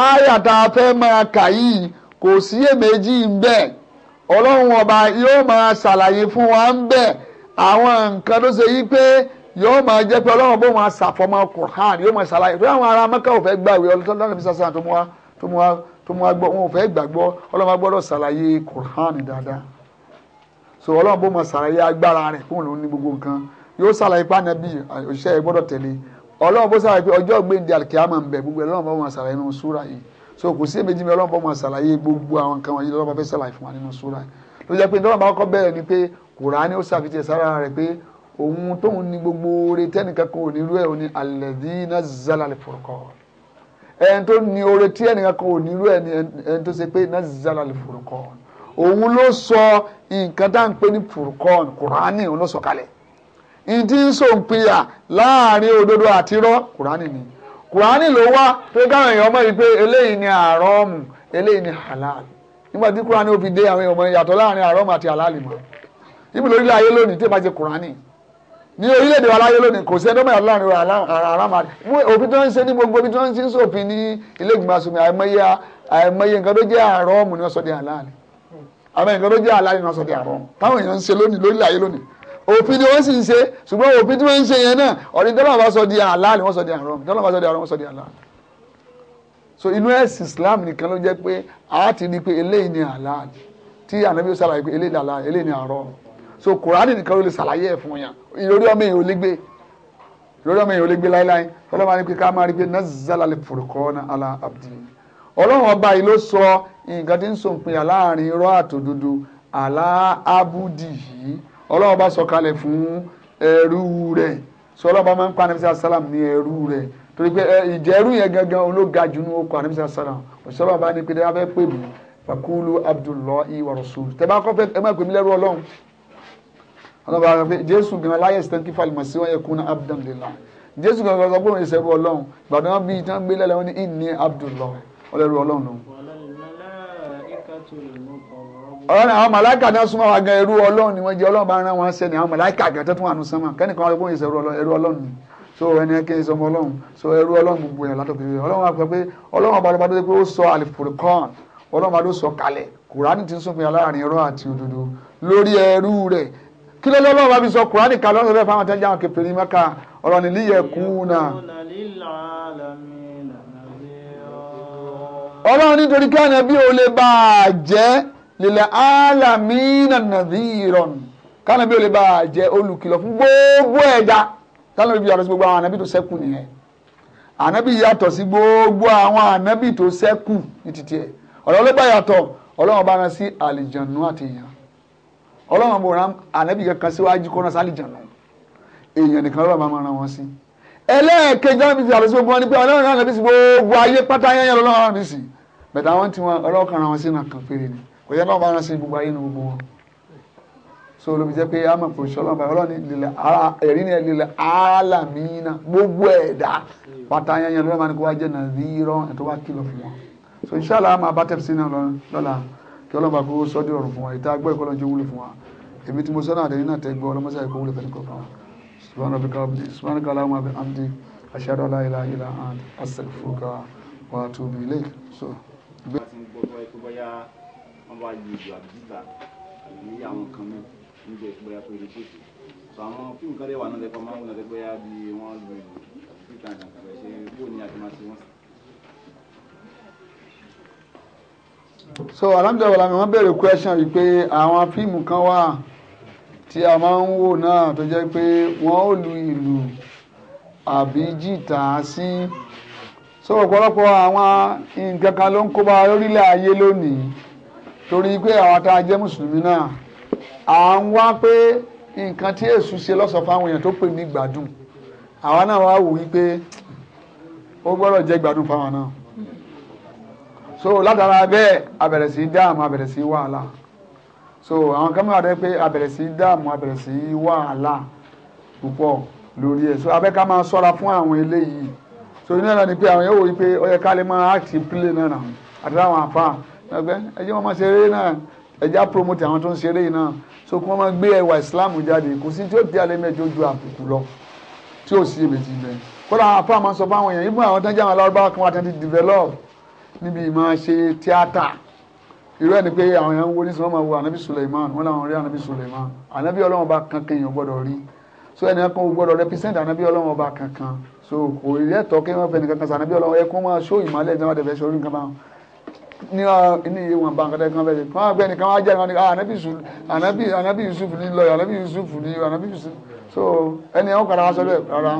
àyàtà fẹ́ máa kà yìí kò síyèméjì ń bẹ ọlọ́run ọba yóò máa ṣàlàyé fún wa ń bẹ àwọn nǹkan tó ṣe wípé yóò máa jẹ́ pé ọlọ́run bó máa ṣàfọmọ Qur'an yóò máa ṣàlàyé tó àwọn ará mọ́kà ò fẹ́ gbàwé ọlọ́run bí sàṣà tó mú wa gbọ́ wọn ò fẹ́ gbàgbọ́ ọlọ́run bá gbọ́dọ̀ ṣàlàyé Qur'an dáadáa so ọlọ́run bó mọ sàlàyé agbára rẹ̀ fún òun ní gbogbo nǹkan yóò sàlàyé pànàbí òṣìṣẹ́ gbọ́dọ̀ tẹ̀lé ọlọ́run bó sàlàyé pé ọjọ́ gbèǹde àlùkìyàmọ̀ ń bẹ gbogbo ẹ̀ ọlọ́run bó mọ sàlàyé nínú súra yìí so kò sí èméjì mi ọlọ́run bó mọ sàlàyé gbogbo àwọn nǹkan wọ̀nyí lọ́wọ́ bá fẹ́ sàlàyé fún wa nínú súra yìí ló jẹ́ pé ìdánwò àkọ́kọ́ bẹ̀rẹ̀ ni pé kùránì ó sàfitì sára rẹ̀ pé òun tóun ní gbogbo oore tẹ́nìkan kan ò ní irú ẹ̀ ò ní alladhina zala al-furqan ẹni tó ní oore tí ẹnìkan kan ò ní irú ẹ̀ ni ẹni tó ṣe pé nazala al-furqan òun ló sọ nǹkan tá à ń pè ní furcon kùránì òun ló sọ kalẹ̀ ìdí ń sọ ìpìyà láàrin òdodo àti irọ́ kùránì ni kùránì ló wá pé káwọn èèyàn mọ̀ wípé eléyìí ni àrọ́ọ̀mù eléyìí ni halal nígbà tí kùránì ó fi dé àwọn èèyàn mọ̀ yàtọ̀ láàrin àrọ́ọ̀mù àti halal mọ̀ ibi lórílẹ̀ ayé lónìí tí ì bá ṣe kùránì ní orílẹ̀-èdè wa láyé lónìí kò sí ẹjọ́ mẹ́rin láàrin àràmà òfin tó ń ṣe ní gbogbo ibi tó ń ṣe ń ṣòfin ní ilé ìgbìmọ̀ àṣùmí àìmọye nǹkan tó jẹ́ àrọ́ọ̀mù ni wọ́n sọ di àlàálì àwọn èèyàn ló jẹ́ aláìní wọn sọ di àrọ́ táwọn èèyàn ń ṣe lónìí lórílẹ̀ ayé lónìí òfin ni wọ́n sì ń ṣe ṣùgbọ́n òfin tí wọ́n ń ṣe yẹn náà ọ̀dí dọ́là sọ di àlá wọ́n sọ di àrọ́ dọ́là sọ di àrọ́ wọ́n sọ di àlá. so inú ẹ̀sìn Islam nìkan ló jẹ́ pé a ti ní pé eléyìí ni àlá tí ànábì ó ṣàlàyé pé eléyìí ni àlá eléyìí ni àrọ́ so Kùránì nìkan ló lè ṣàlàyé ẹ̀ fún yàn ìlórí ọmọ èèyàn ò lè gbé lórí ọmọ èèyàn ò lè gbé láíláí ọlọ́run máa ala abdi ọlọ́run ọba yìí nǹkan tí ń so ìpínyà láàrin irọ́ àtòdodo àlá ábúdì yìí ọlọ́run bá sọ̀kalẹ̀ fún ẹrú rẹ̀ sọ ọlọ́run bá máa ń pa anamisa salam ní ẹrú rẹ̀ torí pé ìjẹ́rú yẹn gangan ológa jù ní okò anamisa salam òṣìṣẹ́ ọlọ́run bá ní pé dáa fẹ́ pè mí fakulu abdullahi wa rasul tẹ bá kọ́ fẹ́ ẹ má pè mí lẹ́rú ọlọ́run ọlọ́run bá sọ pé jésù gan aláyẹ̀ sẹ́ńkì falùmọ̀ sí wọn yẹ kún abdan lila jésù gan sọ pé òun ìṣẹ́rú ọlọ́run gbàdúrà bíi tí gbé lẹ́lẹ́ wọn ní ìní abdullahi ọlẹ́rú ọlọ́run ọlọ́run àwọn màláìkà náà súnmọ́ wa gan ẹrú ọlọ́run ni wọ́n jẹ́ ọlọ́run bá rán wọn ṣẹ́ ni àwọn màláìkà gan tó tún sánmà kẹ́nìkan ọlọ́run yìí ṣe ẹrú ọlọ́run ni so ẹni kí n sọ ọlọ́run so ẹrú ọlọ́run gbogbo yẹn látọ̀ kiri ọlọ́run àgbà pé ọlọ́run ọba ọba tó pé ó sọ àlìfòrìkọ́n ọlọ́run ọba tó sọ kalẹ̀ kùránì ti ń sófin aláàrin irọ́ àti òdodo lórí ẹrú rẹ̀ kí ló lọ́wọ́ bá fi sọ kùránì kalẹ̀ ọ̀sẹ̀ bẹ́ẹ̀ fáwọn tẹ́jà àwọn mẹ́ka ọlọ́run ìlíyẹ̀kúnà ọlọ́run nítorí kí ànábì ò lè bá a jẹ́ lílẹ̀ álámínà nàdírọ̀n kánábì ò lè bá a jẹ́ olùkìlọ̀ fún gbogbo ẹ̀dá kánábì bí yàtọ̀ sí gbogbo àwọn ànábì tó sẹ́kù nìyẹn ànábì yàtọ̀ sí gbogbo àwọn ànábì tó sẹ́kù ní títí ẹ̀ ọ̀rọ̀ ló bá yàtọ̀ ọlọ́run bá ran sí àlìjànú àti èèyàn ọlọ́run bò ran ànábì kankan síwájú kó ran sí àlìjànú èèyàn nìkan lọ́rọ̀ ẹlẹ́ẹ̀kejì náà bìsì àbẹ̀sí gbogbo wọn ni pé ọlọ́run náà bìsì gbogbo ayé pátá yẹn lọ́wọ́ náà bìsì bẹ̀tẹ̀ àwọn tí wọn ọlọ́run kan ra wọn sínú àkàn péré ni kò yẹ náà bá wọn sí gbogbo ayé nu gbogbo wọn. so olóbi jẹ́ pé àmọ̀ kò sọ ọlọ́run bá ọlọ́run ní lílẹ̀ ẹ̀rí ni lílẹ̀ alamina gbogbo ẹ̀dá pátá yẹn lọ́wọ́ máa ní kó wá jẹ́ nàzírọ́ ẹ̀ tó wá kìlọ̀ fún wọn. so inṣàlá àmọ̀ abátẹ́ sí náà lọ́la kí ọlọ́run bá kó sọ́dí ọ̀rọ̀ fún wa ìta gbọ́ ìkọlọ́njẹ́ wúlò fún wa èmi tí mo subhanaka abdi subhanaka allahumma bi amdi ashhadu an la ilaha illa ant astaghfiruka wa atubu ilaik so gbe bóyá wọ́n bá lu ìlú àbí gítà àbí àwọn kan mi níbi ẹ̀kú bóyá tó lè pèsè so àwọn fíìmù kan lè wà náà lẹ́kọ̀ọ́ máa ń wọ́n lẹ́kọ̀ọ́ bóyá bí wọ́n lu ìlú àbí gítà nǹkan kan ṣe bó ni àti máa ṣe wọ́n. so alhamdulilayi wọn béèrè question yìí pé àwọn fíìmù kan wà tí a máa ń wò náà tó jẹ́ pé wọ́n ó lu ìlù àbí sí so ọ̀pọ̀lọpọ̀ àwọn nǹkan kan ló ń kóbá lórílẹ̀ ayé lónìí torí pé àwọn tá a jẹ́ mùsùlùmí náà à ń wá pé nǹkan tí èṣù ṣe lọ́sọ̀ fáwọn èèyàn tó pè ní gbádùn àwa náà wá wò wípé ó gbọ́dọ̀ jẹ́ gbádùn fáwọn náà so látara bẹ́ẹ̀ a bẹ̀rẹ̀ sí dáàmú a bẹ̀rẹ̀ sí wàhálà so àwọn kan máa rẹ pé abẹ̀rẹ̀ sí dààmú abẹ̀rẹ̀ sí wàhálà púpọ̀ lórí ẹ̀ so abẹ́ ká máa sọ́ra fún àwọn eléyìí so inú ẹ̀rọ ni pé àwọn yóò wí pé ó yẹ ká lè máa áàtì pílé náà nà àti láwọn àfa ẹgbẹ́ ẹjẹ́ wọn máa ṣeré náà ẹjẹ́ promote àwọn tó ń ṣeré náà so kí wọ́n máa gbé ẹwà ìsìláàmù jáde kò sí tí ó di alẹ́ mẹ́jọ ju àbùkù lọ tí ò sí èmi ti bẹ̀ kódà àwọn àfa máa sọ fún àwọn èèyàn ibùdó àwọn tó ń jẹ́ àwọn alárúbáwá kan wà tó ti develop níbi ìmọ̀ ṣe tíátà irú ẹ̀ ni pé àwọn èèyàn ń wo nísìnyí wọ́n máa wo ànábì Suleiman wọ́n làwọn rí ànábì Suleiman ànábì ọlọ́run ọba kankan èèyàn gbọ́dọ̀ rí so ẹnì kan ò gbọ́dọ̀ represent ànábì ọlọ́run ọba kankan so kò rí ẹ̀tọ́ kí wọ́n fẹ́ nìkan kan sànábì ọlọ́run ẹ kó máa ṣó ìmọ̀lẹ̀ ìjọba tẹ̀fẹ́ sórí nǹkan báwọn ní iye wọn bá nǹkan tẹ́ kan fẹ́ ṣe kán àgbẹ̀ nìkan wá jẹ́ nǹkan ah, ànábì ànábì Yusuf ní lọ ànábì Yusuf ní ànábì Yusuf so ẹni ẹ̀wọ̀n kan aṣọ bẹ́ẹ̀ rárá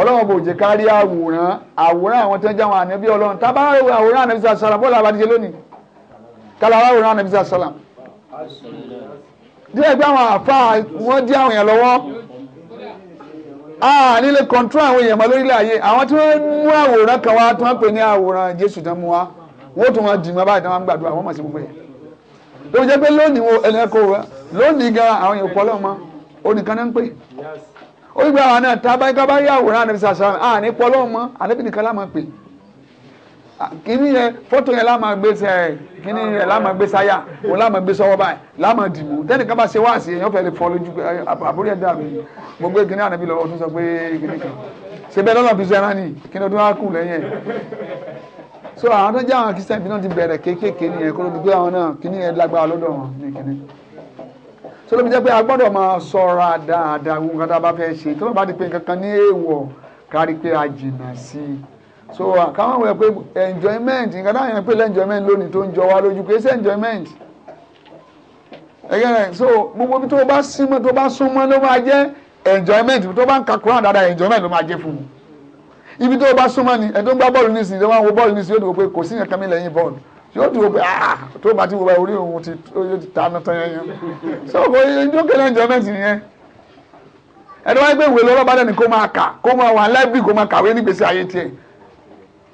ọlọ́run bò jẹ́ kárí àwòrán àwòrán àwọn tó ń jẹ́ àwọn ànábì ọlọ́run tábà àwòrán ànábì sàṣàrà bọ́ọ̀lù àbádíjẹ lónìí kálọ̀wá wòrán nàbí sàlám díẹ̀ gbé àwọn àfáà wọ́n dí àwọn èèyàn lọ́wọ́ a nílé kọ̀ǹtró àwọn èèyàn mọ́ lórílẹ̀ ayé àwọn tí wọ́n mú àwòrán kan wá tí wọ́n pè ní àwòrán Jésù tán mú wá wọ́n tún wọn dì mọ́ báyìí tí wọ́n gbàdúrà wọ́n mọ̀ sí gbogbo yẹn tó jẹ́ pé lónìí wo ẹni ẹ̀kọ́ wa lónìí gan àwọn èèyàn pọ̀ lọ́mọ onìkan náà ń pè ó gbé àwọn náà tábáyé kábáyé àwòrán àdébísà sàlámù à ní pọ̀ lọ́mọ àdébínìkan lámọ̀ pè é kíní yẹn fọ́tò yẹn láàmà gbé sẹ́ ẹ̀ eh, kíní yẹn láàmà gbé sáyà òun láàmà gbé sọ́wọ́ báyìí láàmà dìbò tẹ́nì kan bá ṣe wá sí èèyàn fẹ́ lè fọ́ lójú eh, àbúrò ẹ̀dá mi mo gbé kíní ànábì lọ́wọ́ tún sọ pé kíní kan ṣe bẹ́ẹ̀ lọ́nà bíi sẹ́rán ni kíní ọdún wa kù lẹ́yìn ẹ̀ so àwọn tó jẹ́ àwọn kristian bí náà ti bẹ̀rẹ̀ kéékèèké ni ẹ̀ kó ló dúpẹ́ àwọn náà kíní yẹn lágbára lọ́dọ̀ wọn ní kíní so ló fi jẹ́ pé a gbọ́dọ̀ máa ṣọ́ra dáadáa gbogbo nǹkan tá a bá fẹ́ ṣe tó bá di pé nǹkan kan ní èèwọ̀ kárí pé a jìnnà sí i so káwọn wẹ̀ pé enjoyment nǹkan táwọn yẹn pè lẹ́njọ́yment lónìí tó ń jọ wá lójú pé ṣé enjoyment ẹgẹ́ so gbogbo bí tó bá símọ́ tó bá súnmọ́ ló máa jẹ́ enjoyment tó bá ń ka Quran dáadáa enjoyment ló máa jẹ́ fún un ibi tó bá súnmọ́ ni ẹ̀ tó ń gbá bọ́ọ̀lù nísìnyí tó máa ń wo bọ́ọ̀lù nísìnyí yóò dùn pé kò sí nǹkan mi lẹ́yìn bọ́ọ̀lù yóò dúró pé ah tó bá ti wo orí òun ti yóò tán yẹn so kò yóò kẹlẹ enjoyment yẹn ẹni wáyé pé ìwé lọ́wọ́ bá dẹ́ni kó máa kà kó máa wà láìbírì kó máa kàwé nígbèsè ayé tiẹ̀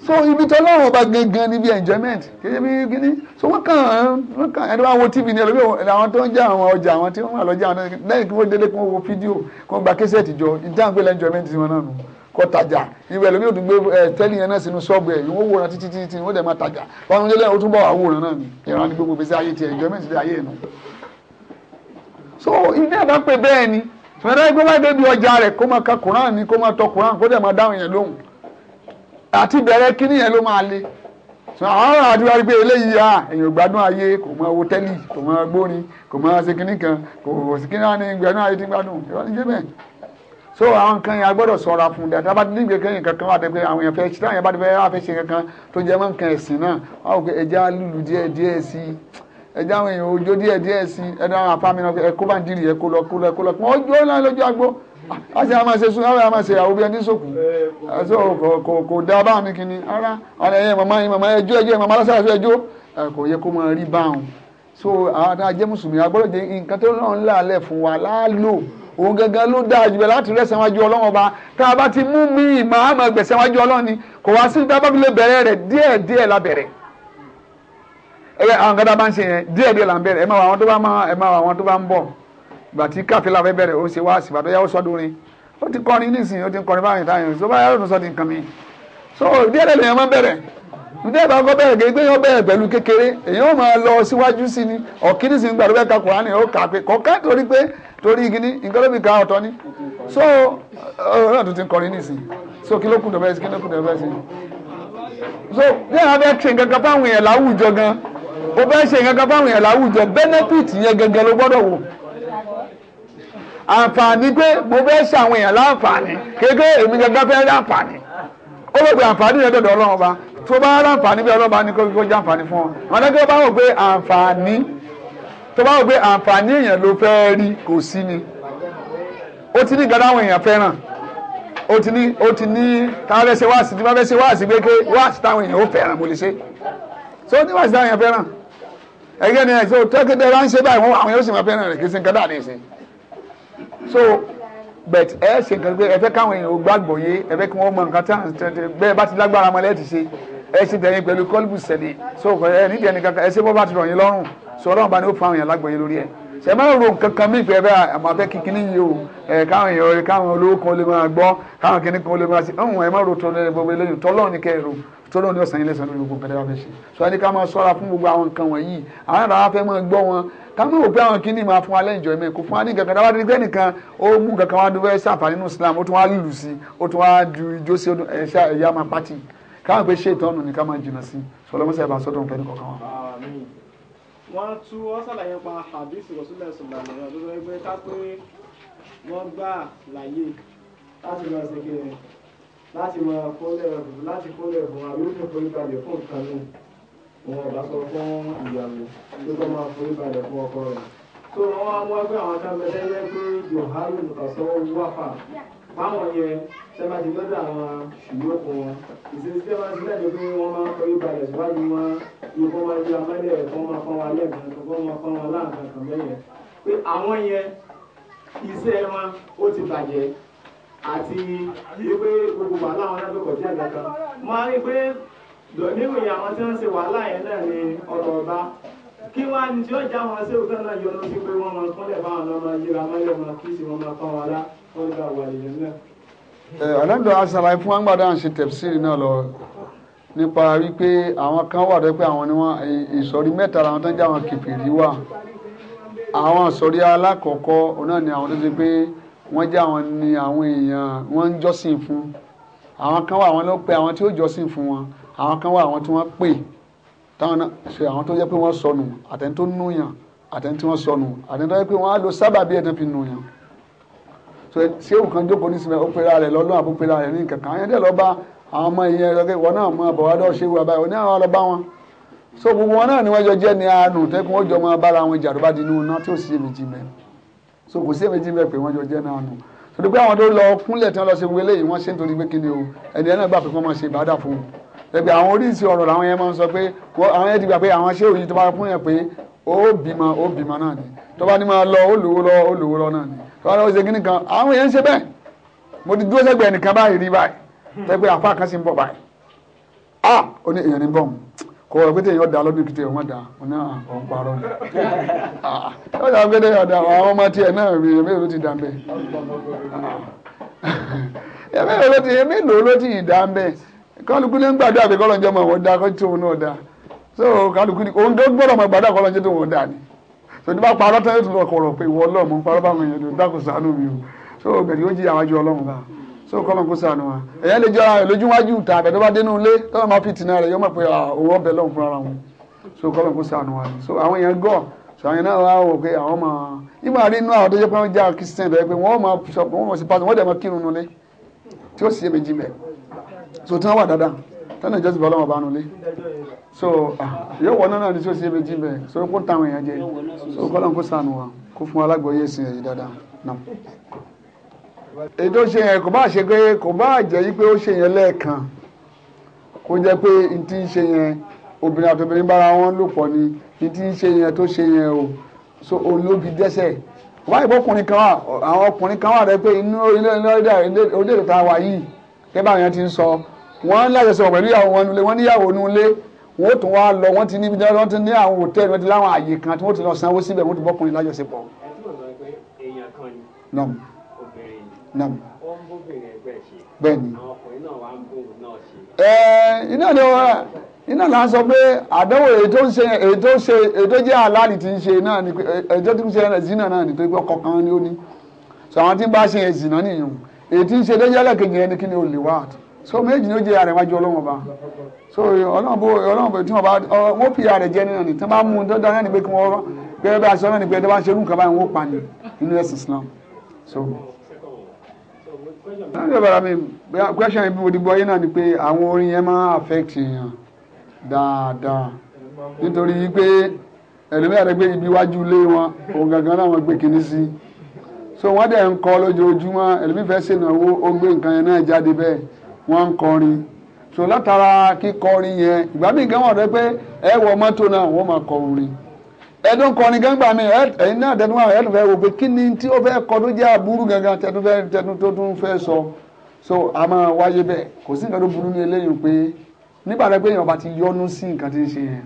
so ibi tó lọ́rùn ọba gangan níbi enjoyment kéde bí gíní so wọ́n kàn án wọ́n kàn án ẹni wọ́n wo tv ní ẹlòmíì àwọn tó ń jẹ́ àwọn ọjà àwọn tí wọ́n wà lọ́jà àwọn lẹ́yìn kí wọ́n délé kí wọ́n wo fídíò kí wọ́n gba késẹ̀tì jọ ìdáhùn pé enjoyment ti wọn náà nù kọ́ tajà ibẹ̀ ẹlòmíì òdùn gbé tẹ́lì yẹn náà sínú ṣọ́ọ̀bù ẹ̀ wọ́n wòran títí títí wọ́n dẹ̀ máa tajà wọn lé lẹ́yìn ó tún bọ̀ àwòrán náà ni ìran ni gbogbo gbèsè ayé ti enjoyment ti ayé ẹ̀ nù. so ilé ẹ̀ bá pé bẹ́ẹ̀ ni fẹ́rẹ́ gbọ́dọ̀ débi ọjà rẹ̀ kó máa ka Kùránì kó máa tọ Kùránì kó dẹ̀ máa dáhùn yẹn lóhùn àti bẹ̀rẹ̀ kíní yẹn ló máa le àwọn àti wá rí pé eléyìí à èèyàn gbádùn ayé kò mọ owó tẹ́lì kò mọ gbórin kò mọ ṣe kíní kan kò sí kíní wọn ni gbádùn ayé ti gbádùn ìwádìí jẹ́ bẹ́ẹ̀ so àwọn nǹkan yẹn a gbọ́dọ̀ sọ̀ra fún dáadáa bá ti nígbè kẹ́yìn kankan wà tẹ́gbẹ́ àwọn èèyàn fẹ́ ṣe táwọn èèyàn bá ti fẹ́ wá fẹ́ ṣe kankan tó jẹ́ mọ́ nǹkan ẹ̀sìn náà wọ́n á wò pé ẹja lùlù díẹ̀ díẹ̀ sí i ẹja àwọn èèyàn òjò díẹ̀ díẹ̀ sí i ẹ̀dá a sì máa ṣe sún àwọn àmà ṣe àwọn obìnrin sókù àṣọ kò dá báwọn ní kíni ara ara ẹ̀yẹ màmá yẹn màmá ẹjọ́ ẹjọ́ màmá lásán àṣọ ẹjọ́ kò yẹ kó máa rí báwọn so àwọn àti ajé mùsùlùmí agbọ́dọ̀ jẹ nǹkan tó náà ń là lẹ̀ fún wa láàlò òun gangan ló dáa jùlọ láti rẹ̀sán wájú ọlọ́run ọba tá a bá ti mú mi ìmọ̀ àmọ̀ gbẹ̀sẹ̀ wájú ọlọ́run ni kò wá sí tá a bá fi lè bẹ̀rẹ̀ rẹ̀ díẹ̀ díẹ̀ la bẹ̀rẹ̀ ẹ àwọn kan tá a bá ń ṣe yẹn díẹ̀ díẹ̀ la ń bẹ̀rẹ̀ ẹ máa wà àwọn tó bá ń bọ̀ ìgbà tí káfíńlá fẹ́ bẹ̀rẹ̀ ó ṣe wá sí ìbàdàn yàwó sọ́dúnrin ó ti kọrin nísìnyí ó ti kọrin báyìí táyà tó bá yàrá tó sọ di nǹkan mi so díẹ̀ lẹ́nu èèyàn máa bẹ̀rẹ̀ ǹdẹ́ ìbá kọ́ bẹ̀rẹ̀ kékeré yóò bẹ̀rẹ̀ pẹ̀lú kékeré èèyàn máa lọ síwájú sí ni ọ̀kíní sí gbàdúrà ká kùránì ó kà pé kọ̀ọ̀ká torí pé torí igi ní nǹkan ló fi ka ọ̀tọ̀ ni so ọ̀rọ̀ tó ti so kí ló kù tó bẹ́ẹ̀ sí so bí àwọn abẹ́ ṣe nǹkan kan fáwọn èèyàn láwùjọ gan o fẹ́ ṣe nǹkan kan fáwọn èèyàn àǹfààní pé mo fẹ́ ṣe àwọn èèyàn láǹfààní kéèké èmi gẹ́gẹ́ fẹ́ láǹfààní ó lè pe àǹfààní dọ̀dọ̀ ọlọ́run ọba tó bá láǹfààní bí ọlọ́run bá kókó jẹ́ àǹfààní fún ọ mọ̀lẹ́gbẹ́ bá wò pé àǹfààní tó bá wò pé àǹfààní èèyàn ló fẹ́ rí kò sí ni ó ti ní gada àwọn èèyàn fẹ́ràn ó ti ní ó ti ní ṣe wáàsí tí wọ́n fẹ́ ṣe wáàsí so but ẹ ṣe nǹkan pé ẹ fẹ́ káwọn èèyàn gbàgbọ́ yé ẹ fẹ́ kí wọ́n mọ nǹkan tí à ń tẹ̀lé bẹ́ẹ̀ bá ti lágbára mọ́ lẹ́ẹ̀tì ṣe ẹ ṣe tẹ̀yìn pẹ̀lú kọ́lùbù sẹ̀lẹ̀ so ẹ nídìí ẹni kankan ẹ ṣe bọ́ bá ti rọ̀ yín lọ́rùn so ọlọ́run bá ní ó fa àwọn èèyàn lágbọ̀ọ́yé lórí ẹ̀ ṣe máa ń ro nǹkan kan mí ìfẹ́ bẹ́ẹ̀ àmọ́ abẹ́ kíkíní yìí o ẹ̀ káwọn èèyàn káwọn olówó kan lè máa gbọ́ káwọn kíní kan lè máa ṣe ọ̀hún ẹ̀ máa ro tọ́lọ́ sọlọ ní ọsàn yìí lẹsàn lórí gbogbo pẹlẹ wa fẹ́ ṣe so a ní ká máa ṣọ́ra fún gbogbo àwọn nǹkan wọ̀nyí àwọn àdá wa fẹ́ máa gbọ́ wọn ká mọ̀ pé àwọn kìíní máa fún wa lẹ́yìn ìjọba kò fún wa ní kankan dáwà dídí pé nìkan ó mú kankan wá dúró ẹsẹ àǹfààní nínú Islam ó tún wá lùlù sí ó tún wá ju ijó sí ẹsẹ ẹyà máa pátì káwọn pé ṣé ìtọ́nù ní ká máa jìnnà sí sọlọmọsẹ ìbá sọdọ̀ nǹkan ní kankan wa. wọ́n tú ọ́ sàlàyé pa hadith Rasulullah sallallahu alaihi wasallam ká pé wọ́n gbà láyé láti lọ sí kí láti máa kólẹ̀ láti kólẹ̀ bọ̀ àwọn yóò fi forí balẹ̀ fún nǹkan náà wọn ọba sọ fún ìyàwó tó kọ́ máa forí balẹ̀ fún ọkọ rẹ̀ tó wọn wá mú ẹgbẹ́ àwọn kan bẹ tẹ́lẹ̀ pé yohane lùkàsọ́ wáfà báwọn yẹn tẹ́ bá ti lọ́dọ̀ àwọn ṣùgbọ́n wọn ìsinmi tẹ́ bá ti lẹ́nu pé wọ́n máa forí balẹ̀ síwájú wọn ikú máa di amẹ́lẹ̀ kó máa fọ́n wa lẹ́ẹ̀kan kó máa fọ́n wa láǹkan kan bẹ́yẹn pé àwọn yẹn iṣẹ́ wọn ó ti bàjẹ́ àti wípé gbogbo wàhálà wọn lábẹ́ kọjá ìgbàgbọ́ mo á rí i pé dọ̀nírù yìí àwọn tí wọ́n ń ṣe wàhálà yẹn náà ni ọ̀rọ̀ ọba kí wọ́n á ní tí ó já wọn sí òkè náà yọnu sí pé wọ́n máa kúnlẹ̀ báwọn náà máa yíra mọ́lẹ̀ wọn kí sì wọ́n máa fọ́n wọn lá wọ́n gba wàlẹ̀ náà. ọ̀nàdọ̀ aṣàlàyé fún àgbàdo ń ṣe tẹ̀síìrì náà lọ nípa wípé àwọn kan wà dẹ́pẹ́ àwọn ni wọ́n ìsọ̀rí mẹ́ta làwọn tó ń já wọn kìfìrí wà àwọn ìsọ̀rí alákọ̀ọ́kọ́ náà ni àwọn tó ti pé wọ́n jẹ́ àwọn ni àwọn èèyàn wọ́n ń jọ́sìn fún àwọn kan wà àwọn ló pe àwọn tí ó jọ́sìn fún wọn àwọn kan wà àwọn tí wọ́n pè táwọn náà ṣe àwọn tó jẹ́ pé wọ́n sọnù àtẹ̀ntó núyàn àtẹ̀ntí wọ́n sọnù àtẹ̀ntó jẹ́ pé wọ́n á lo sábàbí ẹ̀dán fi núyàn ṣé òkan jókòó ní sinmi ọpẹlá rẹ lọ́dún àpòpẹlá rẹ ní kankan àwọn ẹ̀dẹ̀ lọ́ba àwọn ọmọ ìyẹn lọ́kẹ́ wọn náà mọ àbọ̀wádọ́ ṣe wà báyìí oní àwọn ọlọ́ba wọn so gbogbo wọn náà ni wọ́n jọ jẹ́ ní àánú tẹ́kùn ó jọ mọ bára wọn jà tó bá di inú iná tí ó sì èmi jì mẹ́rin so kò sí èméjì bẹ́ẹ̀ pé wọ́n jọ jẹ́ náà nù torí pé àwọn tó lọ kúnlẹ̀ tí wọ́n lọ ṣe wọlé yìí wọ́n ṣe nítorí pé kíni o ẹni ẹ̀ náà gbà pé wọ́n máa ṣe ìbádà fún un ẹgbẹ́ àwọn oríṣi ọ̀rọ̀ làwọn yẹn máa ń sọ pé àwọn yẹn ti gbà pé àwọn ṣé òyìn tó bá fún yẹn pé ó bímọ ó bímọ náà ni tó bá ní máa lọ ó lówó lọ ó lówó lọ náà ni tó bá lọ ṣe kíní kan àwọn yẹn ń ṣe bẹ́ẹ̀ mo ti dúró sẹ́gbẹ̀ẹ́ nìkan báyìí rí báyìí tẹ́gbẹ́ àpá kan sì ń bọ̀ báyìí ah ó ní èèyàn ní bọ́ọ̀mù kò wọ́n pété yọ̀ da lọ́dún kìtì ọmọ da ọ̀nà ọ̀n parọ́ ni ah, ó dà pété yọ̀ da àwọn ọmọ tiẹ̀ náà rí ẹ̀mí ló ti dà ń bẹ̀ ẹ̀mí ah, ló ti dà ń bẹ̀ kálukú ní gbàdúrà pé kọ́lọ́njọ́ mọ̀ wọ́n da kó tí òun náà da so kálukú ní òun tó gbọ́dọ̀ mọ̀ gbàdúrà kọ́lọ́njọ́ tó wọ́n da ni so ní bá parọ́ tẹ́lẹ̀ tó lọ kọ̀rọ̀ pé ìwọ ọlọ́run parọ́ báwọn èèyàn tó dákò sànú mi o so bẹ̀rẹ̀ ó jí àwọn ọlọ́run báà so kọ́lọ́n kó sànù wa èyàn lè jọ ara rẹ̀ lójúwájú ta àbẹ̀ tó bá dénú ilé tọ́lọ́ máa fi tìǹà rẹ̀ yọ mọ̀ pé ah, òun ọbẹ̀ lọ́hùn fúnra wọn so kọ́lọ́n kó sànù wa so àwọn èèyàn gọ̀ so àwọn èèyàn náà wá wò pé àwọn máa ìmọ̀ àrí inú àwọn tó jẹ́ pé wọ́n jẹ́ kristian bẹ̀rẹ̀ pé wọ́n máa sọ pé wọ́n mọ̀ sí pásítọ̀ wọ́n dẹ̀ máa kírun nulẹ̀ tí ó sì yé méjì mẹ́ so tí wọ́n wà dáadáa tọ́nà ìjọsìn bọ́ lọ́wọ́ bá nulẹ̀ so ah, yóò wọ́n náà ní tí ó sì yé méjì mẹ́ so kó táwọn èèyàn jẹ so kọ́lọ́n kó sànù wa kó fún alágbọ̀ọ́yé ẹ̀sìn ẹ̀yìn ètò ṣe yẹn kò bá ṣe pé kò bá jẹ́ yí pé ó ṣe yẹn lẹ́ẹ̀kan kó jẹ́ pé n ti ṣe yẹn obìnrin àti obìnrin bára wọn lò pọ̀ ni n ti ṣe yẹn tó ṣe yẹn o so olóbi dẹ́sẹ̀ kò bá ìbò ọkùnrin kan wà àwọn ọkùnrin kan wà rẹ pé inú ilé orílẹ̀-èdè tá a wà yìí kẹ́bà yẹn ti ń sọ wọ́n ń láyọ̀ sọ̀rọ̀ pẹ̀lú ìyàwó wọn nulẹ̀ wọ́n níyàwó nulẹ̀ wọ́n tún wá lọ wọ́n ti níbi wọ́n ti ní àwọn hòtẹ́ẹ̀lì wọ́n ti láwọn àyè kan tí wọ́n ti lọ sanwó síbẹ̀ wọ́n ti bọ́kùnrin lájọṣepọ̀. ẹ nam. bẹ́ẹ̀ni. àwọn iná ni wọn iná là ń sọ pé àdánwò èyí tó ń ṣe èyí tó ṣe èyí tó jẹ́ aláàlì tí ń ṣe náà ni èyí tó ti ṣe zina náà ni pé ọkọ̀ kan ni ó ní sọ àwọn tí ń bá ṣe zina nìyẹn èyí tí ń ṣe lójú ẹlẹ́kẹ̀yìn ẹni kí ni olè wá so méjì ni ó jẹ́ àrẹ̀wájú ọlọ́wọ́n ọba so ọlọ́wọ́n bó ọlọ́wọ́n bó tí wọ́n bá wọ́n fi àrẹ̀ jẹ́ nínú ni tí wọ́n bá mú un tó dáná náà ni pé ẹni wọ́n láti ọ̀bàrà mi question ibi òdìgbò ayé náà ni pé àwọn orin yẹn máa affect èèyàn dáadáa nítorí pé ẹlòmíràn rẹ gbé ibi iwájú ilé wọn òun gangan náà wọn gbé kinní sí so wọ́n dẹ̀ ń kọ lójoojúmọ́ ẹlòmíràn fẹ́ ṣèlówó ó gbé nǹkan yẹn náà jáde bẹ́ẹ̀ wọ́n ń kọrin so látara kíkọrin yẹn ìgbà míì gan wọ́n rẹ pé ẹ wọ mọ́tò náà wọ́n máa kọ orin ẹdun kọrin gangba mi ẹyin náà tẹnu àwọn ẹdun fẹ́ wò pé kí ni tí ó fẹ́ kọ tó jẹ́ aburú gangan tẹnu fẹ́ tẹnu tó tún fẹ́ sọ so a máa wáyé bẹ́ẹ̀ kò sí nǹkan tó burú ní eléyìí pé nígbà tó pé èèyàn bá ti yọnu sí nǹkan tí ń ṣe yẹn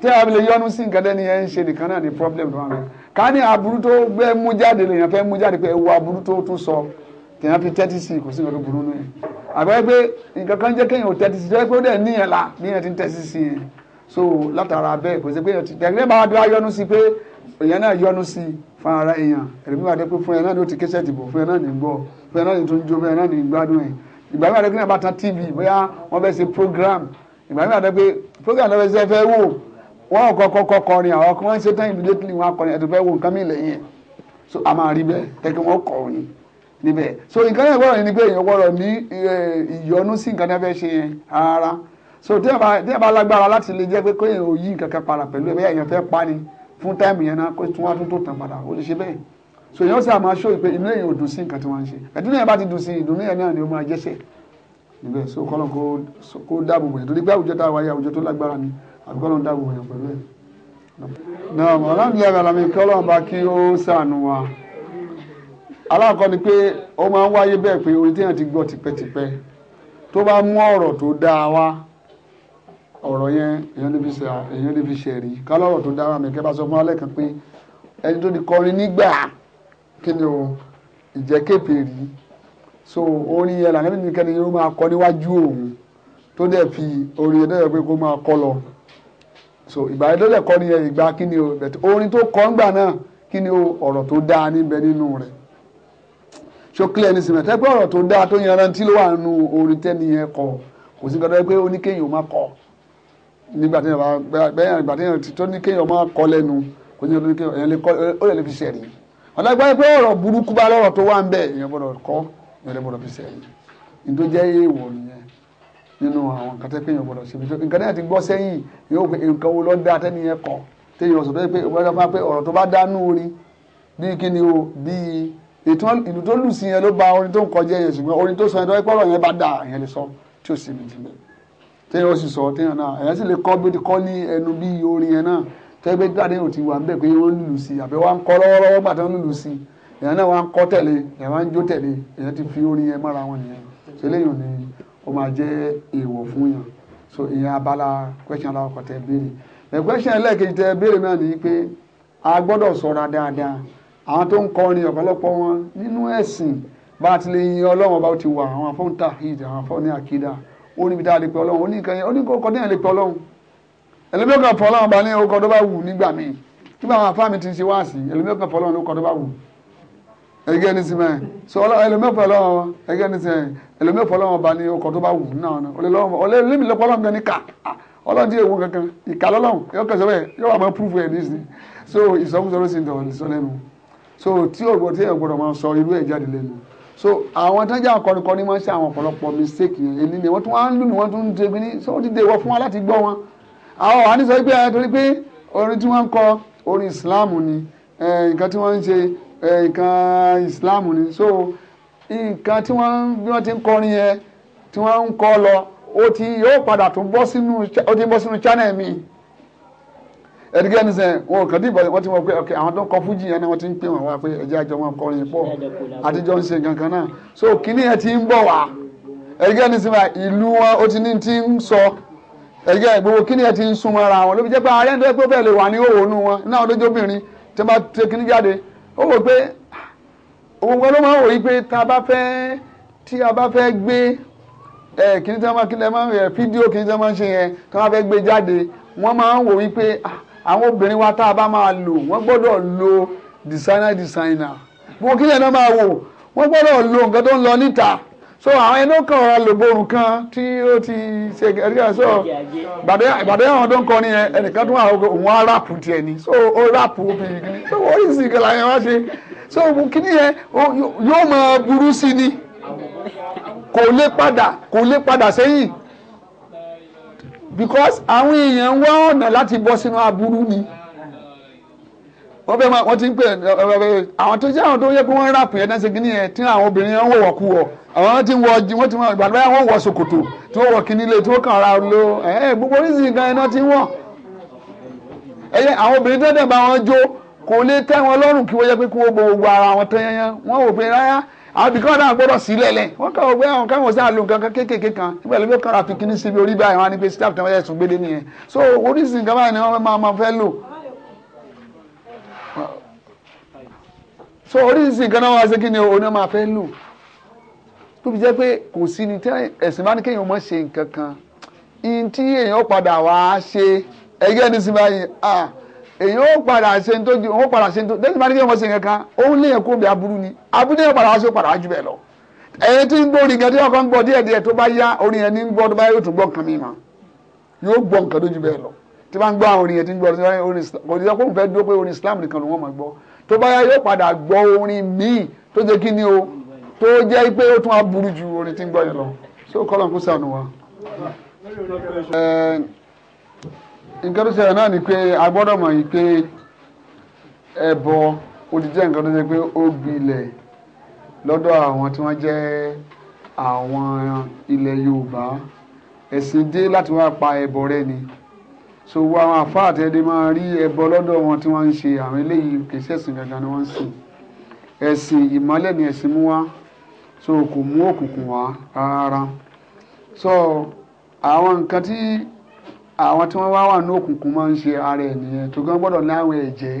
tí a lè yọnu sí nǹkan tẹ́ni yẹn ń ṣe nìkan náà ni problem tó wà mẹ́ ká ní aburú tó gbé mú jáde lèèyàn fẹ́ mú jáde pé ewu aburú tó tún sọ tèèyàn fi tẹ́tí sí kò sí nǹkan tó burú nù yẹn àgbẹ̀ pé nǹkan kan jẹ́ kéèyàn ò tẹ́tí sí tó pé ó dẹ̀ níyẹn la níyẹn ti ń tẹ́tí sí yẹn so látara bẹ́ẹ̀ kò sí pé ẹ̀rẹ́ bá wá yọnu sí pé èèyàn náà yọnu sí fún ara èèyàn ẹ̀rẹ́ bí wàá dé pé fún ẹ náà ló ti kéṣẹ́ dìbò fún ẹ náà ní gbọ́ fún ẹ náà ní tó ń jó fún ẹ náà ní gbádùn ẹ̀ ìgbà mi àdẹ́gbẹ́ bá tan tv bóyá wọ́n fẹ́ ṣe program ìgbà mi àdẹ́gbẹ́ program náà fẹ́ ṣe fẹ́ wò wọ́n kọ́kọ́ kọ́ kọrin àwọn kan wọ́n ṣe tán immediately wọ́n akọrin ẹ̀ tó fẹ́ wò nǹkan mi lẹ́yìn so a máa rí bẹ́ẹ̀ tẹ́kí wọ́n kọrin níbẹ̀ so nǹkan yẹn gbọ́dọ̀ ni pé èèyàn gbọ́dọ̀ ní ìyọnu sí nǹkan tí fẹ́ ṣe yẹn rárá so tí ẹ bá lágbára láti lè jẹ́ pé kéèyàn ò yí nǹkan kan padà pẹ̀lú ẹ̀yà èèyàn fẹ́ pa ni fún táìmù yẹn náà kó tún wá tún tó tàn padà ó lè ṣe bẹ́ẹ̀ so èèyàn sì àmọ́ aṣọ ìpè inú èèyàn ò dùn sí nǹkan tí wọ́n ń ṣe ẹ̀dùn èèyàn bá ti dùn sí ìdùnnú yẹn náà ni ó máa jẹ́sẹ̀ níbẹ̀ so kọ́lọ́n kó dáàbò bòyàn torí pé àwùjọ tá a wáyé àwùjọ tó lágbára ni àbí kọ́lọ́n dáàbò bòyàn pẹ̀lú ẹ̀. náà alhamdulilayi alami kọ́lọ́n bá kí ó sànù wa alákọ̀ọ́ ni pé ó máa ń wáyé bẹ́ẹ̀ pé orin téèyàn ti gbọ́ tipẹ́tipẹ́ tó bá mú ọ̀rọ̀ tó dáa wá ọ̀rọ̀ yẹn èèyàn lè fi ṣẹ̀rí kálọ̀rọ̀ tó dára mi kẹ́bà sọ fún alẹ́ kan pé ẹni tó ti kọrin nígbà kí ni o ìjẹ́kèpè rí so orin yẹn làwọn ẹni kẹ́ni yóò máa kọ níwájú òun tó dẹ̀ fi orin yẹn dẹ̀ pé kó máa kọ lọ so ìgbà yẹn tó dẹ̀ kọrin yẹn ìgbà kí ni o orin tó kọ ńgbà náà kí ni o ọ̀rọ̀ tó dáa níbẹ̀ nínú rẹ̀ so clear ní sinmi tẹ́gbẹ́ ọ̀rọ̀ tó dáa tó yanrantí ló wà nù orin tẹ́ni kọ kò sí nǹkan tó yẹ pé oníkéyìn ò máa kọ nígbà tí yàrá bẹ́ẹ̀ ìgbà tí yàrá tó ní kéèyàn máa kọ́ lẹ́nu kò ní ọdún kéèyàn èèyàn lè kọ́ ó lè fi sẹ̀rí ọ̀nà ìgbà pé ọ̀rọ̀ burúkú bá lọ́rọ̀ tó wà ń bẹ̀ èèyàn gbọ́dọ̀ kọ́ èèyàn lè gbọ́dọ̀ fi sẹ̀rí nítorí jẹ́ èèwọ̀ nìyẹn nínú àwọn nǹkan tẹ́ kéèyàn gbọ́dọ̀ ṣe nǹkan náà ti gbọ́ sẹ́yìn yóò pe nǹkan wo ló dá tẹ́niyẹn kọ́ téèyàn sọ pé ọ̀rọ̀ tó bá dánú orin bíi kí ni o bíi ìlú tó lù sí yẹn ló ba orin tó ń kọjá yẹn ṣùgbọ́n orin tó sọ yẹn tó ẹ pọ́rọ̀ yẹn bá dà yẹn lè sọ tí ò sí mi jìnbẹ̀ téèyàn ó sì sọ téèyàn náà èèyàn sì lè kọ́ bí ó ti kọ́ ní ẹnu bí orin yẹn náà tẹ́gbẹ́ dáadé ò ti wà níbẹ̀ pé wọ́n lùlù sí àbẹ̀ wá ń kọ́ lọ́wọ́lọ́wọ́ gbà tó ń lùlù sí èèyàn náà wá ń kọ́ tẹ̀lé èèyàn jó tẹ̀lé èèyàn ti fi orin yẹn mọ́ra wọn nìyẹn ṣe léyìn ni ó máa jẹ́ èèwọ̀ fún yàn so ìyẹn abala question aláwọ̀kọ̀ tẹ béèrè the question ẹlẹ́ẹ̀kejì tẹ béèrè náà ni pé a gbọ́dọ̀ ṣọ́ra dáadáa àwọn tó ń kọrin ọ̀pọ̀lọpọ̀ wọn nínú ẹ̀sìn bá a ti lè yin Ọlọ́run bá ti wà àwọn afọ́ntàhìd àwọn afọ́ ní àkídà ó níbi tá a lè pè ọlọ́run ó ní nǹkan yẹn ó ní kókó déyàn lè pè ọlọ́run ẹlẹ́mìí kan fọ́ ọlọ́run bá ní orúkọ tó bá wù nígbà míì tí báwọn afá mi ti ń ṣe wá sí ẹlẹ́mìí kan fọ́ ọlọ́run orúkọ tó bá wù ẹgẹ́ ní sinmi so ẹlẹ́mìí fọ́ ọlọ́run ẹgẹ́ ní sinmi ẹlẹ́mìí fọ́ ọlọ́run bá ní orúkọ tó bá wù náà ọlẹ́mìí lọ́pọ̀ ọlọ́run gan ní ká ọlọ́run tí èwo kankan ìka lọ́lọ́run yóò kẹsàn bẹ́ẹ̀ yóò wà máa púrúfù ẹ̀ nísìnyí so ìsọkúsọ ló sì ń dọ̀wọ́ sọ lẹ́nu so tí ògbọ́n tí so àwọn tán jẹ́ akọrìkọrí máa ń ṣe àwọn ọ̀pọ̀lọpọ̀ mistake yẹn èyí ni wọ́n tún wá ń lù ní wọ́n tún ń débi ní so ó ti dèwọ̀ fún wa láti gbọ́ wọn àwọn wà ní sọ pé ẹ torí pé orin tí wọ́n ń kọ orin Islam ni nǹkan tí wọ́n ń ṣe nǹkan Islam ni so nǹkan tí wọ́n bí wọ́n ti ń kọrin yẹn tí wọ́n ń kọ lọ ó ti yóò padà tún bọ́ sínú ó ti bọ́ sínú channel mi ẹ̀dígẹ́ ní sẹ́yìn wọn ò kàn tí ìbọ̀lẹ̀ wọ́n ti mọ̀ pé ok àwọn tó kọ fújì yẹn ni wọ́n ti ń pè wọ́n wá pé ẹ̀jẹ̀ àjọ wọn kọrin pọ̀ àtijọ́ ń ṣe kankan náà so kínní yẹn ti ń bọ̀ wá ẹ̀dígẹ́ ní sẹ́yìn ìlú wọn ó ti ní ti ń sọ ẹ̀dígẹ́ gbogbo kínní yẹn ti ń sún mọ́ra wọn ló fi jẹ́ pé ààrẹ nítorí pé bẹ́ẹ̀ lè wà ní òwò inú wọn náà lójóbìnrin tí wọ́n bá tẹ kínní jáde ó wò pé òun ló máa ń wòye pé tá a bá fẹ́ tí a bá fẹ́ gbé kínní tí wọ́n máa àwọn obìnrin wa tá a bá máa lò wọ́n gbọ́dọ̀ lo designer designer gbogbo kílẹ̀ náà máa wò wọ́n gbọ́dọ̀ lo nǹkan tó ń lọ níta so àwọn ẹni ó kàn ọ̀rọ̀ lògbòrùn kan tí ó ti ṣe ẹ̀ríkà sọ gbàdé àwọn tó ń kọrin yẹn ẹnìkan tó wà òun á ráàpù tiẹ̀ ni so ó ráàpù obìnrin kìíní so wọ́n yìí sì kẹlà yẹn wá ṣe so kìíní yẹn yóò máa burú sí ni kò lè padà kò lè padà sẹ́yìn because àwọn èèyàn wá ọ̀nà láti bọ́ sínú aburú ni wọ́n fẹ́ máa wọ́n ti ń pè àwọn tó jẹ́ àwọn tó yẹ kó wọ́n ráàpù yẹn dáńsẹ́ kínní yẹn tí àwọn obìnrin yẹn ń wọ̀wọ̀ kú wọ̀ àwọn tí ń wọ ọjì wọ́n ti wọ́n ìgbàlódé wọ́n wọ ṣòkòtò tí wọ́n wọ kíní lé tí wọ́n kàn ra lo ẹ̀ gbogbo oríṣi nǹkan iná ti ń wọ̀ ẹ̀yẹ àwọn obìnrin tó dẹ̀ bá wọn jó kò lè tẹ́ wọn lọ́rùn kí wọ́n yẹ pé kí wọ́n gbogbo ara wọn tán wọ́n wò pé rárá àwọn ibì kan náà gbọ́dọ̀ sí lẹ́lẹ̀ wọ́n kàn wọ́n àwọn káwọn sáà lo nǹkan kéékèèké kan nígbà lóbi kan àfi kíní síbi orí báyìí wọn á ní pé staff tẹ̀wọ́n ẹ̀sùn gbélé nìyẹn so oríṣi nǹkan báyìí ni wọ́n máa máa fẹ́ lò so oríṣi nǹkan náà wá sí kí ni òun náà máa fẹ́ lò tó fi jẹ́ pé kò sí ni tí ẹ̀sìn bá ní kéèyàn mọ̀ ṣe nǹkan kan ìyìn tí èèyàn padà wá ṣe ẹgbẹ́ ní sinmi báyìí ah èyí ó padà ṣe tó ju ó padà ṣe tó lẹ́yìn bá ní kí wọ́n ṣe kankan òun léyìn kó bí aburú ni aburú yẹn padà wá sí padà jù bẹ́ẹ̀ lọ ẹ̀yin tí ń gbọ́ orin gẹ̀dẹ́ ọkàn ń gbọ́ díẹ̀ díẹ̀ tó bá yá orin yẹn ní ń gbọ́ tó bá yóò tún gbọ́ kan mi mà yóò gbọ́ nǹkan tó ju bẹ́ẹ̀ lọ tí bá ń gbọ́ orin yẹn tí ń gbọ́ orin Islam orin Islam nìkan ló wọ́n máa gbọ́ tó bá yá yóò padà gbọ́ orin míì tó jẹ́ kí ni o tó jẹ́ pé ó tún aburú ju orin tí ń gbọ́ yẹn lọ so kọ́lọ̀ kó sànù wa nǹkan tó ṣẹlẹ̀ náà ni pé a gbọ́dọ̀ mọ̀ yìí pé ẹbọ ó ti jẹ́ nǹkan tó ṣe pé ó gbilẹ̀ lọ́dọ̀ àwọn tí wọ́n jẹ́ àwọn ilẹ̀ Yorùbá ẹ̀sìn dé láti wá pa ẹbọ rẹ ni so wo àwọn àfáà tẹ́lẹ̀ máa rí ẹbọ lọ́dọ̀ wọn tí wọ́n ń ṣe àwọn eléyìí kì í ṣẹ̀sìn gangan ni wọ́n ń sìn ẹ̀sìn ìmọ́lẹ̀ ni ẹ̀sìn mú wá so kò mú òkùnkùn wá rárá so àwọn nǹkan tí àwọn tí wọ́n wá wà ní òkùnkùn máa ń ṣe ara ẹ̀ nìyẹn tó gan gbọ́dọ̀ láwọn ẹ̀jẹ̀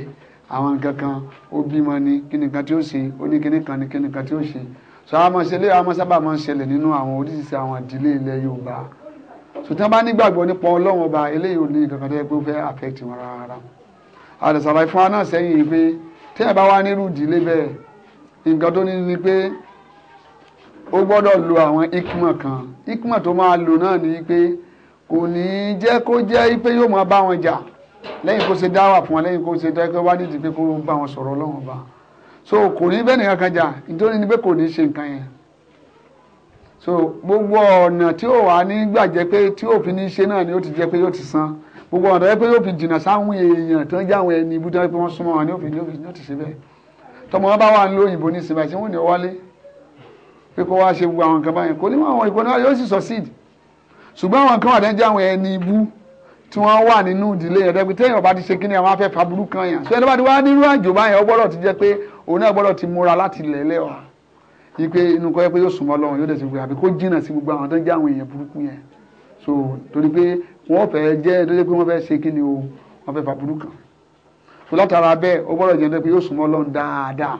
àwọn nǹkan kan ó bímọ ni kí nìkan tí ó ṣe ó ní kíní kan ní kí nìkan tí ó ṣe sọ àwọn ọmọ ṣẹlẹ̀ àwọn ọmọ sábà máa ń ṣẹlẹ̀ nínú àwọn oríṣiríṣi àwọn ìdílé ilẹ̀ Yorùbá sùtàn bá nígbàgbọ́ nípa Ọlọ́run ọba eléyìí ò ní kankan tó yẹ pé ó fẹ́ affect wọn rárá àdè sàlàyé wa náà sẹ́yìn pé tí ẹ bá wá nírú ìdílé bẹ́ẹ̀ nǹkan tó ní ni pé ó gbọ́dọ̀ lo àwọn ikmọ̀ kan ikmọ̀ tó máa lò náà ni pé kò ní jẹ́ kó jẹ́ pé yóò máa bá wọn jà lẹ́yìn kó ṣe dáwà fún wọn lẹ́yìn kó ṣe dáwà wá nídìí pé kó bá wọn sọ̀rọ̀ ọlọ́run ọba so kò ní bẹ́ẹ̀ nìkan kan jà nítorí ni pé kò ní ṣe nǹkan yẹn so gbogbo ọ̀nà tí ó wà ní gbàjẹ́ pé tí ó fi ní ṣe náà ni ó ti jẹ́ pé yóò ti san gbogbo ọ̀nà pé yóò fi jìnnà sáwọn èèyàn tó ń jẹ́ àwọn ẹni ibú tó wọ́n súnmọ́ ni ó fi ní ó ti ṣe bẹ́ẹ̀ tọmọ wọn bá wà ní òyìnbó ní ìsinmi àti wọn ò ní wọlé pé kó succeed ṣùgbọ́n àwọn kan wà lẹ́jọ́ àwọn ẹni ibú tí wọ́n wà nínú ìdílé yẹn dẹ́gbẹ́ téèyàn bá ti ṣe kí ni àwọn afẹ́fà burúkú yẹn ṣé ẹni bá ti wá nínú àjò báyẹn ó gbọ́dọ̀ ti jẹ́ pé òun náà gbọ́dọ̀ ti múra láti lẹ̀lẹ́ wa yìí pé inú kọ́ yẹ pé yóò súnmọ́ lọ́wọ́ yóò dẹ̀ sí pé àbí kó jìnnà sí gbogbo àwọn tó ń jẹ́ àwọn èèyàn burúkú yẹn so torí pé wọ́n fẹ́ jẹ́ torí pé wọ́n fẹ́ ṣe kí ni o wọ́n fẹ́ fà burúkú so látara bẹ́ẹ̀ ó gbọ́dọ̀ jẹ́ pé yóò súnmọ́ lọ́wọ́ dáadáa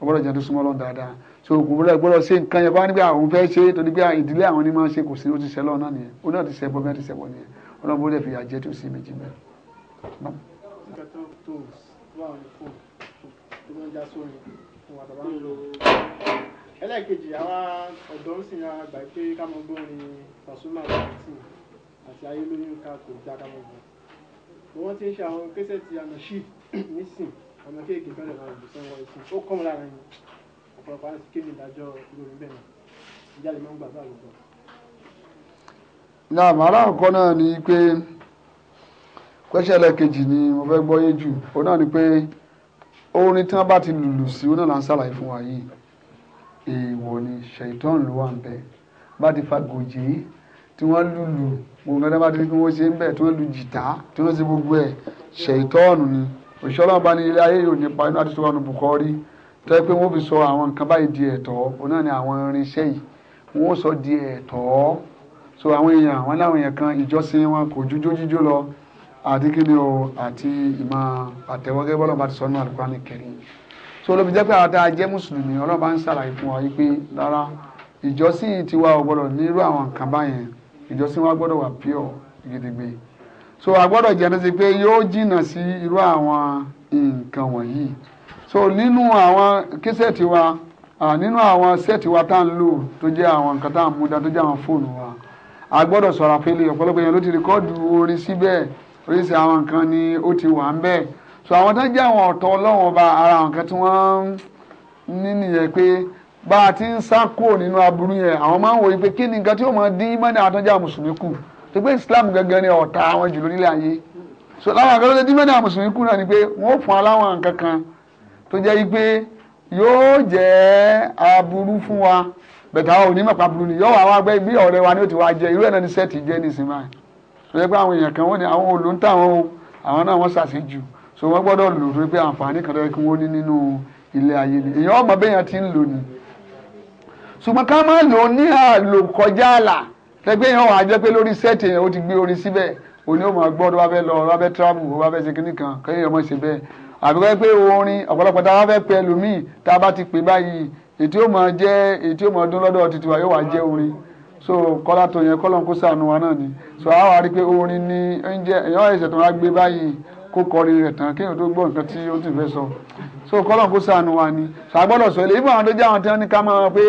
ó gbọ́dọ̀ jẹ́ tó súnmọ́ lọ́wọ́ dáadáa so gbogbo gbọ́dọ̀ ṣe nǹkan yẹn bá nígbà àwọn fẹ́ ṣe torí bí ìdílé àwọn ni máa ṣe kò sí ó ti ṣẹlọ náà nìyẹn ó náà ti ṣẹbọ bẹ́ẹ̀ ti ṣẹbọ nìyẹn ọlọ́run bó lè fi àjẹ tó sí méjì bẹ́ẹ̀. ẹlẹ́ẹ̀kejì àwa ọ̀dọ́ ń sìn ara pé ká mọ gbórin Pasuma àti àti Ayélujára kò já ká mọ wọ́n ti ń ṣe àwọn kẹ́sẹ̀ ti àmọ̀ ṣì nísìn àmọ̀ kéèké fẹ́rẹ̀ máa lò sọ́wọ́ ọ̀pọ̀lọpọ̀ àti kí ni ìdájọ́ lórí bẹ́ẹ̀ ìjáde máa ń gbà báyìí lọ. náà màrá ọ̀kọ́ náà ni pé pẹ́sẹ́lẹ̀ kejì ni mo fẹ́ gbọ́yé jù òun náà ni pé orin tí wọ́n bá ti lùlù sí òun náà là ń ṣàlàyé fún wa yìí èèwọ̀ ni ṣèitán ló wà ń bẹ bá ti fa gòjé tí wọ́n lùlù gbogbo ẹ̀dá bá ti ní kí wọ́n ṣe ń bẹ̀ tí wọ́n lu jìtá tí wọ́n ṣe gbogbo ẹ̀ ṣèitán ni òṣìṣẹ́ ọlọ́run ní ilé ayé yóò nípa inú àti sọ́wọ́n bùkọ́ rí tó yẹ pé wọ́n fi sọ àwọn nǹkan báyìí di ẹ̀tọ́ òun náà ni àwọn irinṣẹ́ yìí wọ́n sọ di ẹ̀tọ́ so àwọn èèyàn wọn láwọn èèyàn kan ìjọsìn wọn kò jújó jíjó lọ àti kí ni o àti ìmọ̀ àtẹ̀wọ́gẹ́ bọ́lá bá ti sọ nínú Al-Qur'ani so ló fi jẹ́ pé àwọn tá a jẹ́ mùsùlùmí ọlọ́ba ń ṣàlàyé fún wa wípé rárá ìjọsìn tiwa ò gbọ́dọ̀ nírú àwọn nǹkan báyẹn ìjọsìn wa gbọ́dọ̀ wà pure gidigbe so a gbọ́dọ̀ jẹ́ ẹni tí pé yóò jìnnà sí irú àwọn nǹkan wọ̀nyí so nínú àwọn késẹ̀tì wa nínú àwọn sẹ́ẹ̀tì wa tá à ń lò tó jẹ́ àwọn nǹkan tá à ń mú dá tó jẹ́ àwọn fóònù wa a gbọ́dọ̀ sọ̀rọ̀ àpẹẹlẹ ọ̀pọ̀lọpọ̀ èèyàn ló ti rìkọ́ọ̀dù orin síbẹ̀ oríṣi àwọn nǹkan ni ó ti wà ń bẹ̀ so àwọn tó jẹ́ àwọn ọ̀tọ̀ ọlọ́run ọba ara àwọn nǹkan tí wọ́n ní nìyẹn pé bá a ti ń sá kúrò nínú aburú yẹn àwọn máa ń wòye pé kí ni nǹkan tí ó máa dín mọ́ni àwọn tó jẹ́ àmùsùlùmí kù tó pé Islam gangan ni ọ̀tá àwọn jùlọ nílẹ̀ ayé so láwọn àgbẹ̀lódé dín mọ́ni àmùsùlùmí kù náà ni pé wọ́n fún aláwọn nǹkan kan tó jẹ́ wípé yóò jẹ́ aburú fún wa bẹ̀tẹ̀ àwọn onímọ̀ pàbùrù ni yóò wá wá gbé bí ọ̀rẹ́ wa ni ó ti wá jẹ irú ẹ̀ náà ni sẹ́ẹ̀tì jẹ́ nísìnyí báyìí tó jẹ́ pé àwọn èèyàn kan wọ́n ní àwọn olóńtà wọn o àwọn náà wọ́n ṣàṣejù so wọ́n gbọ́dọ̀ lò tó pé àǹfààní kan lọ́yẹ kí wọ́n ní nínú ilé ayé ni èèyàn ọmọ bẹ́yàn ti ń lò ní. ṣùgbọ́n ká má lò ní àlò kọjá àlà lẹ́gbẹ́ èèyàn wà jẹ́ pé lórí sẹ́ẹ̀tì èèyàn ó ti gbé orin síbẹ̀ òní ó máa gbọ́ fẹ́ lọ bá fẹ́ travel bá fẹ́ ṣe kíní kan kẹ́yìn ọmọ ṣe bẹ́ẹ̀ àbíkọ́ pé orin ọ̀pọ̀lọpọ̀ tá a bá fẹ́ pe ẹlòmíì tá a bá ti pè báyìí ètí ó mọ jẹ́ ètí ó mọ dún lọ́dọ̀ títí yóò wá jẹ́ orin so kọ́lá tó yẹn kọ́lọ́n kó sànù wa náà ni so àwa rí i pé orin ni oúnjẹ èèyàn ẹ̀sẹ̀ tó wá gbé báyìí kó kọrin rẹ̀ tán kéèyàn tó gbọ́ nǹkan tí ó ti fẹ́ sọ so kọ́lọ́n kó sànù wa ni so àgbọ́dọ̀ sọ ilé ìmọ̀ àwọn tó jẹ́ àwọn tí wọ́n ní ká máa pé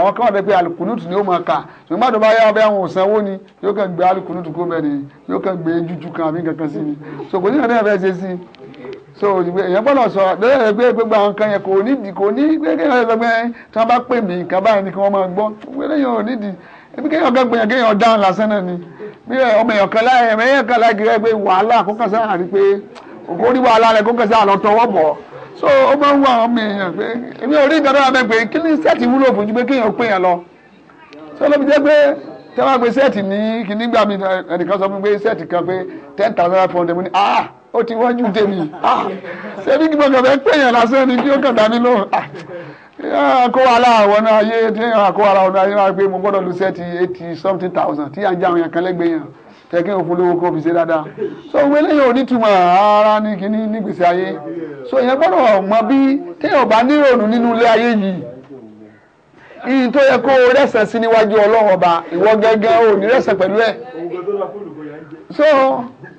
àwọn kan wà pé alukunutu ni ó máa kà ni yóò kàn gbé alukunutu kó so èèyàn gbọ́dọ̀ sọ lẹ́yìn pé gbogbo àwọn kan yẹn kò nídìí kò ní kéèyàn sọ pé tí wọ́n bá pè mí nǹkan báyìí ni kí wọ́n máa gbọ́ lẹ́yìn ò nídìí ebi kéèyàn kan gbìyànjú kéèyàn dáhùn lásán náà ni bí ọmọ èèyàn kan láyé ẹ̀mẹ́ èèyàn kan láyé kiri pé wàhálà kó kàn sáà rí pé kò rí wàhálà rẹ̀ kó kàn sáà lọ tọwọ́ bọ̀ so ó máa ń wá àwọn ọmọ èèyàn pé èmi ò rí nǹkan tó wà bẹ́ẹ̀ pé kí ni sẹ́ẹ̀tì wúlò fún ju pé kéèyàn pè yàn lọ so ló fi jẹ́ pé tẹ́wọ́n gbé sẹ́ẹ̀tì ní kí nígbà mi ẹnìkan sọ fún mi pé sẹ́ẹ̀tì kan pé ten thousand five hundred mo ní ah ó ti wájú tèmi ah, ṣé bí gbogbo ọ̀gá fẹ́ lásán ni kí ó kàn dání lóhùn ah, kó wa la àwọn náà ayé tí kó wa la ayé wá pé mo gbọ́dọ̀ lu sẹ́ẹ̀tì eighty something thousand tí à ń jẹ́ àwọn yẹn kan lẹ́gbẹ̀ẹ́ yẹn tẹ̀kẹ́ òfurufú kó fi ṣe dáadáa so òwe lẹ́yìn ò ní túmọ̀ ara ní kíní nígbèsè ayé so ìyẹn gbọ́dọ̀ mọ bí téèyàn bá níròònù nínú ilé ayé yìí ìyìn tó yẹ kó o rẹ̀sẹ̀ sí níwájú ọlọ́run ọba ìwọ gẹ́gẹ́ ò rẹ̀sẹ̀ pẹ̀lú ẹ̀ so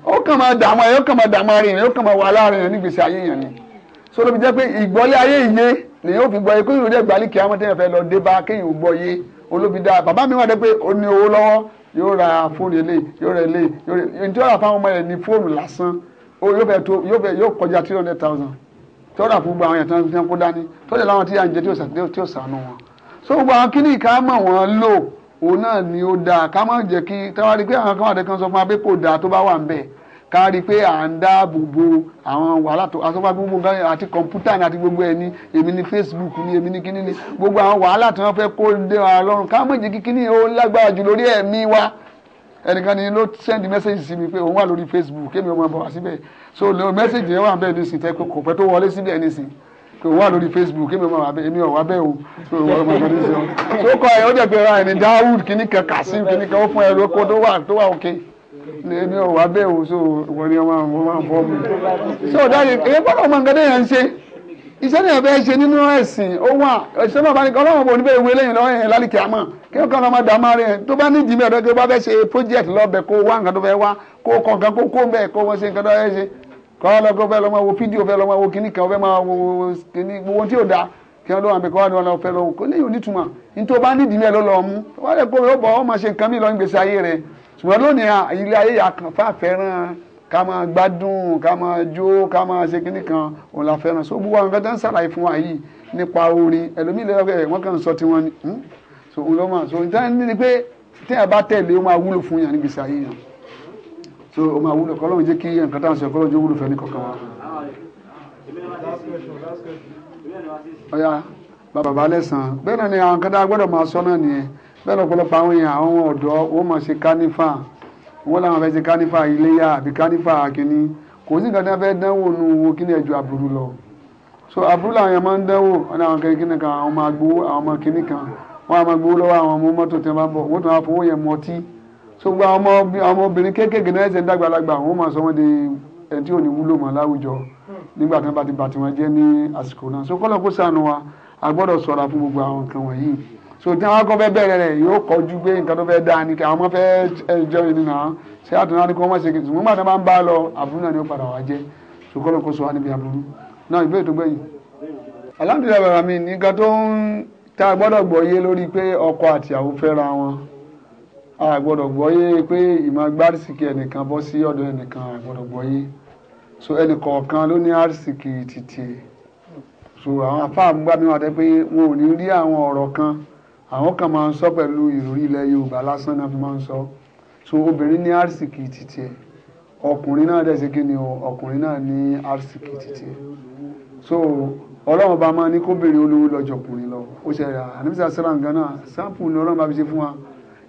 ó kàn máa dààmú ẹ̀ ó kàn máa dààmú ara èèyàn ó kàn máa wà láàrin èèyàn nígbèsè ayé èèyàn ni so ló fi jẹ́ pé ìgbọ́lé ayé ìyé ni yóò fi gbọ́ yé kóyìn òde gbalí kíá mọ́tẹ́yìn fẹ́ lọ dé bá kéyìn ò gbọ́ yé olóbi dáa bàbá mi wà dé pé ó ní owó lọ́wọ́ yóò ra fóònù eléyìí yóò ra eléyìí yóò ra èyí tí wọ́n rà fáwọn ọmọ rẹ̀ ní fóònù lásán yóò fẹ́ tó yóò fẹ́ yóò kọjá three hundred thousand tí wọ́n rà fún gbogbo àwọn èèyàn tí wọ́n kó dání tọ́jà láwọn tí à ń jẹ tí ò sànú wọn so gbogbo àwọn kíní mọ̀ wọ́n lò òun náà ni ó dáa ká má jẹ́ kí táwa rí pé àwọn kan wà tẹ́ kan sọ fún wa pé kò dáa tó bá wà ń bẹ̀ ká rí pé à ń dáàbò bo àwọn wàhálà tó asọ́pá gbogbo nǹkan àti kọ̀ǹpútà àti gbogbo ẹni èmi ni Facebook ni èmi ni kíní ni gbogbo àwọn wàhálà tí wọ́n fẹ́ kó dé wa lọ́rùn ká má jẹ́ kí kíní ó lágbára jù lórí ẹ̀mí wa ẹnìkan ni ló send message sí mi pé òun wà lórí Facebook kémi ọmọ bọ̀ wá síbẹ̀ so message yẹn wà bẹ́ẹ̀ nísìnyí tẹ́ kò pẹ́ tó wọlé síbẹ̀ nísìnyí tó wà lórí facebook èmi ọmọ abẹ èmi ọwọ abẹ o tó wọ ọmọ ìgbọdọ sí ọ tó kọ ẹ ó dẹ̀ pé ra ẹni dawud kìíní kan kasim kìíní kan ó fún ẹ lóko tó wà tó wà òkè èmi ọwọ abẹ o so wọn ni ọmọ àwọn máa ń fọ mi. so dáre èyí gbọ́dọ̀ mọ nǹkan déyàn ń ṣe iṣẹ́ ní ẹ̀bẹ̀ ṣe nínú ẹ̀sìn ó wà ẹ̀ṣẹ́ náà bá ní ọlọ́run bò ní bẹ́ẹ̀ wé lẹ́yìn lọ́wọ́ yẹn lálìkẹ́ àmọ́ kí ọkàn ọmọ dàmá rẹ̀ tó bá ní ìdìmọ̀ ẹ̀dọ́gbẹ́ bá fẹ́ ṣe project lọ́bẹ̀ kó wá nǹkan tó fẹ́ wá kó kọ̀ọ̀kan kó kó bẹ́ẹ̀ kó wọ́n ṣe nǹkan tó fẹ́ ṣe kọ́ lọ pé ó fẹ́ lọ máa wo fídíò fẹ́ lọ máa wo kíní kan ó fẹ́ máa wo kíní gbogbo tí ò da kí wọ́n lọ́wọ́ àbẹ̀kọ́ wọn lọ fẹ́ lọ kó léyìn onítùmọ̀ ní tó bá nídìí mẹ́ẹ̀ ló lọ mú wọ́n lè kó o bọ̀ ọ́ máa ṣe nǹkan mìíràn gbèsè ayé rẹ̀ ṣùgbọ́n lónìí ilé ayé yà kàn fà fẹ́ràn ká máa gbádùn ká máa jó ká máa ṣe kíní kan òun la fẹ́ràn so gbogbo àwọn fẹ́tẹ́ ń ṣàlàyé fún wa yìí nípa orin ẹlòmíì lè eh, hmm? so òun ló máa so ìtàn ní ni pé so o máa wúlò kọ́lọ́run jẹ́ kí nǹkan táwọn sọ kọ́lọ́run jẹ́ wúlò fẹ́ ní kọ̀ọ̀kan wa. ọ̀ya bàbá bá lẹ́sàn-án bẹ́ẹ̀ náà ni àwọn kan dá gbọ́dọ̀ máa sọ náà nìyẹn bẹ́ẹ̀ ni ọ̀pọ̀lọpọ̀ àwọn èèyàn àwọn ọ̀dọ́ wọ́n máa ṣe kánífà wọ́n làwọn fẹ́ ṣe kánífà iléyà àbí kánífà kìíní kò sí nǹkan tí wọ́n fẹ́ dánwò nu wo kí ni ẹ̀jọ̀ àbúrú so àbúrú làwọn èèyàn máa ń dánwò ọ̀nà àwọn kìíní kan àwọn ọmọ agbowó àwọn ọmọ kìíní kan wọ́n á máa gbowó lọ́wọ́ àwọn ọmọ mọ́tò tí wọ́n bá bọ̀ wọ́n tún á fowó yẹn so gba ọmọ ọmọbìnrin kéékèèké náà ẹsẹ̀ ń dàgbàlagbà wọn máa sọ wọn di ẹni tí ò ní wúlò mọ́ láwùjọ nígbà tí wọn bá ti bàtí wọn jẹ́ ní àsìkò náà so kọ́lọ́ kó sànù wa a gbọ́dọ̀ sọ̀ra fún gbogbo àwọn nǹkan wọ̀nyí so tí wọn kọ́ fẹ́ bẹ̀rẹ̀ rẹ̀ yóò kọjú pé nǹkan tó fẹ́ dá ni kí àwọn ọmọ fẹ́ jọ yìí nìyà ṣé àtúnwá ni kí wọ́n má ṣe kí ṣùgbọ́n gbàdá máa ń bá lọ àbúrò náà ni ó padà wá jẹ́ so kọ́lọ́ kó sọ wá níbi àbúrò náà ìbéèrè tó gbẹ̀yìn. alhamdulilayi bàbá mi àgbọ̀dọ̀ gbọ́yé pé ìmọ̀ gbárísìkì ẹnìkan bọ́ sí ọ̀dọ̀ ẹnìkan àgbọ̀dọ̀ gbọ́yé so ẹnìkọ̀ọ̀kan ló ní àrísìkì títì so àwọn afáà ń gbá mi wàtẹ́ pé wọn ò ní rí àwọn ọ̀rọ̀ kan àwọn kan máa ń sọ pẹ̀lú ìròrí ilẹ̀ Yorùbá lásán náà fi máa ń sọ so obìnrin ní àrísìkì títì ọkùnrin náà dẹ̀ sí kí ni ọkùnrin náà ní àrísìkì títì ẹ̀ so ọlọ́run bá máa ní kóbìnrin olówó lọ́jọ́kùnrin lọ ó ṣẹlẹ̀ àníbísà sẹ́ra nǹkan náà sáǹpù ni ọlọ́run bá fi ṣe fún wa.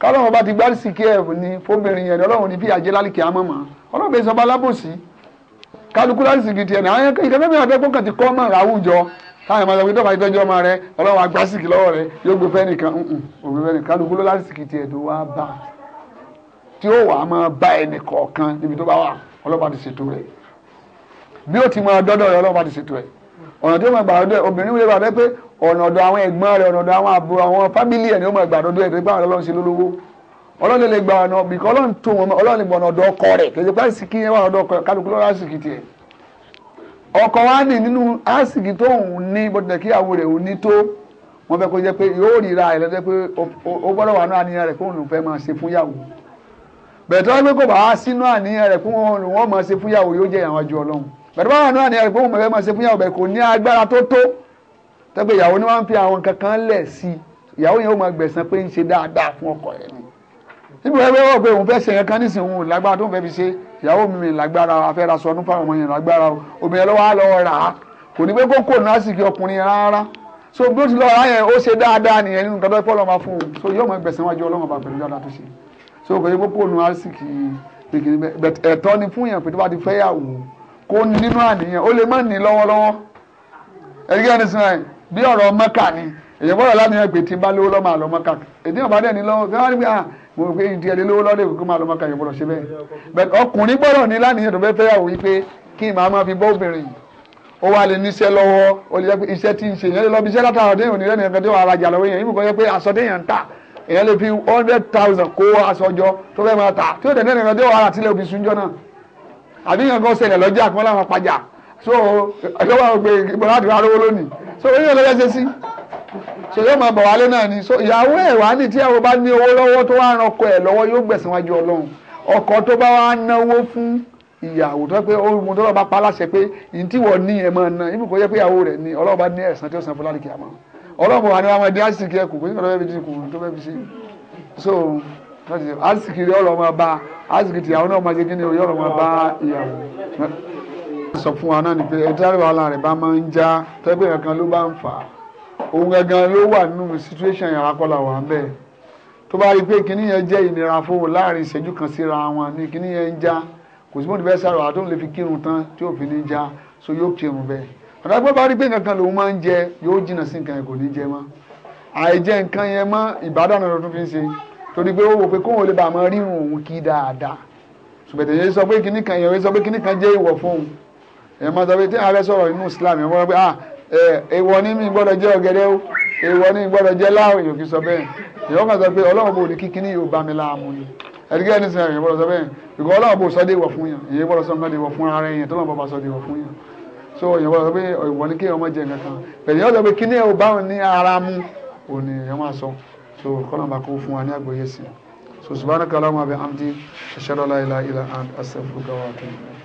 kọ́lọ́run bá ti gbá sí kí ẹ ní fóbìnrin yẹn ọlọ́run ní fìyà jẹ lálẹ́ kí á mọ̀ mọ́ ọlọ́run bẹ́ẹ̀ sọba alábòsí kálukú láti sì kìtì ẹ̀ náà àwọn ìkẹ́kẹ́ mẹ́rin àbẹ́kọ́ kan ti kọ́ mọ́ àwùjọ táwọn ìmọ̀ ìjọba ìjọba ìtọ́jú ọmọ rẹ ọlọ́run àgbà sì kì lọ́wọ́ rẹ yóò gbé fẹ́ nìkan òwe fẹ́ nìkan kálukú ló láti sì kìtì ẹ̀ tó wá bá tí ó wà á máa bá ọ̀nà ọ̀dọ̀ àwọn ẹ̀gbọ́n rẹ̀ ọ̀nà ọ̀dọ̀ àwọn àbúrò àwọn fámìlì ẹ̀ ni ó mọ̀ ẹ̀gbà dọ́dọ̀ ẹ̀ tó gbà wọn lọ́lọ́run ṣe lólówó ọlọ́run lè gba ọ̀nà bìkọ́ ọlọ́run tó wọn ọlọ́run lè gbọ́ ọ̀nà ọ̀dọ̀ ọkọ rẹ̀ kì í ṣe pé àìsíkí yẹn wà ọ̀dọ̀ ọkọ rẹ̀ kálukú lọ́wọ́ àìsíkí tiẹ̀ ọkọ wa ní nínú àìsíkí tó ń ní bọ́dẹ̀ kí àwọn rẹ̀ ò ní tó wọ́n fẹ́ kó jẹ́ pé yóò ríra ẹ̀ lọ́jọ́ pé ó gbọ́dọ̀ wà ní àníyàn rẹ̀ kóun ló fẹ́ máa ṣe fúnyàwó bẹ̀tọ́ pé kò bá sínú àníyàn rẹ̀ kóun wọ́n máa ṣe fúnyàwó yóò jẹ́ ìyàwó àjọ ọlọ́run bẹ̀tọ́ bá wà ní àníyàn rẹ̀ kóun fẹ́ máa ṣe fúnyàwó bẹ̀ kò ní agbára tó tó tẹ́gbẹ́ ìyàwó ni wọ́n fi àwọn kankan lẹ̀ sí ìyàwó yẹn ó máa gbẹ̀sán pé ń ṣe dáadáa fún ọkọ rẹ̀ ni níbi wẹ́wẹ́ wọ̀ pé òun fẹ́ ṣe kankan nísìnyí òun lágbára tó ń fẹ́ fi ṣe ìyàwó mi lágbára afẹ́ra sọ ọdún fáwọn ọmọ yẹn lágbára obìnrin lọ́wọ́ á lọ́ọ́ rà á kò ní pé kó kò náà sì kí ọkùnrin rárá so bí ó ti lọ́ọ́ rà yẹn ó ṣe dáadáa nìyẹn nínú kan tó fọ́ lọ́ọ́ máa fún un so yóò máa gbẹ̀sán wájú ọlọ́run bá pẹ̀lú dáadáa tó ṣe so kò ní pé kó náà sì kí ẹ̀tọ́ ni fún yẹn pé tó bá ti fẹ́ yàwó kó nínú àníyàn ó lè má ní lọ́wọ́lọ́wọ́ ẹ̀rí bí ọ̀rọ̀ mọ́kà ni èyí bọ́ọ̀rọ̀ láti yàn pé tí n bá lówó lọ́mọ àlọ́ mọ́kà èdè ọ̀bá dẹ̀ ní lọ́wọ́ tí wọ́n á rí pé ah mo rò pé ìdí ẹni lówó lọ́dẹ̀ kókó máa lọ́ mọ́kà yẹn bọ́ọ̀rọ̀ ṣe bẹ́ẹ̀ bẹ́ẹ̀ ọkùnrin gbọ́dọ̀ ní láníyàn tó fẹ́ fẹ́ yàwó wípé kí n máa máa fi bọ́ obìnrin ó wá lè níṣẹ́ lọ́wọ́ ó lè jẹ́ pé iṣẹ́ tí ń ṣe èèyàn lè lọ bí iṣẹ́ látara ọdẹ òní lẹ́nu ẹ̀fẹ́ tí wọ́n arajà lọ́wọ́ èèyàn ìmùkọ́ jẹ́ pé aṣọ déèyàn ń tà èèyàn lè fi hundred thousand kó aṣọ jọ tó fẹ́ máa tà tí ó tẹ̀lé ẹ̀fẹ́ tí wọ́n ara tilẹ̀ òbí sunjọ́ náà àbí yẹn kan ṣẹlẹ̀ lọ́jà kí wọ́n láwọn pàjà so ẹjọ́ wa gbé ìgbọ́n láti wá rówó lónìí so eré ọlọ́yẹ ṣe sí ṣe yóò máa so ìyàwó ẹ̀ wá ní tí àwọn bá ní owó lọ́wọ́ tó wá ran ọkọ ẹ̀ lọ́wọ́ yóò ọlọ́run ọkọ tó bá wá náwó fún ìyàwó tó pé ohun tó lọ́ba pa láṣẹ pé tí wọ́n ní ẹ̀ máa ná ibi kò ni ọlọ́ba ní ẹ̀sán tí ó san fún ọlọ́ba di so náà máa ìyàwó. sọ fún wa náà ni pé ẹtí àríwá wàhálà rẹ̀ bá máa ń já tẹ́gbẹ́ kankan ló bá ń fà á òun gangan ló wà nínú situation yẹn akọ́là wà ń bẹ̀ tó bá rí i pé kíní yẹn jẹ́ ìnira fóun láàrin ìṣẹ́jú kan síra wọn ni kíní yẹn ń já kò sí bóun fẹ́ sàrò àtó lè fi kírun tán tí òfin ní já so yóò kírun bẹ́ẹ̀ àdàgbọ́ bá rí i pé nǹkan kan lòun máa ń jẹ yóò jìnnà sí nǹkan yẹn kò ní jẹ mọ́ àìjẹ nǹkan yẹn mọ́ ìbádàn ló tún fi ń ṣe torí pé ó wò pé kóun lè bá rírun òun kí dáadáa ṣùgbọ́n tẹ̀yẹ sọ pé kíní kan yẹn sọ pé kíní kan jẹ́ ìwọ̀ fóun ẹ̀ máa sọ pé tí àwọn fẹ́ sọ̀rọ̀ nínú Islam ẹ̀ wọ́n pé ah èèwọ̀ ní mi gbọ́dọ̀ jẹ́ ọ̀gẹ̀dẹ̀ o èèwọ̀ ní mi gbọ́dọ̀ jẹ́ láwọn èèyàn kì í sọ bẹ́ẹ̀ èèyàn kan sọ pé ọlọ́run bò ní kíkíní yóò bá mi láàmú ni ẹ̀dígẹ́ ní sinmi èèyàn gbọ́dọ̀ sọ bẹ́ẹ̀ ìgbọ́ ọlọ́run bò sọ́dẹ̀ ìwọ̀ fún yàn èèyàn gbọ́dọ̀ sọ nǹkan ìwọ̀ fún ara yẹn tọ́lọ́run bàbá sọ́dẹ̀ ìwọ̀ fún yàn so èèyàn gbọ́dọ̀ sọ pé ìwọ̀ ní kéèyàn máa jẹ nǹkan kan pẹ̀lú ọ̀dọ̀ pé kíní ò bá wọn ní ara mu òní èèyàn máa sọ so kọ́nà bá kó fún wa ní àgbọ́yé sí so subhanaka Allahumma wa bihamdi ashhadu an la ilaha illa anta astaghfiruka wa atubu ilayk